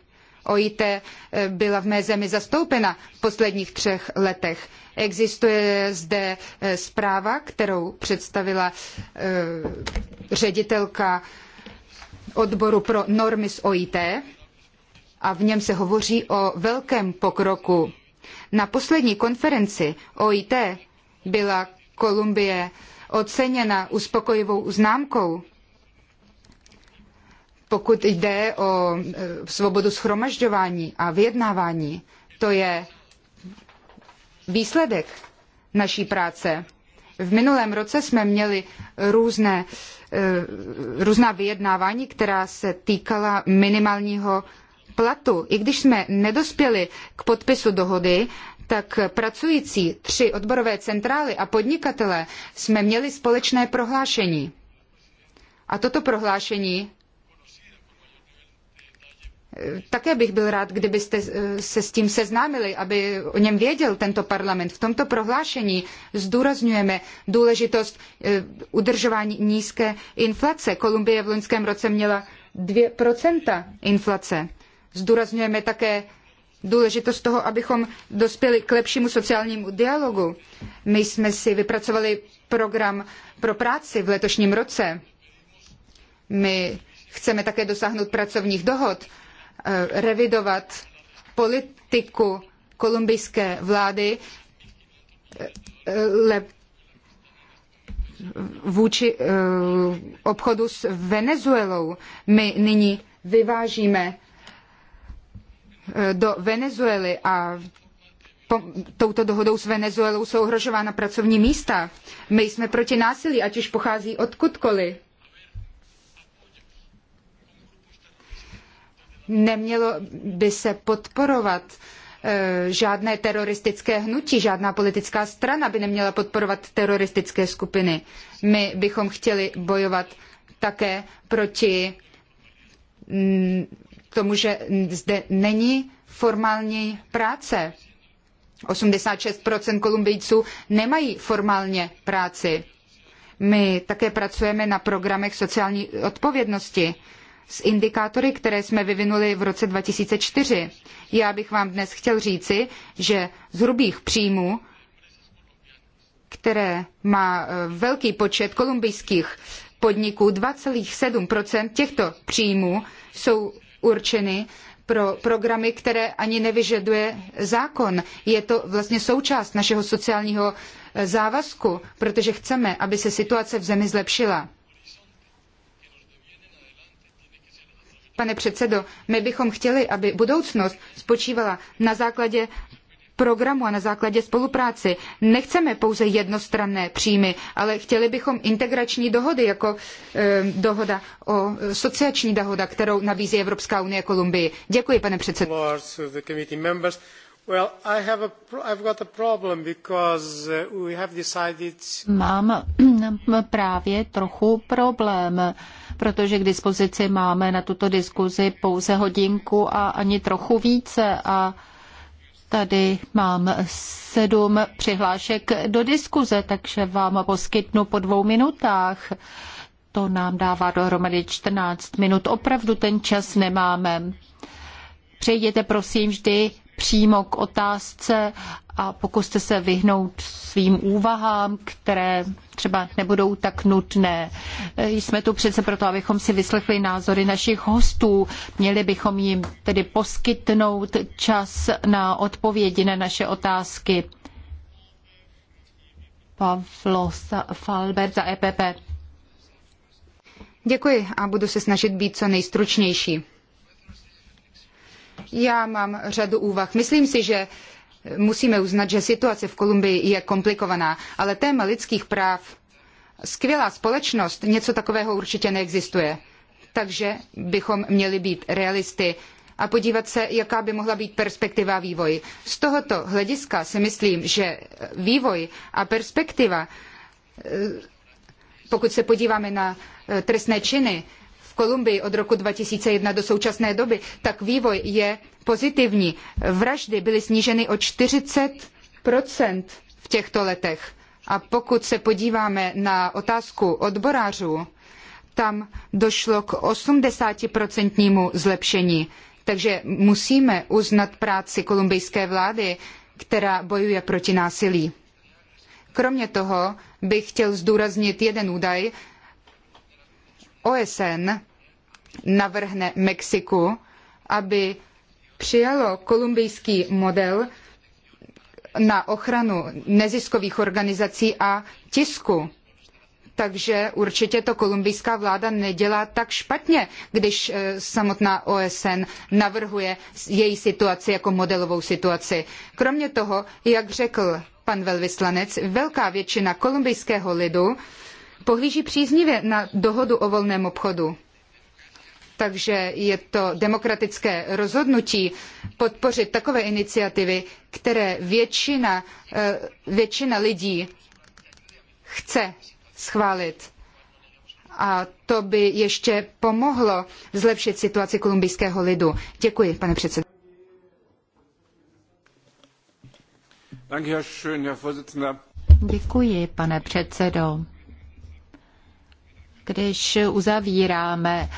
OIT eh, byla v mé zemi zastoupena v posledních třech letech. Existuje zde eh, zpráva, kterou představila eh, ředitelka odboru pro normy z OIT a v něm se hovoří o velkém pokroku. Na poslední konferenci OIT byla Kolumbie oceněna uspokojivou známkou, pokud jde o e, svobodu schromažďování a vyjednávání, to je výsledek naší práce. V minulém roce jsme měli různé, e, různá vyjednávání, která se týkala minimálního platu. I když jsme nedospěli k podpisu dohody, tak pracující tři odborové centrály a podnikatele jsme měli společné prohlášení. A toto prohlášení eh, také bych byl rád, kdybyste eh, se s tím seznámili, aby o něm věděl tento parlament. V tomto prohlášení zdůrazňujeme důležitost eh, udržování nízké inflace. Kolumbie v loňském roce měla 2% inflace. Zdůrazňujeme také důležitost toho, abychom dospěli k lepšímu sociálnímu dialogu. My jsme si vypracovali program pro práci v letošním roce. My chceme také dosáhnout pracovních dohod, eh, revidovat politiku kolumbijské vlády eh, vůči eh, obchodu s Venezuelou. My nyní vyvážíme Eh, do Venezuely a po, touto dohodou s Venezuelou jsou ohrožována pracovní místa. My jsme proti násilí, ať už pochází odkudkoliv. Nemělo by se podporovat e, žádné teroristické hnutí, žádná politická strana by neměla podporovat teroristické skupiny. My bychom chtěli bojovat také proti mm, tomu, že zde není formální práce. 86% Kolumbijců nemají formálně práci. My také pracujeme na programech sociální odpovědnosti s indikátory, které jsme vyvinuli v roce 2004. Já bych vám dnes chtěl říci, že z hrubých příjmů, které má eh, velký počet kolumbijských podniků, 2,7% těchto příjmů jsou určeny pro programy, které ani nevyžaduje zákon. Je to vlastně součást našeho sociálního eh, závazku, protože chceme, aby se situace v zemi zlepšila. Pane předsedo, my bychom chtěli, aby budoucnost spočívala na základě programu a na základě spolupráci. Nechceme pouze jednostranné příjmy, ale chtěli bychom integrační dohody, jako eh, dohoda o sociační dohoda, kterou nabízí Evropská unie Kolumbii. Děkuji, pane předsedající. Eh, Mám právě trochu problém, protože k dispozici máme na tuto diskuzi pouze hodinku a ani trochu více a Tady mám sedm přihlášek do diskuze, takže vám poskytnu po dvou minutách. To nám dává dohromady 14 minut. Opravdu ten čas nemáme. Přejděte prosím vždy přímo k otázce a pokuste se vyhnout svým úvahám, které třeba nebudou tak nutné. Jsme tu přece proto, abychom si vyslechli názory našich hostů. Měli bychom jim tedy poskytnout čas na odpovědi na naše otázky. Pavlo Falber za EPP. Děkuji a budu se snažit být co nejstručnější. Já mám řadu úvah. Myslím si, že musíme uznat, že situace v Kolumbii je komplikovaná, ale téma lidských práv, skvělá společnost, něco takového určitě neexistuje. Takže bychom měli být realisty a podívat se, jaká by mohla být perspektiva vývoje. Z tohoto hlediska si myslím, že vývoj a perspektiva, eh, pokud se podíváme na eh, trestné činy, Kolumbii od roku 2001 do současné doby, tak vývoj je pozitivní. Vraždy byly sníženy o 40 v těchto letech. A pokud se podíváme na otázku odborářů, tam došlo k 80% zlepšení. Takže musíme uznat práci kolumbijské vlády, která bojuje proti násilí. Kromě toho bych chtěl zdůraznit jeden údaj, OSN navrhne Mexiku, aby přijalo kolumbijský model na ochranu neziskových organizací a tisku. Takže určitě to kolumbijská vláda nedělá tak špatně, když eh, samotná OSN navrhuje její situaci jako modelovou situaci. Kromě toho, jak řekl pan velvyslanec, velká většina kolumbijského lidu pohlíží příznivě na dohodu o volném obchodu. Takže je to demokratické rozhodnutí podpořit takové iniciativy, které většina, eh, většina lidí chce schválit. A to by ještě pomohlo zlepšit situaci kolumbijského lidu. Děkuji, pane předsedo. Děkuji, pane předsedo když uzavíráme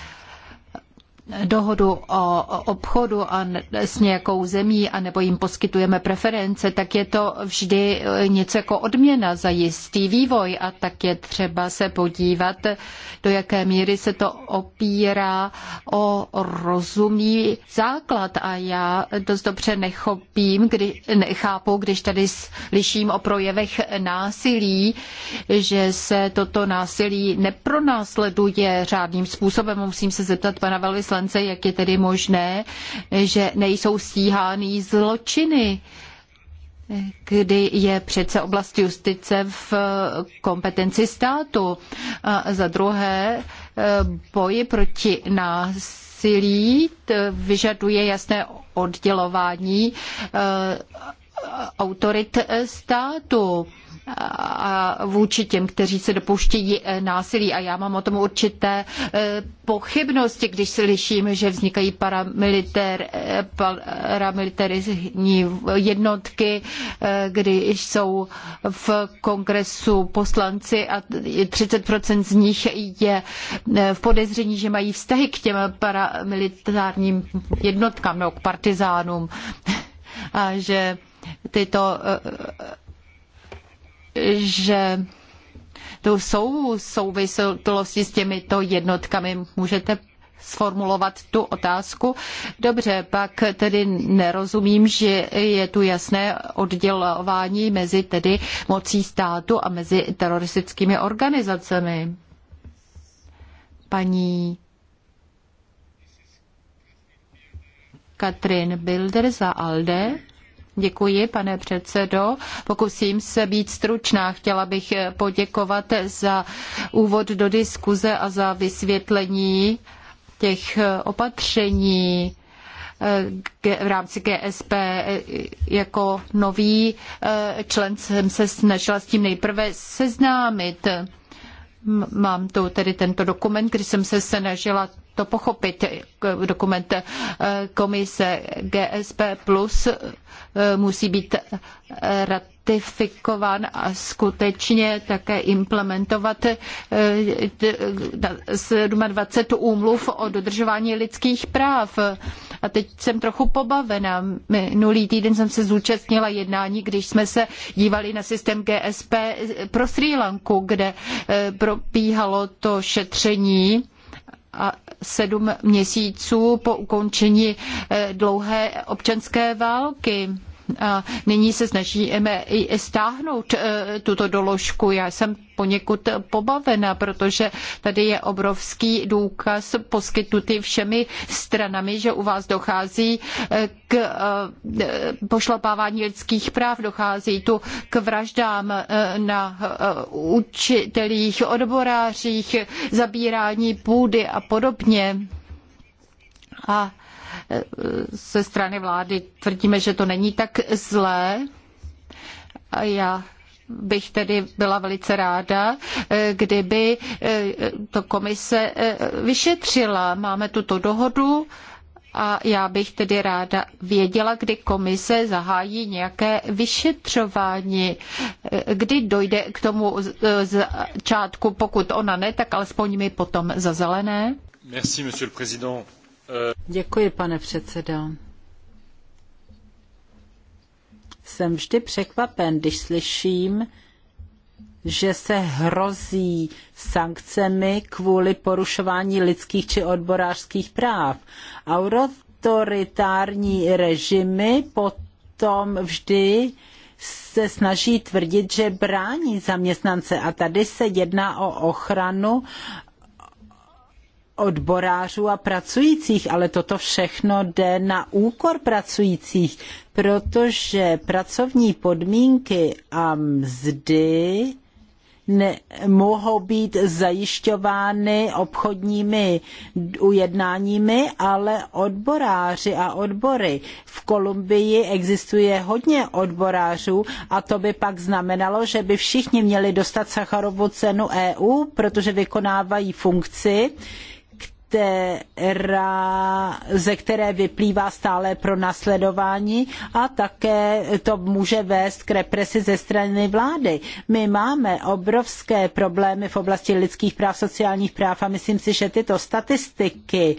dohodu o obchodu a s nějakou zemí, anebo jim poskytujeme preference, tak je to vždy eh, něco jako odměna za jistý vývoj a tak je třeba se podívat, do jaké míry se to opírá o rozumný základ. A já dost dobře nechopím, kdy, nechápu, když tady slyším o projevech násilí, že se toto násilí nepronásleduje řádným způsobem. Musím se zeptat pana velvyslance, poslance, jak je tedy možné, že nejsou stíhány zločiny kdy je přece oblast justice v kompetenci státu. A za druhé, boji proti násilí vyžaduje jasné oddělování e, autorit státu a vůči těm, kteří se dopouštějí eh, násilí. A já mám o tom určité eh, pochybnosti, když slyším, že vznikají paramilitér, eh, paramilitarizní jednotky, když jsou v kongresu poslanci a 30% z nich je v podezření, že mají vztahy k těm paramilitárním jednotkám nebo k partizánům. A že tyto že to jsou souvislosti s těmito jednotkami. Můžete sformulovat tu otázku. Dobře, pak tedy nerozumím, že je tu jasné oddělování mezi tedy mocí státu a mezi teroristickými organizacemi. Paní Katrin Bilder za ALDE. Děkuji, pane předsedo. Pokusím se být stručná. Chtěla bych poděkovat za úvod do diskuze a za vysvětlení těch opatření eh, v rámci GSP eh, jako nový eh, člen jsem se snažila s tím nejprve seznámit. Mám tu tedy tento dokument, kdy jsem se snažila to pochopit. Dokument eh, komise GSP Plus eh, musí být ratifikován a skutečně také implementovat 27 eh, úmluv o dodržování lidských práv. A teď jsem trochu pobavená. Minulý týden jsem se zúčastnila jednání, když jsme se dívali na systém GSP pro Sri Lanku, kde probíhalo to šetření a sedm měsíců po ukončení eh, dlouhé občanské války. A nyní se snažíme i stáhnout e, tuto doložku. Já jsem poněkud pobavena, protože tady je obrovský důkaz poskytnutý všemi stranami, že u vás dochází e, k e, pošlapávání lidských práv, dochází tu k vraždám na učitelích, odborářích, zabírání půdy a podobně. A ze strany vlády tvrdíme, že to není tak zlé. A já bych tedy byla velice ráda, kdyby eh, to komise eh, vyšetřila. Máme tuto dohodu a já bych tedy ráda věděla, kdy komise zahájí nějaké vyšetřování, eh, kdy dojde k tomu začátku, pokud ona ne, tak alespoň mi potom za zelené. Merci, monsieur le président. Děkuji, pane předsedo. Jsem vždy překvapen, když slyším, že se hrozí sankcemi kvůli porušování lidských či odborářských práv. Autoritární režimy potom vždy se snaží tvrdit, že brání zaměstnance a tady se jedná o ochranu odborářů a pracujících, ale toto všechno jde na úkor pracujících, protože pracovní podmínky a mzdy ne, mohou být zajišťovány obchodními ujednáními, ale odboráři a odbory. V Kolumbii existuje hodně odborářů a to by pak znamenalo, že by všichni měli dostat Sacharovu cenu EU, protože vykonávají funkci, která, ze které vyplývá stále pro nasledování a také to může vést k represi ze strany vlády. My máme obrovské problémy v oblasti lidských práv, sociálních práv a myslím si, že tyto statistiky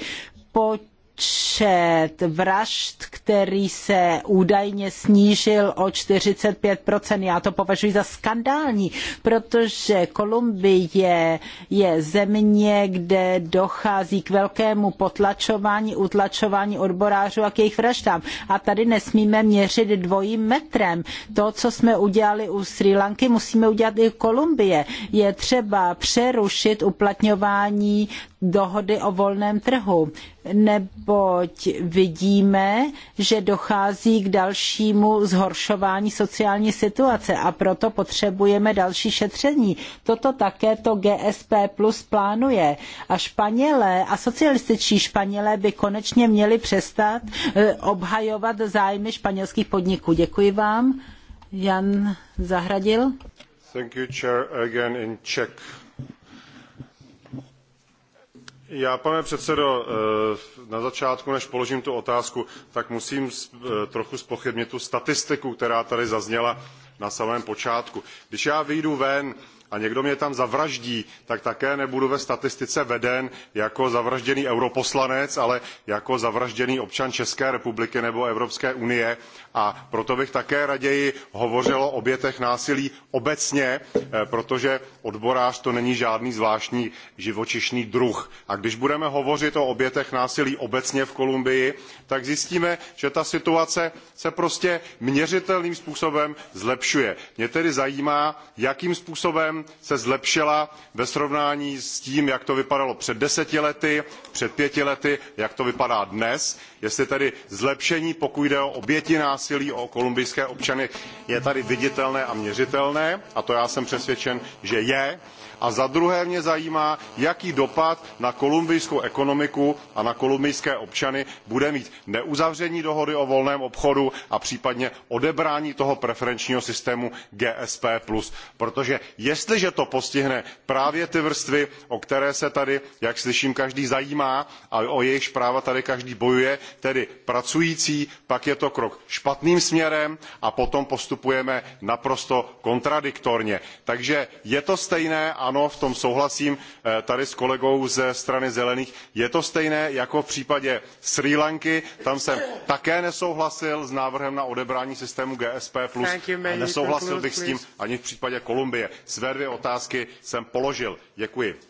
po počet vražd, který se údajně snížil o 45%. Já to považuji za skandální, protože Kolumbie je země, kde dochází k velkému potlačování, utlačování odborářů a k jejich vraždám. A tady nesmíme měřit dvojím metrem. To, co jsme udělali u Sri Lanky, musíme udělat i u Kolumbie. Je třeba přerušit uplatňování dohody o volném trhu, neboť vidíme, že dochází k dalšímu zhoršování sociální situace a proto potřebujeme další šetření. Toto také to GSP Plus plánuje. A Španělé a socialističní Španělé by konečně měli přestat e, obhajovat zájmy španělských podniků. Děkuji vám. Jan Zahradil. Thank you, Chair. Again in Czech. Já, pane předsedo, eh, na začátku, než položím tu otázku, tak musím eh, trochu spochybnit tu statistiku, která tady zazněla na samém počátku. Když já vyjdu ven a někdo mě tam zavraždí, tak také nebudu ve statistice veden jako zavražděný europoslanec, ale jako zavražděný občan České republiky nebo Evropské unie a proto bych také raději hovořil o obětech násilí obecně eh, protože odborář to není žádný zvláštní živočišný druh. a když budeme hovořit o obětech násilí obecně v kolumbii tak zjistíme že ta situace se prostě měřitelným způsobem zlepšuje. mě tedy zajímá jakým způsobem se zlepšila ve srovnání s tím jak to vypadalo před deseti lety před pěti lety jak to vypadá dnes jestli tedy zlepšení pokud jde o oběti násilí o kolumbijské občany je tady viditelné a měřitelné a to já jsem přesvědčen že je a za druhé mě zajímá jaký dopad na kolumbijskou ekonomiku a na kolumbijské občany bude mít neuzavření dohody o volném obchodu a případně odebrání toho preferenčního systému gsp protože jestliže to postihne právě ty vrstvy o které se tady jak slyším každý zajímá a o jejichž práva tady každý bojuje tedy pracující pak je to krok špatným směrem a potom postupujeme naprosto kontradiktorně. takže je to stejné a ano v tom souhlasím eh, tady s kolegou ze strany zelených je to stejné jako v případě srí lanky tam jsem také nesouhlasil s návrhem na odebrání systému gsp a nesouhlasil bych s tím ani v případě kolumbie. své dvě otázky jsem položil. děkuji.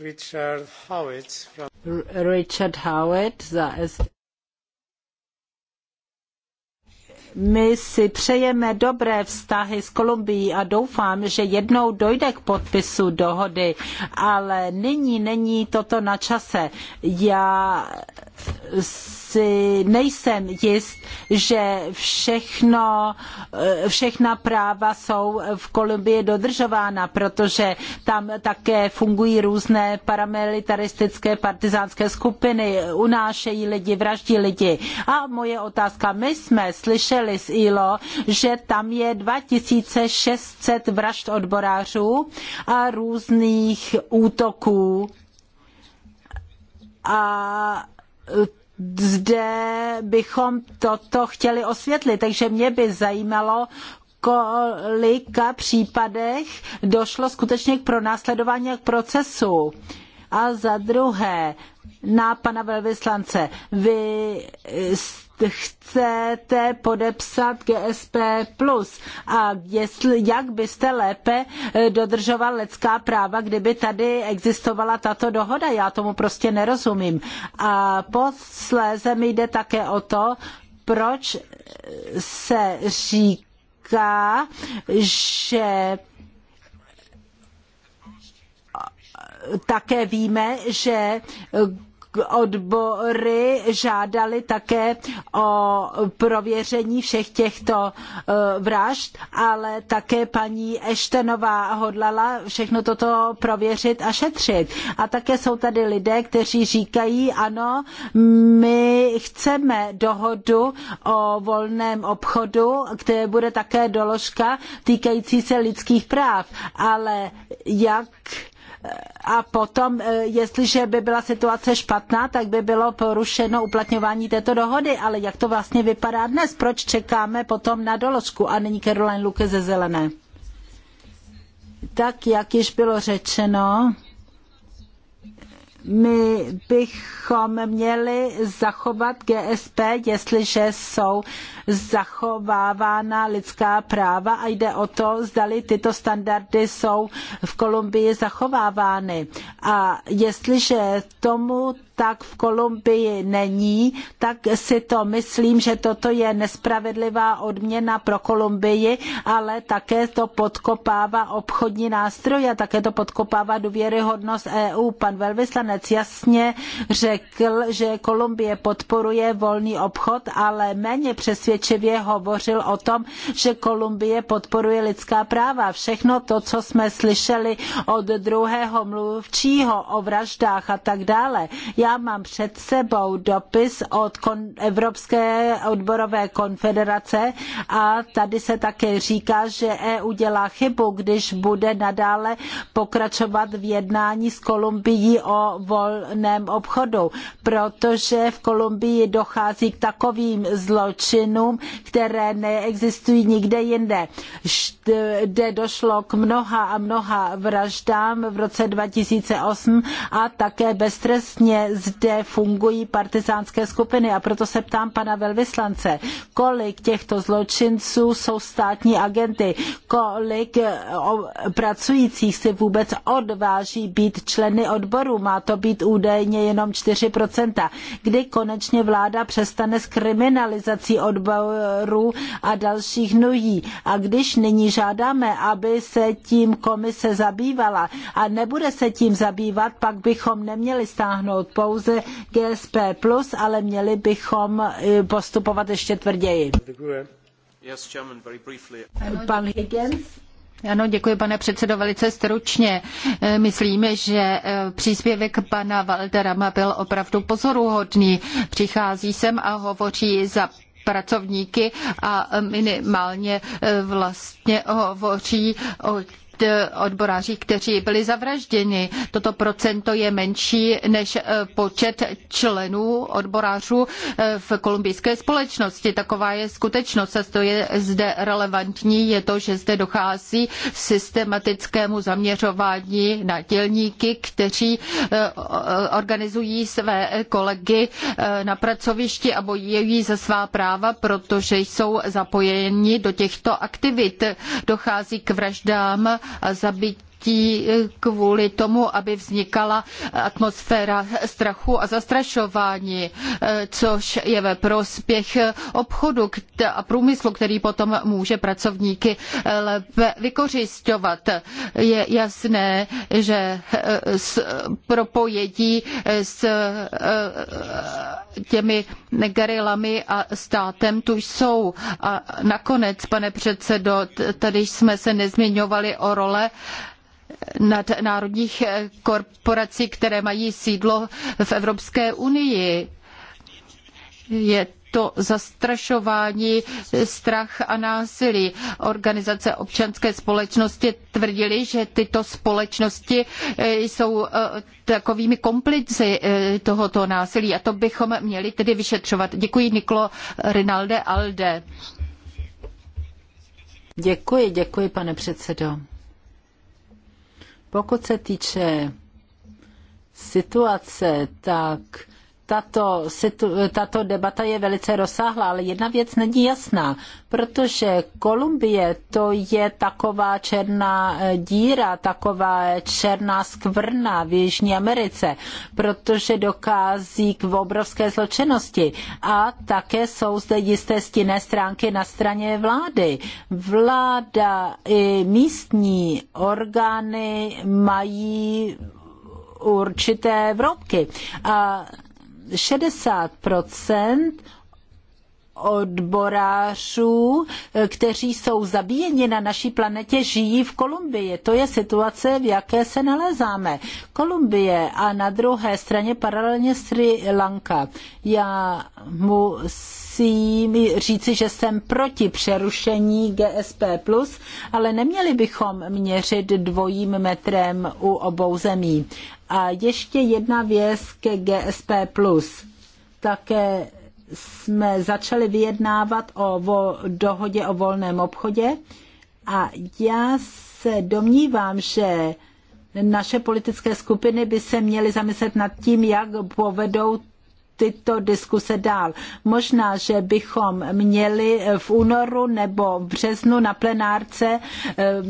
Richard Howitt. From... Richard Howitt za S. My si přejeme dobré vztahy s Kolumbií a doufám, že jednou dojde k podpisu dohody, ale nyní není toto na čase. Já si nejsem jist, že všechno, eh, všechna práva jsou v Kolumbii dodržována, protože tam také fungují různé paramilitaristické partizánské skupiny, unášejí lidi, vraždí lidi. A moje otázka, my jsme slyšeli z ILO, že tam je 2600 vražd odborářů a různých útoků a zde bychom toto chtěli osvětlit, takže mě by zajímalo, kolika případech došlo skutečně k pronásledování a k procesu. A za druhé, na pana velvyslance. Vy chcete podepsat GSP+. A jestli, jak byste lépe e, dodržoval lidská práva, kdyby tady existovala tato dohoda? Já tomu prostě nerozumím. A posléze mi jde také o to, proč se říká, že také víme, že odbory žádali také o prověření všech těchto eh, vražd, ale také paní Eštenová hodlala všechno toto prověřit a šetřit. A také jsou tady lidé, kteří říkají, ano, my chceme dohodu o volném obchodu, které bude také doložka týkající se lidských práv, ale jak a potom, eh, jestliže by byla situace špatná, tak by bylo porušeno uplatňování této dohody. Ale jak to vlastně vypadá dnes? Proč čekáme potom na doložku? A není Caroline Luke ze Zelené. Tak, jak již bylo řečeno, my bychom měli zachovat GSP, jestliže jsou zachovávána lidská práva a jde o to, zdali tyto standardy jsou v Kolumbii zachovávány. A jestliže tomu tak v Kolumbii není, tak si to myslím, že toto je nespravedlivá odměna pro Kolumbii, ale také to podkopává obchodní nástroj a také to podkopává důvěryhodnost EU. Pan velvyslanec jasně řekl, že Kolumbie podporuje volný obchod, ale méně přesvědčivě hovořil o tom, že Kolumbie podporuje lidská práva. Všechno to, co jsme slyšeli od druhého mluvčího o vraždách a tak dále. Já já mám před sebou dopis od Evropské odborové konfederace a tady se také říká, že EU dělá chybu, když bude nadále pokračovat v jednání s Kolumbií o volném obchodu, protože v Kolumbii dochází k takovým zločinům, které neexistují nikde jinde. Kde došlo k mnoha a mnoha vraždám v roce 2008 a také beztrestně zde fungují partizánské skupiny a proto se ptám pana velvyslance, kolik těchto zločinců jsou státní agenty, kolik eh, pracujících si vůbec odváží být členy odboru, má to být údajně jenom 4%. Kdy konečně vláda přestane s kriminalizací odborů a dalších nují a když nyní žádáme, aby se tím komise zabývala a nebude se tím zabývat, pak bychom neměli stáhnout po pouze GSP+, ale měli bychom eh, postupovat ještě tvrději. Pan Higgins? Ano, děkuji, pane předsedo, velice stručně. Eh, myslím, že eh, příspěvek pana Valderama byl opravdu pozoruhodný. Přichází sem a hovoří za pracovníky a minimálně vlastně hovoří o Eh, odboráři, kteří byli zavražděni. Toto procento je menší než eh, počet členů odborářů eh, v kolumbijské společnosti. Taková je skutečnost a to je zde relevantní, je to, že zde dochází systematickému zaměřování na dělníky, kteří organizují své kolegy na pracovišti a bojují za svá práva, protože jsou zapojeni do těchto aktivit. Dochází k vraždám a zabít platí kvůli tomu, aby vznikala atmosféra strachu a zastrašování, což je ve prospěch obchodu a průmyslu, který potom může pracovníky lépe vykořišťovat. Je jasné, že s propojedí s e, těmi gerilami a státem tu jsou. A nakonec, pane předsedo, tady jsme se nezmiňovali o role nadnárodních eh, korporací, které mají sídlo v Evropské unii. Je to zastrašování, strach a násilí. Organizace občanské společnosti tvrdily, že tyto společnosti eh, jsou eh, takovými komplici tohoto násilí a to bychom měli tedy vyšetřovat. Děkuji Niklo Rinalde Alde. Děkuji, děkuji pane předsedo. Pokud se týče situace, tak tato, tato debata je velice rozsáhlá, ale jedna věc není jasná, protože Kolumbie to je taková černá eh, díra, taková černá skvrna v Jižní Americe, protože dokází k obrovské zločinnosti a také jsou zde jisté stinné stránky na straně vlády. Vláda i místní orgány mají určité vrobky. A 60 odborářů, kteří jsou zabíjeni na naší planetě, žijí v Kolumbii. To je situace, v jaké se nalézáme. Kolumbie a na druhé straně paralelně Sri Lanka. Já musím říci, že jsem proti přerušení GSP+, ale neměli bychom měřit dvojím metrem u obou zemí. A ještě jedna věc ke GSP+. Také jsme začali vyjednávat o vo, dohodě o volném obchodě a já se domnívám, že naše politické skupiny by se měly zamyslet nad tím, jak povedou tyto diskuse dál. Možná, že bychom měli v únoru nebo v březnu na plenárce eh,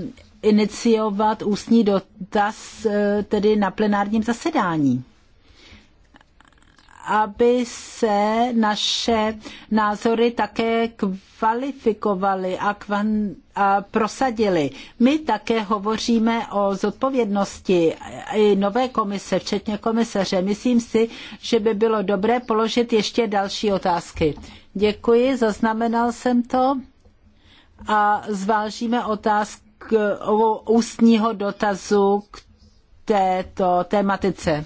iniciovat ústní dotaz eh, tedy na plenárním zasedání aby se naše názory také kvalifikovaly a, kvan, a prosadily. My také hovoříme o zodpovědnosti i nové komise, včetně komisaře. Myslím si, že by bylo dobré položit ještě další otázky. Děkuji, zaznamenal jsem to a zvážíme otázky k, ústního dotazu k této tématice.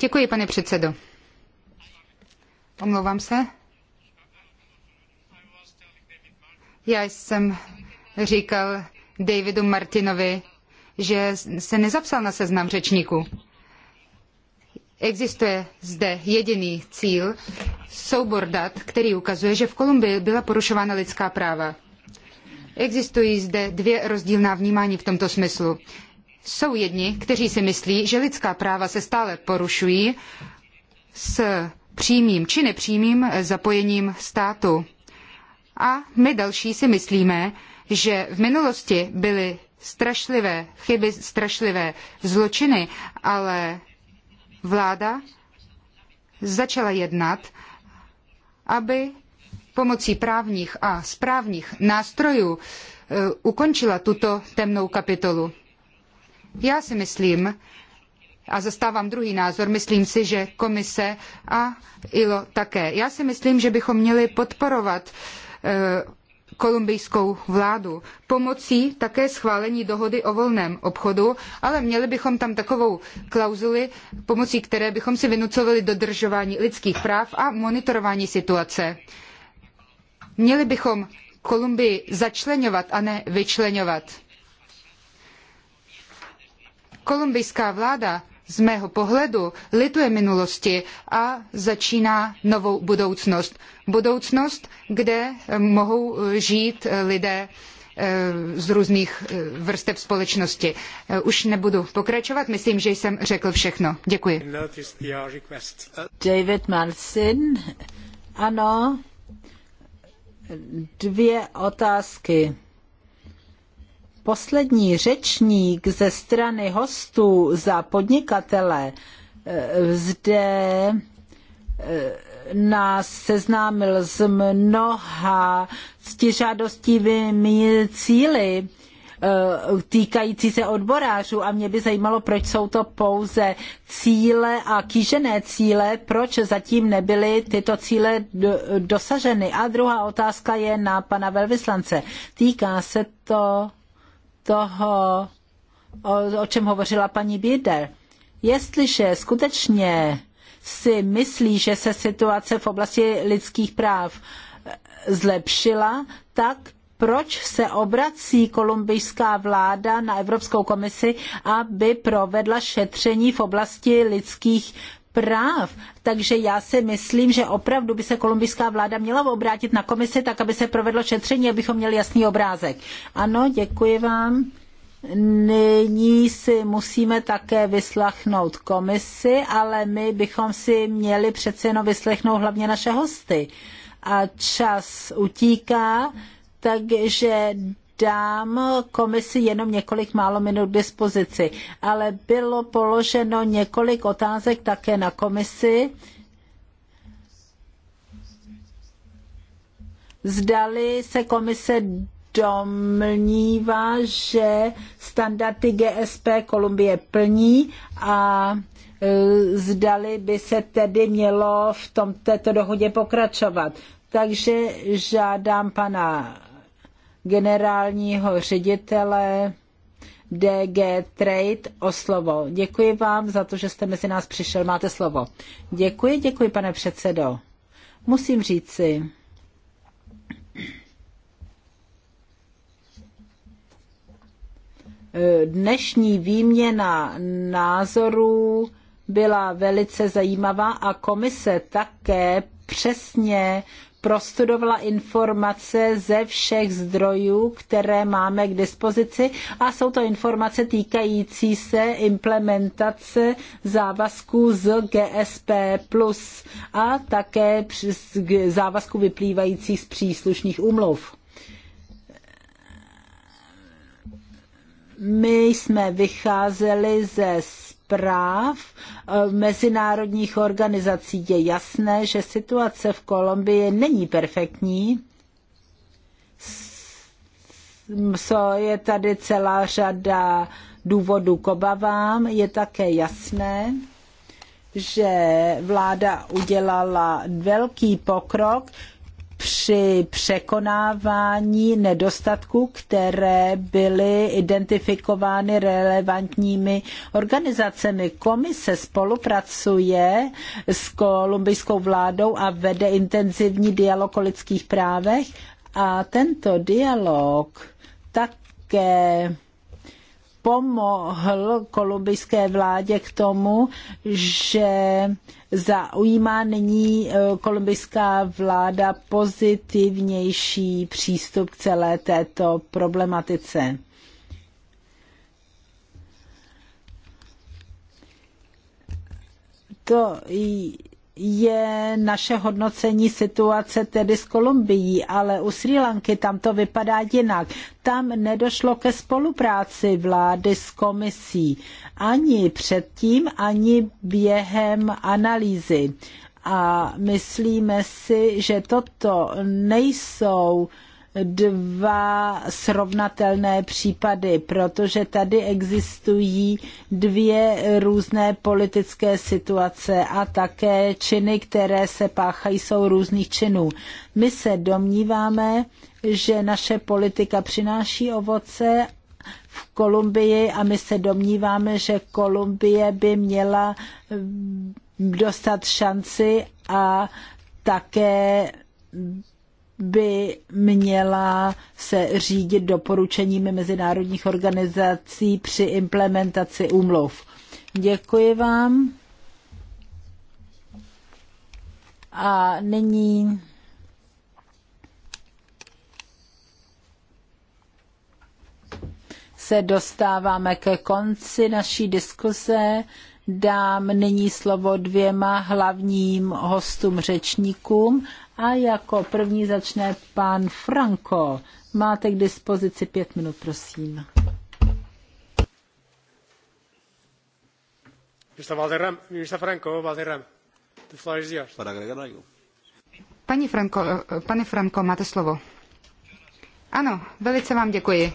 Děkuji, pane předsedo. Omlouvám se. Já jsem říkal Davidu Martinovi, že se nezapsal na seznam řečníků. Existuje zde jediný cíl, soubor dat, který ukazuje, že v Kolumbii byla porušována lidská práva. Existují zde dvě rozdílná vnímání v tomto smyslu. Jsou jedni, kteří si myslí, že lidská práva se stále porušují s přímým či nepřímým zapojením státu. A my další si myslíme, že v minulosti byly strašlivé chyby, strašlivé zločiny, ale vláda začala jednat, aby pomocí právních a správních nástrojů e, ukončila tuto temnou kapitolu. Já si myslím, a zastávám druhý názor, myslím si, že komise a ILO také. Já si myslím, že bychom měli podporovat e, kolumbijskou vládu. Pomocí také schválení dohody o volném obchodu, ale měli bychom tam takovou klauzuli, pomocí které bychom si vynucovali dodržování lidských práv a monitorování situace. Měli bychom Kolumbii začlenovat a ne vyčlenovat. Kolumbijská vláda z mého pohledu lituje minulosti a začíná novou budoucnost. Budoucnost, kde mohou žít lidé eh, z různých eh, vrstev společnosti. Eh, už nebudu pokračovat, myslím, že jsem řekl všechno. Děkuji. David Marcin, ano, dvě otázky. Poslední řečník ze strany hostů za podnikatele eh, zde eh, nás seznámil s mnoha ctižádostivými cíly, Eh, týkající se odborářů a mě by zajímalo, proč jsou to pouze cíle a kýžené cíle, proč zatím nebyly tyto cíle dosaženy. A druhá otázka je na pana velvyslance. Týká se to toho, o, o čem hovořila paní Bieder. Jestliže skutečně si myslí, že se situace v oblasti lidských práv zlepšila, tak proč se obrací kolumbijská vláda na Evropskou komisi, aby provedla šetření v oblasti lidských práv. Takže já si myslím, že opravdu by se kolumbijská vláda měla obrátit na komisi, tak aby se provedlo šetření, abychom měli jasný obrázek. Ano, děkuji vám. Nyní si musíme také vyslechnout komisi, ale my bychom si měli přece jenom vyslechnout hlavně naše hosty. A čas utíká takže dám komisi jenom několik málo minut k dispozici, ale bylo položeno několik otázek také na komisi. Zdali se komise domnívá, že standardy GSP Kolumbie plní a e, zdali by se tedy mělo v tom, této dohodě pokračovat. Takže žádám pana generálního ředitele DG Trade o slovo. Děkuji vám za to, že jste mezi nás přišel. Máte slovo. Děkuji, děkuji, pane předsedo. Musím říci, dnešní výměna názorů byla velice zajímavá a komise také přesně prostudovala informace ze všech zdrojů, které máme k dispozici a jsou to informace týkající se implementace závazků z GSP+, a také závazků vyplývajících z příslušných úmluv. My jsme vycházeli ze práv eh, mezinárodních organizací. Je jasné, že situace v Kolumbii není perfektní. So je tady celá řada důvodů k obavám. Je také jasné, že vláda udělala velký pokrok při překonávání nedostatků, které byly identifikovány relevantními organizacemi. Komise spolupracuje s kolumbijskou vládou a vede intenzivní dialog o lidských právech a tento dialog také pomohl kolumbijské vládě k tomu, že zaujímá nyní e, kolumbijská vláda pozitivnější přístup k celé této problematice. To je naše hodnocení situace tedy s Kolumbií, ale u Sri Lanky tam to vypadá jinak. Tam nedošlo ke spolupráci vlády s komisí ani předtím, ani během analýzy. A myslíme si, že toto nejsou uh, dva srovnatelné případy, protože tady existují dvě různé politické situace a také činy, které se páchají, jsou různých činů. My se domníváme, že naše politika přináší ovoce v Kolumbii a my se domníváme, že Kolumbie by měla dostat šanci a také by měla se řídit doporučeními mezinárodních organizací při implementaci úmluv. Děkuji vám. A nyní se dostáváme ke konci naší diskuse. Dám nyní slovo dvěma hlavním hostům řečníkům a jako první začne pan Franco. Máte k dispozici pět minut, prosím. Franco, Pani Franco, eh, pane Franco, máte slovo. Ano, velice vám děkuji.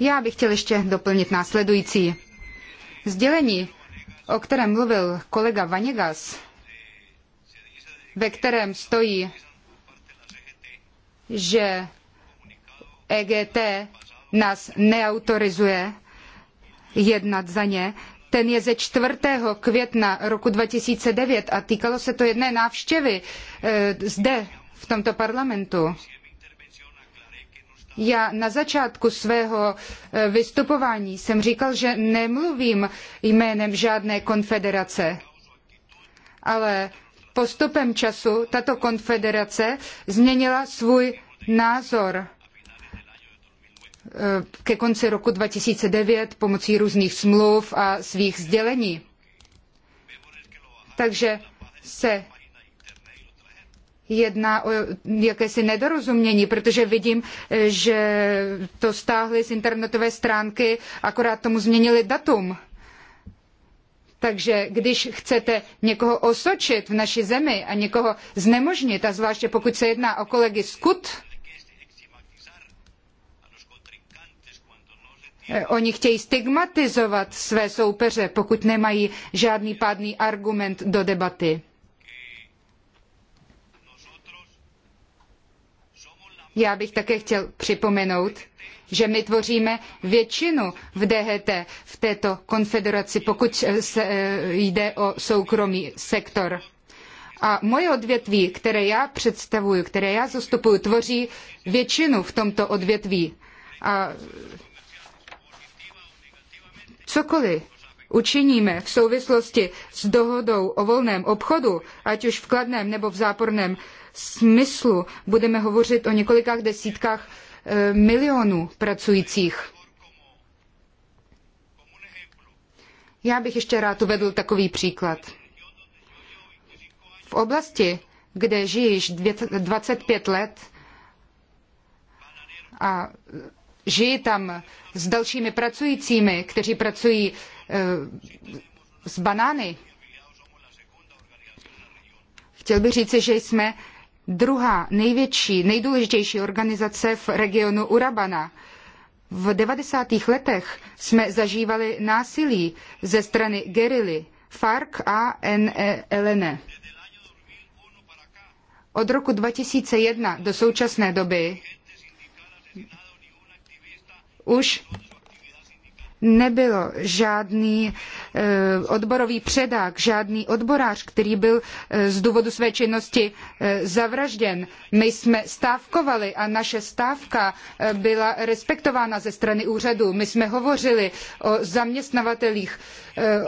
Já bych chtěl ještě doplnit následující. Sdělení, o kterém mluvil kolega Vanegas, ve kterém stojí, že EGT nás neautorizuje jednat za ně, ten je ze 4. května roku 2009 a týkalo se to jedné návštěvy eh, zde v tomto parlamentu. Já na začátku svého eh, vystupování jsem říkal, že nemluvím jménem žádné konfederace, ale postupem času tato konfederace změnila svůj názor eh, ke konci roku 2009 pomocí různých smluv a svých sdělení. Takže se jedná o jakési nedorozumění, protože vidím, eh, že to stáhli z internetové stránky, akorát tomu změnili datum. Takže když chcete někoho osočit v naší zemi a někoho znemožnit, a zvláště pokud se jedná o kolegy skut, eh, Oni chtějí stigmatizovat své soupeře, pokud nemají žádný pádný argument do debaty. Já bych také chtěl připomenout, že my tvoříme většinu v DHT, v této konfederaci, pokud se, eh, jde o soukromý sektor. A moje odvětví, které já představuji, které já zastupuji, tvoří většinu v tomto odvětví. A cokoliv učiníme v souvislosti s dohodou o volném obchodu, ať už v kladném nebo v záporném smyslu, budeme hovořit o několika desítkách Eh, milionů pracujících. Já bych ještě rád uvedl takový příklad. V oblasti, kde žiješ 25 let a žiji tam s dalšími pracujícími, kteří pracují eh, s banány, chtěl bych říci, že jsme druhá největší, nejdůležitější organizace v regionu Urabana. V 90. letech jsme zažívali násilí ze strany gerily FARC a NLN. E Od roku 2001 do současné doby už nebyl žádný eh, odborový předák, žádný odborář, který byl eh, z důvodu své činnosti eh, zavražděn. My jsme stávkovali a naše stávka byla respektována ze strany úřadu. My jsme hovořili o zaměstnavatelích,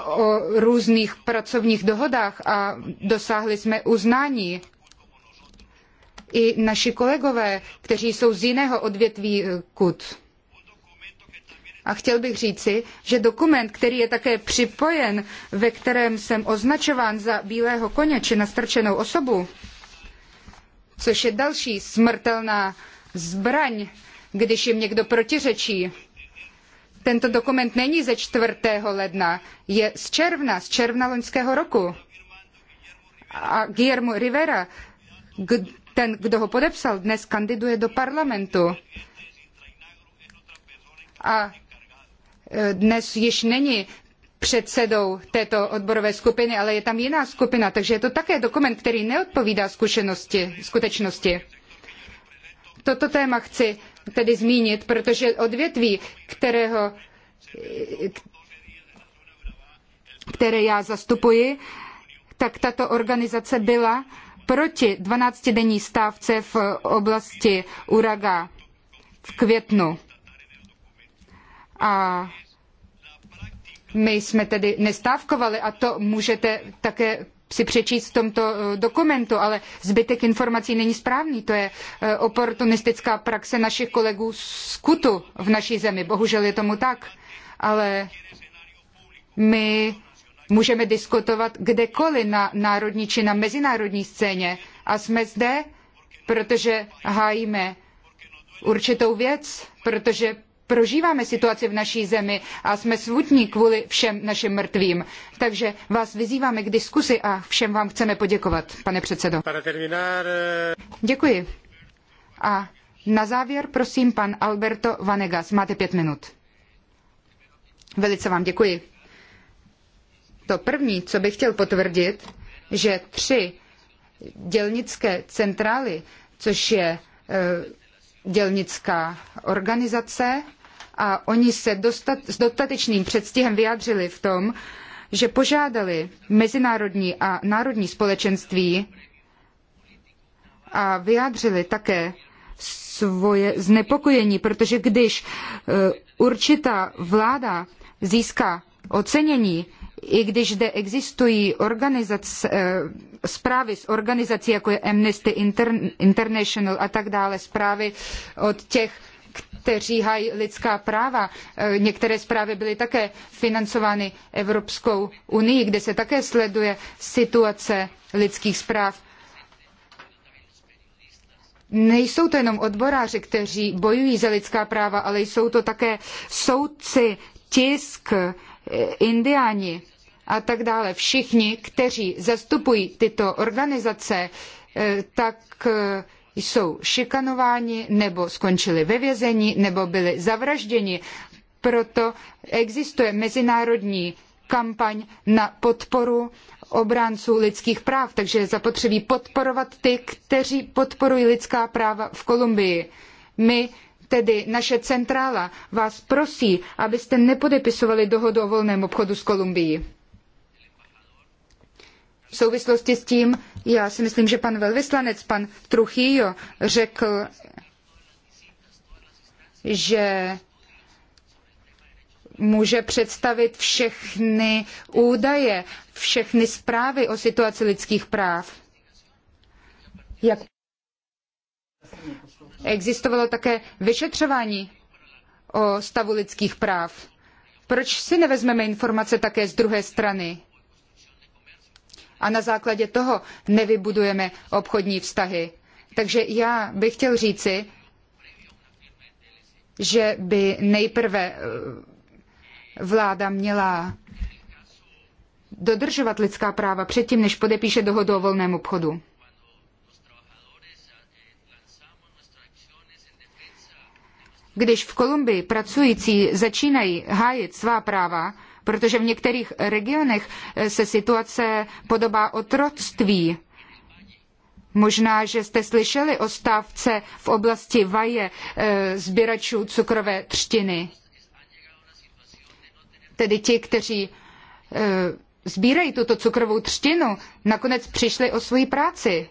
o různých pracovních dohodách a dosáhli jsme uznání i naši kolegové, kteří jsou z jiného odvětví KUT. A chtěl bych říci, že dokument, který je také připojen, ve kterém jsem označován za bílého koně či nastrčenou osobu, což je další smrtelná zbraň, když jim někdo protiřečí. Tento dokument není ze 4. ledna, je z června, z června loňského roku. A Guillermo Rivera, ten, kdo ho podepsal, dnes kandiduje do parlamentu. A dnes již není předsedou této odborové skupiny, ale je tam jiná skupina, takže je to také dokument, který neodpovídá zkušenosti, skutečnosti. Toto téma chci tedy zmínit, protože odvětví, kterého, které já zastupuji, tak tato organizace byla proti 12-denní stávce v oblasti Uraga v květnu. A my jsme tedy nestávkovali a to můžete také si přečíst v tomto eh, dokumentu, ale zbytek informací není správný. To je eh, oportunistická praxe našich kolegů z Kutu v naší zemi. Bohužel je tomu tak. Ale my můžeme diskutovat kdekoliv na národní či na mezinárodní scéně. A jsme zde, protože hájíme určitou věc, protože prožíváme situaci v naší zemi a jsme smutní kvůli všem našim mrtvým. Takže vás vyzýváme k diskusi a všem vám chceme poděkovat, pane předsedo. Eh, děkuji. A na závěr prosím pan Alberto Vanegas. Máte pět minut. Velice vám děkuji. To první, co bych chtěl potvrdit, že tři dělnické centrály, což je eh, dělnická organizace, a oni se dostat, s dostatečným předstihem vyjádřili v tom, že požádali mezinárodní a národní společenství a vyjádřili také svoje znepokojení, protože když e, určitá vláda získá ocenění, i když zde existují organizace, e, zprávy z organizací, jako je Amnesty International a tak dále, zprávy od těch kteří hají lidská práva. E, některé zprávy byly také financovány Evropskou unii, kde se také sleduje situace lidských zpráv. Nejsou to jenom odboráři, kteří bojují za lidská práva, ale jsou to také soudci, tisk, e, indiáni a tak dále. Všichni, kteří zastupují tyto organizace, e, tak jsou šikanováni nebo skončili ve vězení nebo byli zavražděni. Proto existuje mezinárodní kampaň na podporu obránců lidských práv, takže je zapotřebí podporovat ty, kteří podporují lidská práva v Kolumbii. My tedy naše centrála vás prosí, abyste nepodepisovali dohodu o volném obchodu s Kolumbií. V souvislosti s tím, já si myslím, že pan velvyslanec, pan Truchýjo, řekl, že může představit všechny údaje, všechny zprávy o situaci lidských práv. Jak existovalo také vyšetřování o stavu lidských práv. Proč si nevezmeme informace také z druhé strany? a na základě toho nevybudujeme obchodní vztahy. Takže já bych chtěl říci, že by nejprve eh, vláda měla dodržovat lidská práva předtím, než podepíše dohodu o volném obchodu. Když v Kolumbii pracující začínají hájit svá práva, protože v některých regionech eh, se situace podobá otroctví. Možná, že jste slyšeli o stávce v oblasti vaje eh, sběračů cukrové třtiny. Tedy ti, kteří eh, sbírají tuto cukrovou třtinu, nakonec přišli o svoji práci.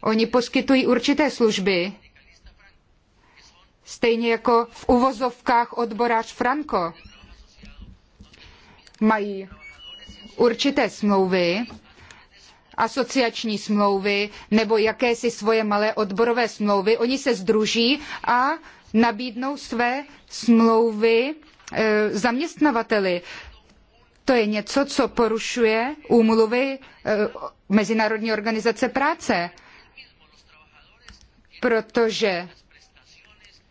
Oni poskytují určité služby, stejně jako v uvozovkách odborář Franco mají určité smlouvy, asociační smlouvy nebo jakési svoje malé odborové smlouvy. Oni se združí a nabídnou své smlouvy e, zaměstnavateli. To je něco, co porušuje úmluvy e, Mezinárodní organizace práce, protože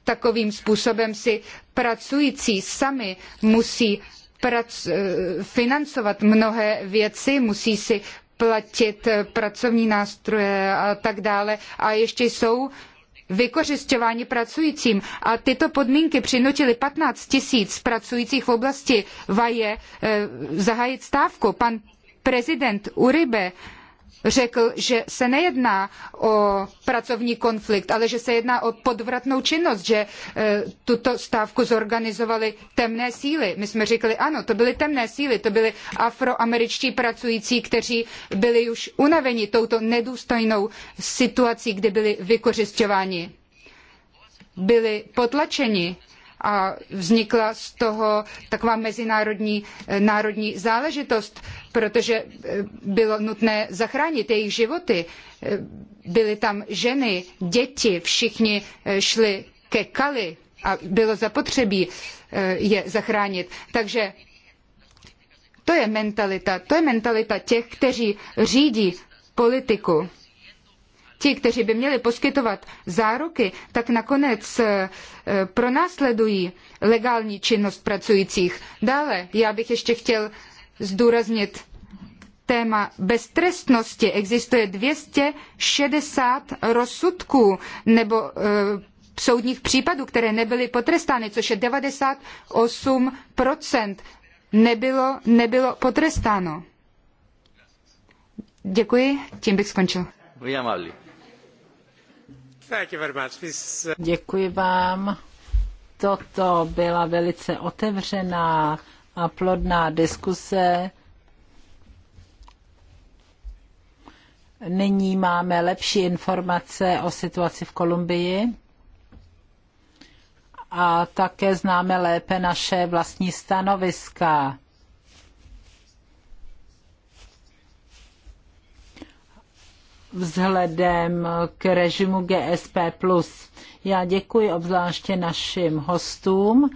takovým způsobem si pracující sami musí Eh, financovat mnohé věci, musí si platit eh, pracovní nástroje a tak dále. A ještě jsou vykořišťováni pracujícím. A tyto podmínky přinutily 15 tisíc pracujících v oblasti Vaje eh, zahájit stávku. Pan prezident Uribe řekl, že se nejedná o pracovní konflikt, ale že se jedná o podvratnou činnost, že e, tuto stávku zorganizovali temné síly. My jsme říkali, ano, to byly temné síly, to byly afroameričtí pracující, kteří byli už unaveni touto nedůstojnou situací, kdy byli vykořišťováni byli potlačeni a vznikla z toho taková mezinárodní eh, národní záležitost, protože eh, bylo nutné zachránit jejich životy. Eh, byly tam ženy, děti, všichni šli ke Kali a bylo zapotřebí je zachránit. Takže to je mentalita, to je mentalita těch, kteří řídí politiku ti, kteří by měli poskytovat záruky, tak nakonec eh, pronásledují legální činnost pracujících. Dále já bych ještě chtěl zdůraznit téma beztrestnosti. Existuje 260 rozsudků nebo eh, soudních případů, které nebyly potrestány, což je 98% nebylo, nebylo potrestáno. Děkuji, tím bych skončil. Vyjamalý. Uh, Děkuji vám. Toto byla velice otevřená a plodná diskuse. Nyní máme lepší informace o situaci v Kolumbii a také známe lépe naše vlastní stanoviska vzhledem k režimu GSP+. Já děkuji obzvláště našim hostům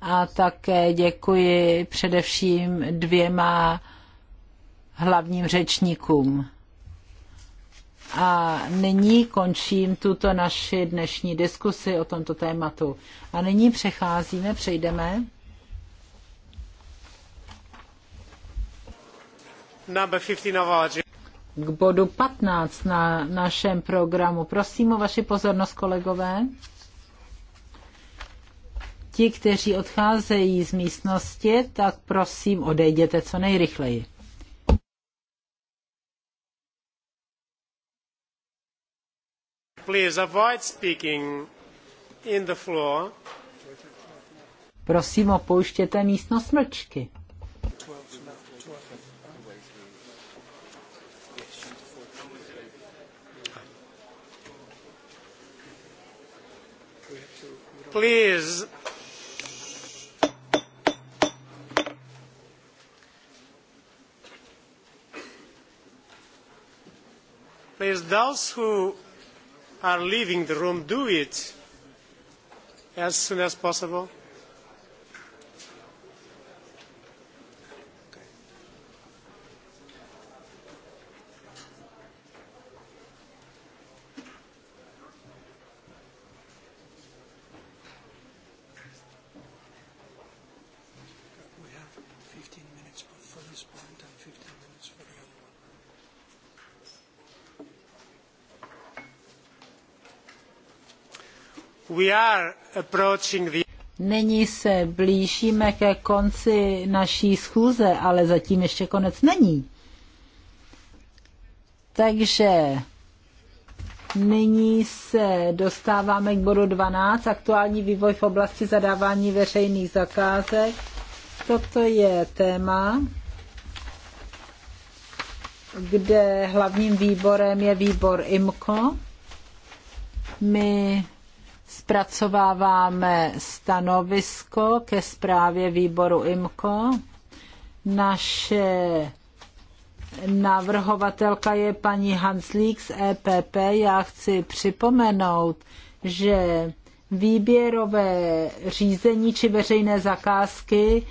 a také děkuji především dvěma hlavním řečníkům. A nyní končím tuto naši dnešní diskusi o tomto tématu. A nyní přecházíme, přejdeme. Number 15 of our k bodu 15 na našem programu. Prosím o vaši pozornost, kolegové. Ti, kteří odcházejí z místnosti, tak prosím odejděte co nejrychleji. Please avoid speaking in the floor. Prosím, opouštěte místnost mlčky. please. Please, those who are leaving the room, do it as soon as possible. Nyní se blížíme ke konci naší schůze, ale zatím ještě konec není. Takže nyní se dostáváme k bodu 12, aktuální vývoj v oblasti zadávání veřejných zakázek. Toto je téma, kde hlavním výborem je výbor IMCO. My zpracováváme stanovisko ke zprávě výboru IMCO. Naše navrhovatelka je paní Hanslík z EPP. Já chci připomenout, že výběrové řízení či veřejné zakázky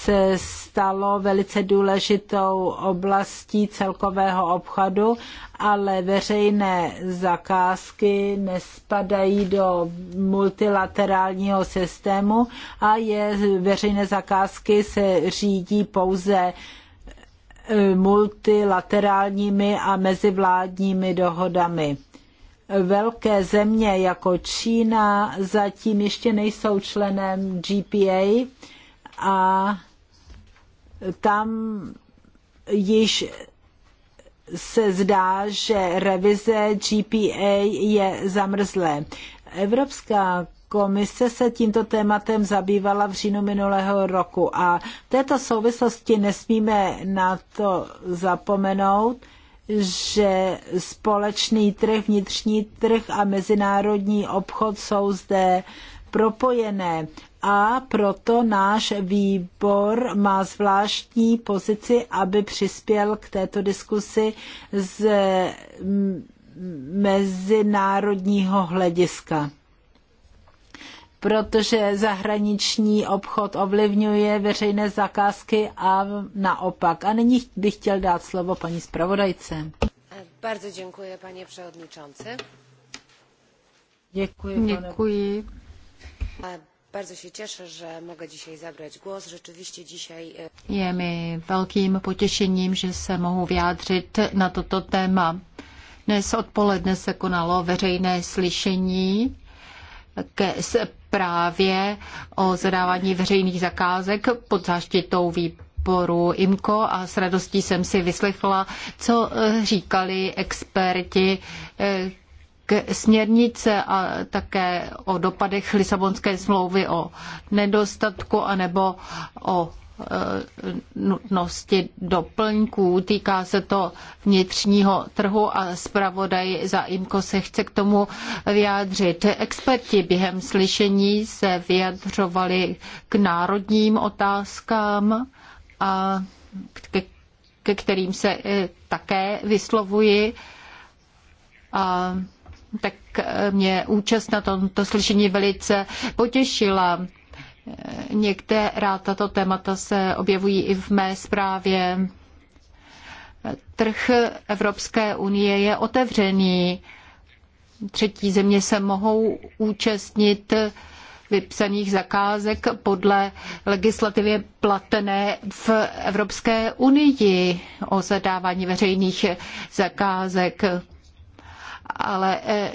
se stalo velice důležitou oblastí celkového obchodu, ale veřejné zakázky nespadají do multilaterálního systému a je, veřejné zakázky se řídí pouze e, multilaterálními a mezivládními dohodami velké země jako Čína zatím ještě nejsou členem GPA a tam již se zdá, že revize GPA je zamrzlé. Evropská komise se tímto tématem zabývala v říjnu minulého roku a v této souvislosti nesmíme na to zapomenout, že společný trh, vnitřní trh a mezinárodní obchod jsou zde propojené a proto náš výbor má zvláštní pozici, aby přispěl k této diskusi z mezinárodního hlediska protože zahraniční obchod ovlivňuje veřejné zakázky a naopak. A nyní bych chtěl dát slovo paní zpravodajce. Bardzo děkuji, paní předsedající. Děkuji, Děkuji. Bardzo się cieszę, że mogę dzisiaj zabrać głos. Rzeczywiście dzisiaj... E, Je mi velkým potěšením, že se mohu vyjádřit na toto téma. Dnes odpoledne se konalo veřejné slyšení ke zprávě o zadávání veřejných zakázek pod záštitou výboru IMCO a s radostí jsem si vyslechla, co e, říkali experti, e, směrnice a také o dopadech Lisabonské smlouvy o nedostatku anebo o e, nutnosti doplňků. Týká se to vnitřního trhu a zpravodaj za IMKO se chce k tomu vyjádřit. Experti během slyšení se vyjadřovali k národním otázkám a ke, ke kterým se e, také vyslovuji. A tak eh, mě účast na tomto slyšení velice potěšila. Eh, některá tato témata se objevují i v mé zprávě. Trh Evropské unie je otevřený. Třetí země se mohou účastnit vypsaných zakázek podle legislativě platné v Evropské unii o zadávání veřejných zakázek ale e,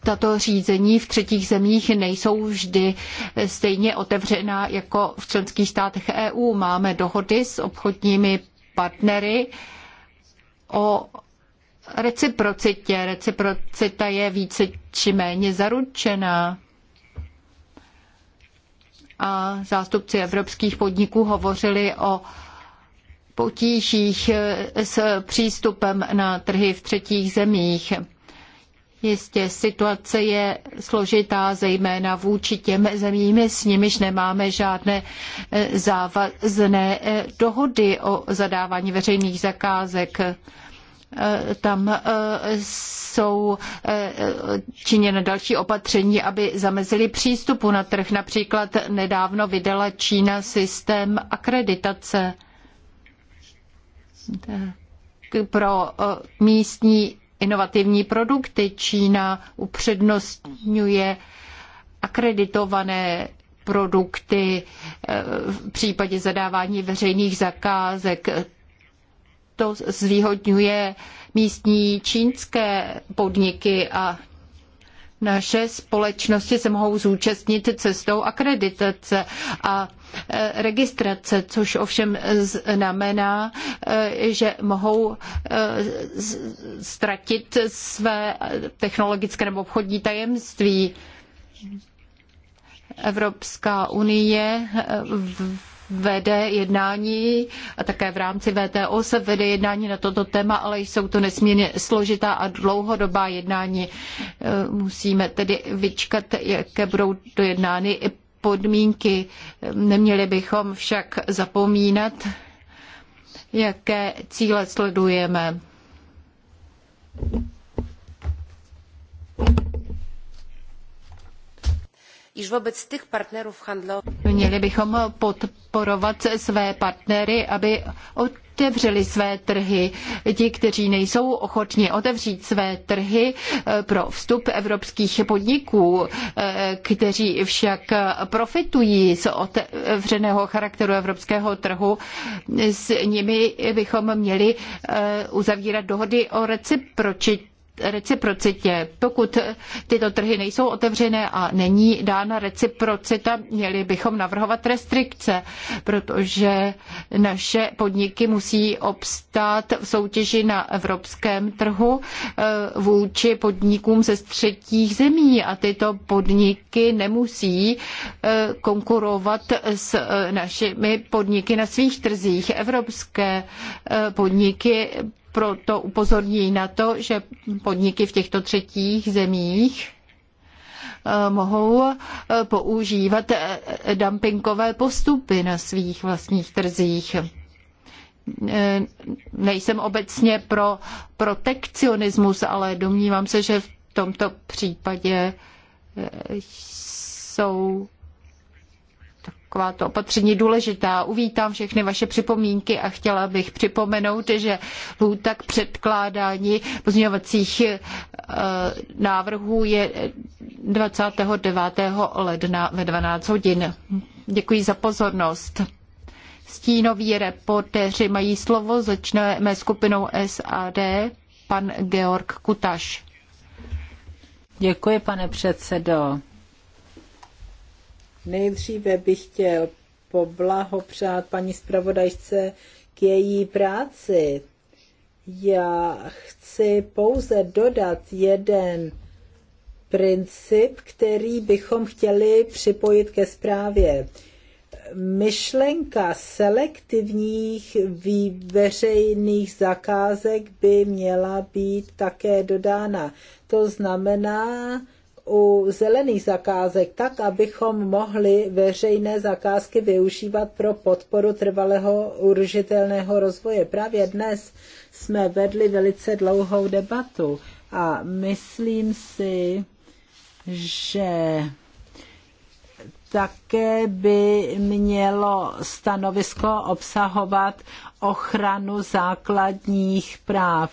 tato řízení v třetích zemích nejsou vždy stejně otevřená jako v členských státech EU. Máme dohody s obchodními partnery o reciprocitě. Reciprocita je více či méně zaručená. A zástupci evropských podniků hovořili o potížích s přístupem na trhy v třetích zemích. Jistě situace je složitá, zejména vůči těm zemím, s nimiž nemáme žádné eh, závazné eh, dohody o zadávání veřejných zakázek eh, tam jsou činěna další opatření, aby zamezili přístupu na trh. Například nedávno vydala Čína systém akreditace pro místní inovativní produkty. Čína upřednostňuje akreditované produkty eh, v případě zadávání veřejných zakázek. To zvýhodňuje místní čínské podniky a naše společnosti se mohou zúčastnit cestou akreditace a e, registrace, což ovšem znamená, e, že mohou e, ztratit své technologické nebo obchodní tajemství. Evropská unie vede jednání a také v rámci VTO se vede jednání na toto téma, ale jsou to nesmírně složitá a dlouhodobá jednání. E, musíme tedy vyčkat, jaké budou dojednány podmínky. Neměli bychom však zapomínat, jaké cíle sledujeme iż wobec tych partnerów handlowych. Měli bychom podporovat své partnery, aby otevřeli své trhy. Ti, kteří nejsou ochotni otevřít své trhy eh, pro vstup evropských podniků, eh, kteří však profitují z otevřeného charakteru evropského trhu, s nimi bychom měli eh, uzavírat dohody o reciprocitě reciprocitě. Pokud tyto trhy nejsou otevřené a není dána reciprocita, měli bychom navrhovat restrikce, protože naše podniky musí obstát v soutěži na evropském trhu eh, vůči podnikům ze třetích zemí a tyto podniky nemusí eh, konkurovat s eh, našimi podniky na svých trzích. Evropské podniky proto upozorní na to, že podniky v těchto třetích zemích eh, mohou eh, používat eh, dumpingové postupy na svých vlastních trzích. Nejsem obecně pro protekcionismus, ale domnívám se, že v tomto případě jsou takováto opatření důležitá. Uvítám všechny vaše připomínky a chtěla bych připomenout, že lhůta k předkládání pozměňovacích eh, návrhů je 29. ledna ve 12 hodin. Děkuji za pozornost. Stínoví reportéři mají slovo, začneme skupinou SAD, pan Georg Kutaš. Děkuji, pane předsedo. Nejdříve bych chtěl poblahopřát paní zpravodajce k její práci. Já chci pouze dodat jeden princip, který bychom chtěli připojit ke zprávě. Myšlenka selektivních veřejných zakázek by měla být také dodána. To znamená, u zelených zakázek tak, abychom mohli veřejné zakázky využívat pro podporu trvalého udržitelného rozvoje. Právě dnes jsme vedli velice dlouhou debatu a myslím si, že také by mělo stanovisko obsahovat ochranu základních práv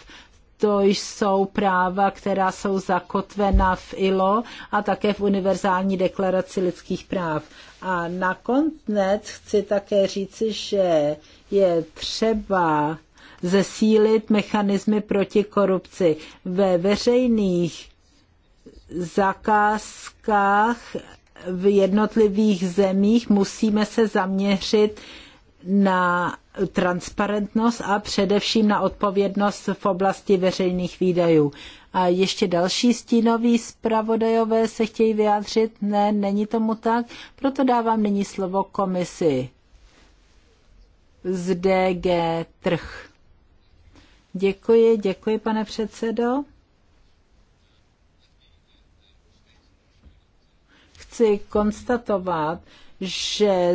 to jsou práva, která jsou zakotvena v ILO a také v Univerzální deklaraci lidských práv. A nakonec chci také říci, že je třeba zesílit mechanismy proti korupci. Ve veřejných zakázkách v jednotlivých zemích musíme se zaměřit na transparentnost a především na odpovědnost v oblasti veřejných výdajů. A ještě další stínoví zpravodajové se chtějí vyjádřit? Ne, není tomu tak. Proto dávám nyní slovo komisi z DG Trh. Děkuji, děkuji, pane předsedo. Chci konstatovat, že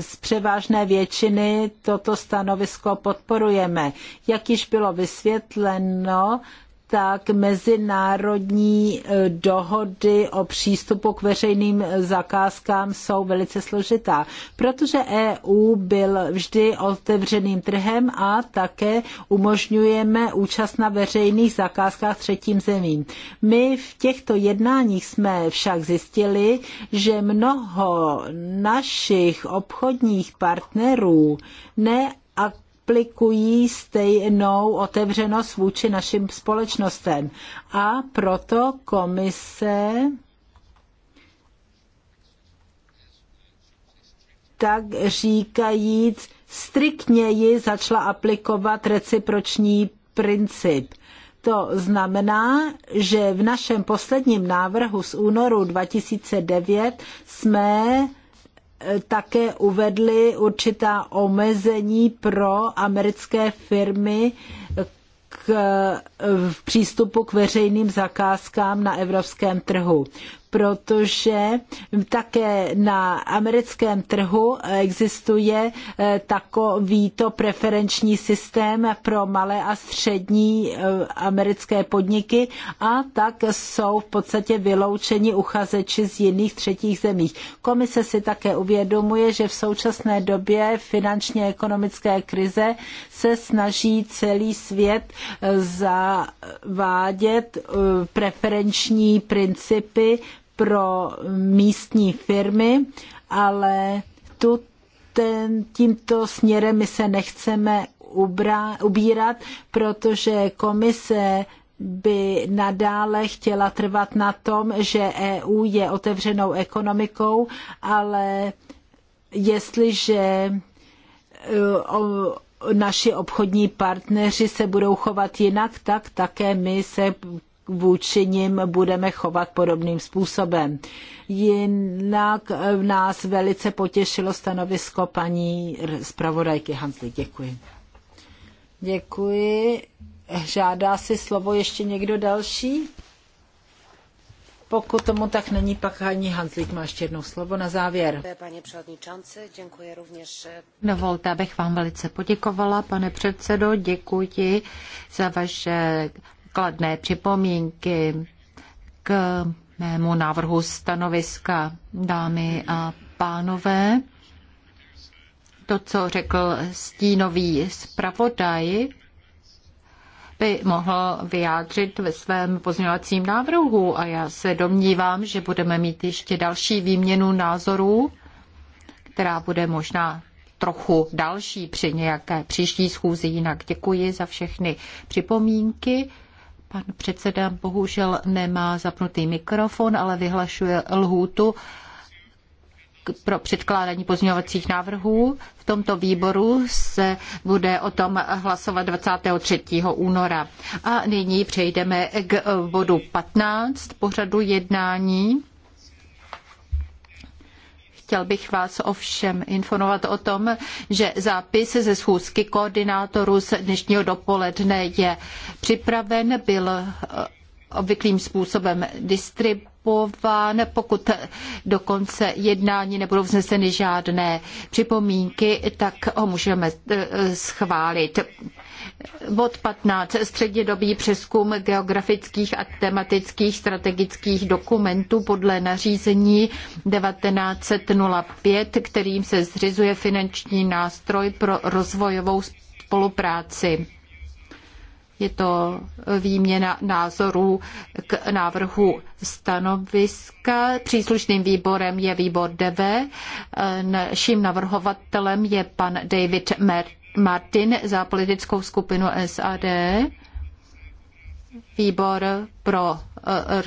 z převážné většiny toto stanovisko podporujeme. Jak již bylo vysvětleno, tak mezinárodní eh, dohody o přístupu k veřejným eh, zakázkám jsou velice složitá, protože EU byl vždy otevřeným trhem a také umožňujeme účast na veřejných zakázkách třetím zemím. My v těchto jednáních jsme však zjistili, že mnoho našich obchodních partnerů ne aplikují stejnou otevřenost vůči našim společnostem. A proto komise tak říkajíc striktněji začala aplikovat reciproční princip. To znamená, že v našem posledním návrhu z únoru 2009 jsme také uvedli určitá omezení pro americké firmy k, v přístupu k veřejným zakázkám na evropském trhu protože také na americkém trhu existuje eh, takovýto preferenční systém pro malé a střední eh, americké podniky a tak jsou v podstatě vyloučeni uchazeči z jiných třetích zemí. Komise si také uvědomuje, že v současné době finančně ekonomické krize se snaží celý svět eh, zavádět preferenční principy pro místní firmy, ale tu ten, tímto směrem my se nechceme ubra, ubírat, protože komise by nadále chtěla trvat na tom, že EU je otevřenou ekonomikou, ale jestliže e, naši obchodní partneři se budou chovat jinak, tak také my se vůči nim budeme chovat podobným způsobem. Jinak v eh, nás velice potěšilo stanovisko paní zpravodajky Hansli. Děkuji. Děkuji. Žádá si slovo ještě někdo další? Pokud tomu tak není, pak ani Hanslík má ještě jednou slovo na závěr. děkuji eh, Dovolte, abych vám velice poděkovala, pane předsedo, děkuji za vaše kladné připomínky k mému návrhu stanoviska. Dámy a pánové, to, co řekl stínový zpravodaj, by mohl vyjádřit ve svém pozměňovacím návrhu a já se domnívám, že budeme mít ještě další výměnu názorů, která bude možná trochu další při nějaké příští schůzi. Jinak děkuji za všechny připomínky. Pan předseda bohužel nemá zapnutý mikrofon, ale vyhlašuje lhůtu pro předkládání pozměňovacích návrhů. V tomto výboru se bude o tom hlasovat 23. února. A nyní přejdeme k bodu 15 pořadu jednání. Chtěl bych vás ovšem informovat o tom, že zápis ze schůzky koordinátorů z dnešního dopoledne je připraven, byl eh, obvyklým způsobem distribuován zastupován, pokud do konce jednání nebudou vzneseny žádné připomínky, tak ho můžeme eh, schválit. Bod 15. Střednědobý přeskum geografických a tematických strategických dokumentů podle nařízení 1905, kterým se zřizuje finanční nástroj pro rozvojovou spolupráci. Je to výměna názorů k návrhu stanoviska. Příslušným výborem je výbor DV. Naším navrhovatelem je pan David Martin za politickou skupinu SAD. Výbor pro eh,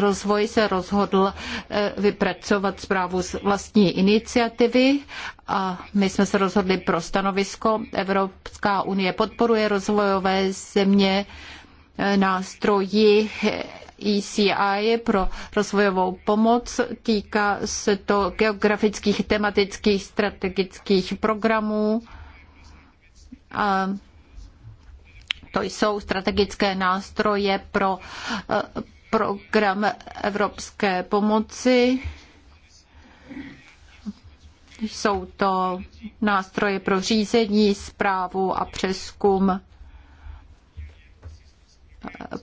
rozvoj se rozhodl eh, vypracovat zprávu z vlastní iniciativy a my jsme se rozhodli pro stanovisko. Evropská unie podporuje rozvojové země eh, nástroji ECI pro rozvojovou pomoc. Týká se to geografických, tematických, strategických programů. A to jsou strategické nástroje pro eh, program evropské pomoci. Jsou to nástroje pro řízení, zprávu a přeskum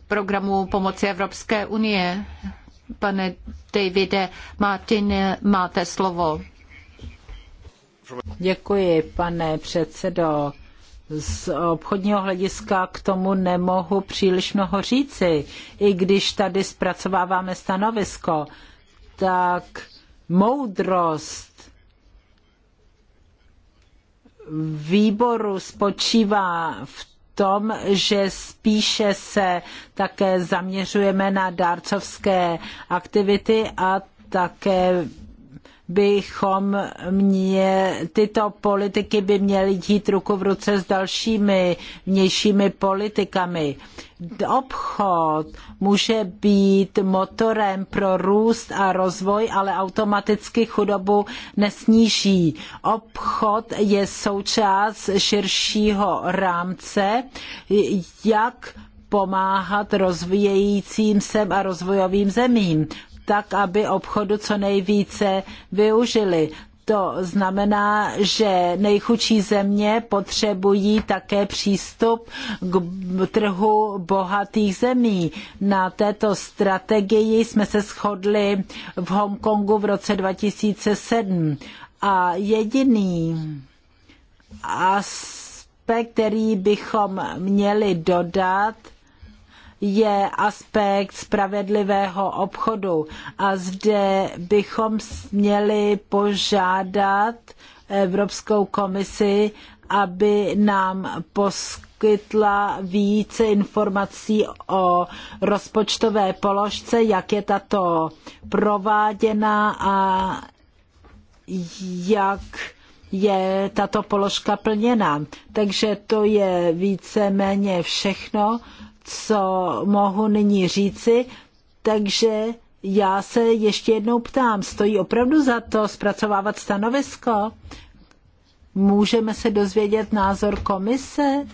programu pomoci Evropské unie. Pane Davide Martin, máte slovo. Děkuji, pane předsedo z obchodního hlediska k tomu nemohu příliš mnoho říci. I když tady zpracováváme stanovisko, tak moudrost výboru spočívá v tom, že spíše se také zaměřujeme na dárcovské aktivity a také bychom mě, tyto politiky by měly jít ruku v ruce s dalšími vnějšími politikami. Obchod může být motorem pro růst a rozvoj, ale automaticky chudobu nesníží. Obchod je součást širšího rámce, jak pomáhat rozvíjejícím se a rozvojovým zemím tak, aby obchodu co nejvíce využili. To znamená, že nejchudší země potřebují také přístup k trhu bohatých zemí. Na této strategii jsme se shodli v Hongkongu v roce 2007 a jediný aspekt, který bychom měli dodat, je aspekt spravedlivého obchodu. A zde bychom měli požádat Evropskou komisi, aby nám poskytla více informací o rozpočtové položce, jak je tato prováděna a jak je tato položka plněna. Takže to je více-méně všechno, co mohu nyní říci, takže já se ještě jednou ptám, stojí opravdu za to zpracovávat stanovisko? Můžeme se dozvědět názor komise?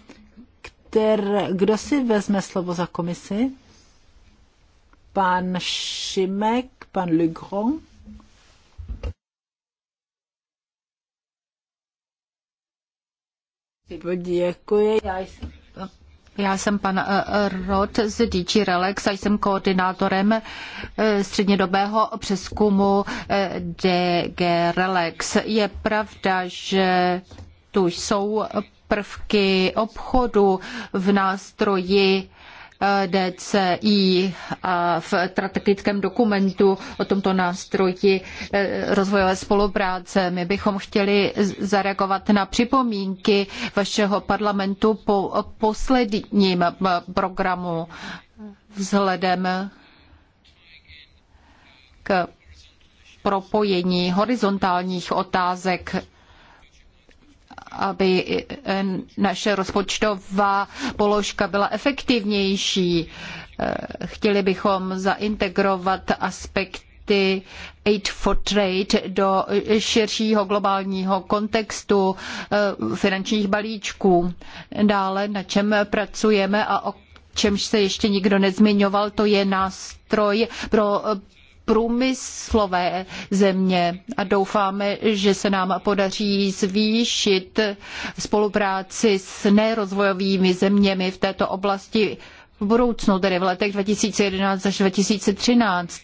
Kter, kdo si vezme slovo za komisi? Pan Šimek, pan Lugron? Děkuji. Já jsem... Já jsem pan eh, Rod z DG Relax a jsem koordinátorem eh, střednědobého přeskumu eh, DG Relax. Je pravda, že tu jsou prvky obchodu v nástroji DCI a v strategickém dokumentu o tomto nástroji eh, rozvojové spolupráce. My bychom chtěli zareagovat na připomínky vašeho parlamentu po posledním eh, programu vzhledem k propojení horizontálních otázek aby e, naše rozpočtová položka byla efektivnější. E, chtěli bychom zaintegrovat aspekty Aid for Trade do širšího globálního kontextu e, finančních balíčků. Dále, na čem pracujeme a o čemž se ještě nikdo nezmiňoval, to je nástroj pro průmyslové země a doufáme, že se nám podaří zvýšit spolupráci s nerozvojovými zeměmi v této oblasti v budoucnu, tedy v letech 2011 až 2013,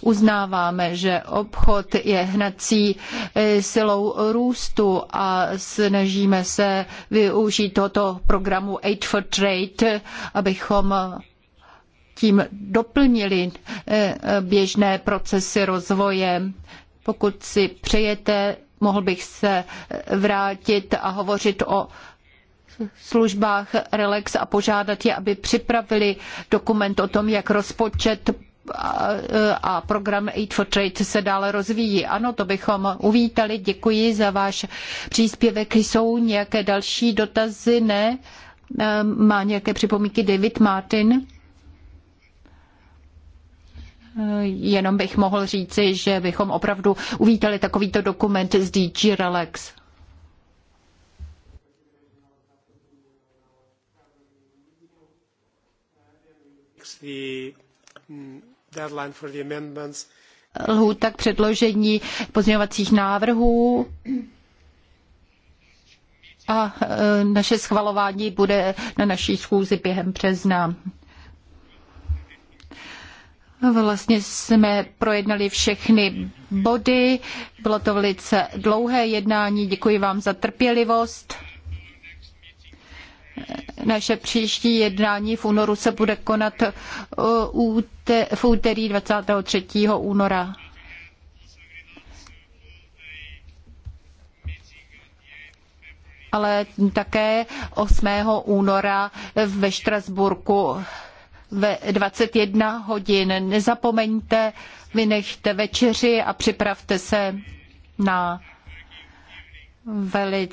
uznáváme, že obchod je hnací eh, silou růstu a snažíme se využít tohoto programu Aid for Trade, abychom tím doplnili eh, běžné procesy rozvoje. Pokud si přejete, mohl bych se eh, vrátit a hovořit o službách Relax a požádat je, aby připravili dokument o tom, jak rozpočet eh, a program Aid for Trade se dále rozvíjí. Ano, to bychom uvítali. Děkuji za váš příspěvek. Jsou nějaké další dotazy? Ne? Ehm, má nějaké připomínky David Martin? Eh, jenom bych mohl říci, že bychom opravdu uvítali takovýto dokument z DG Relax. The mm, tak předložení pozměňovacích návrhů a eh, naše schvalování bude na naší schůzi během března. Vlastně jsme projednali všechny body. Bylo to velice dlouhé jednání. Děkuji vám za trpělivost. Naše příští jednání v únoru se bude konat uh, v úterý 23. února. ale také 8. února ve Štrasburku ve 21 hodin. Nezapomeňte, vynechte večeři a připravte se na velice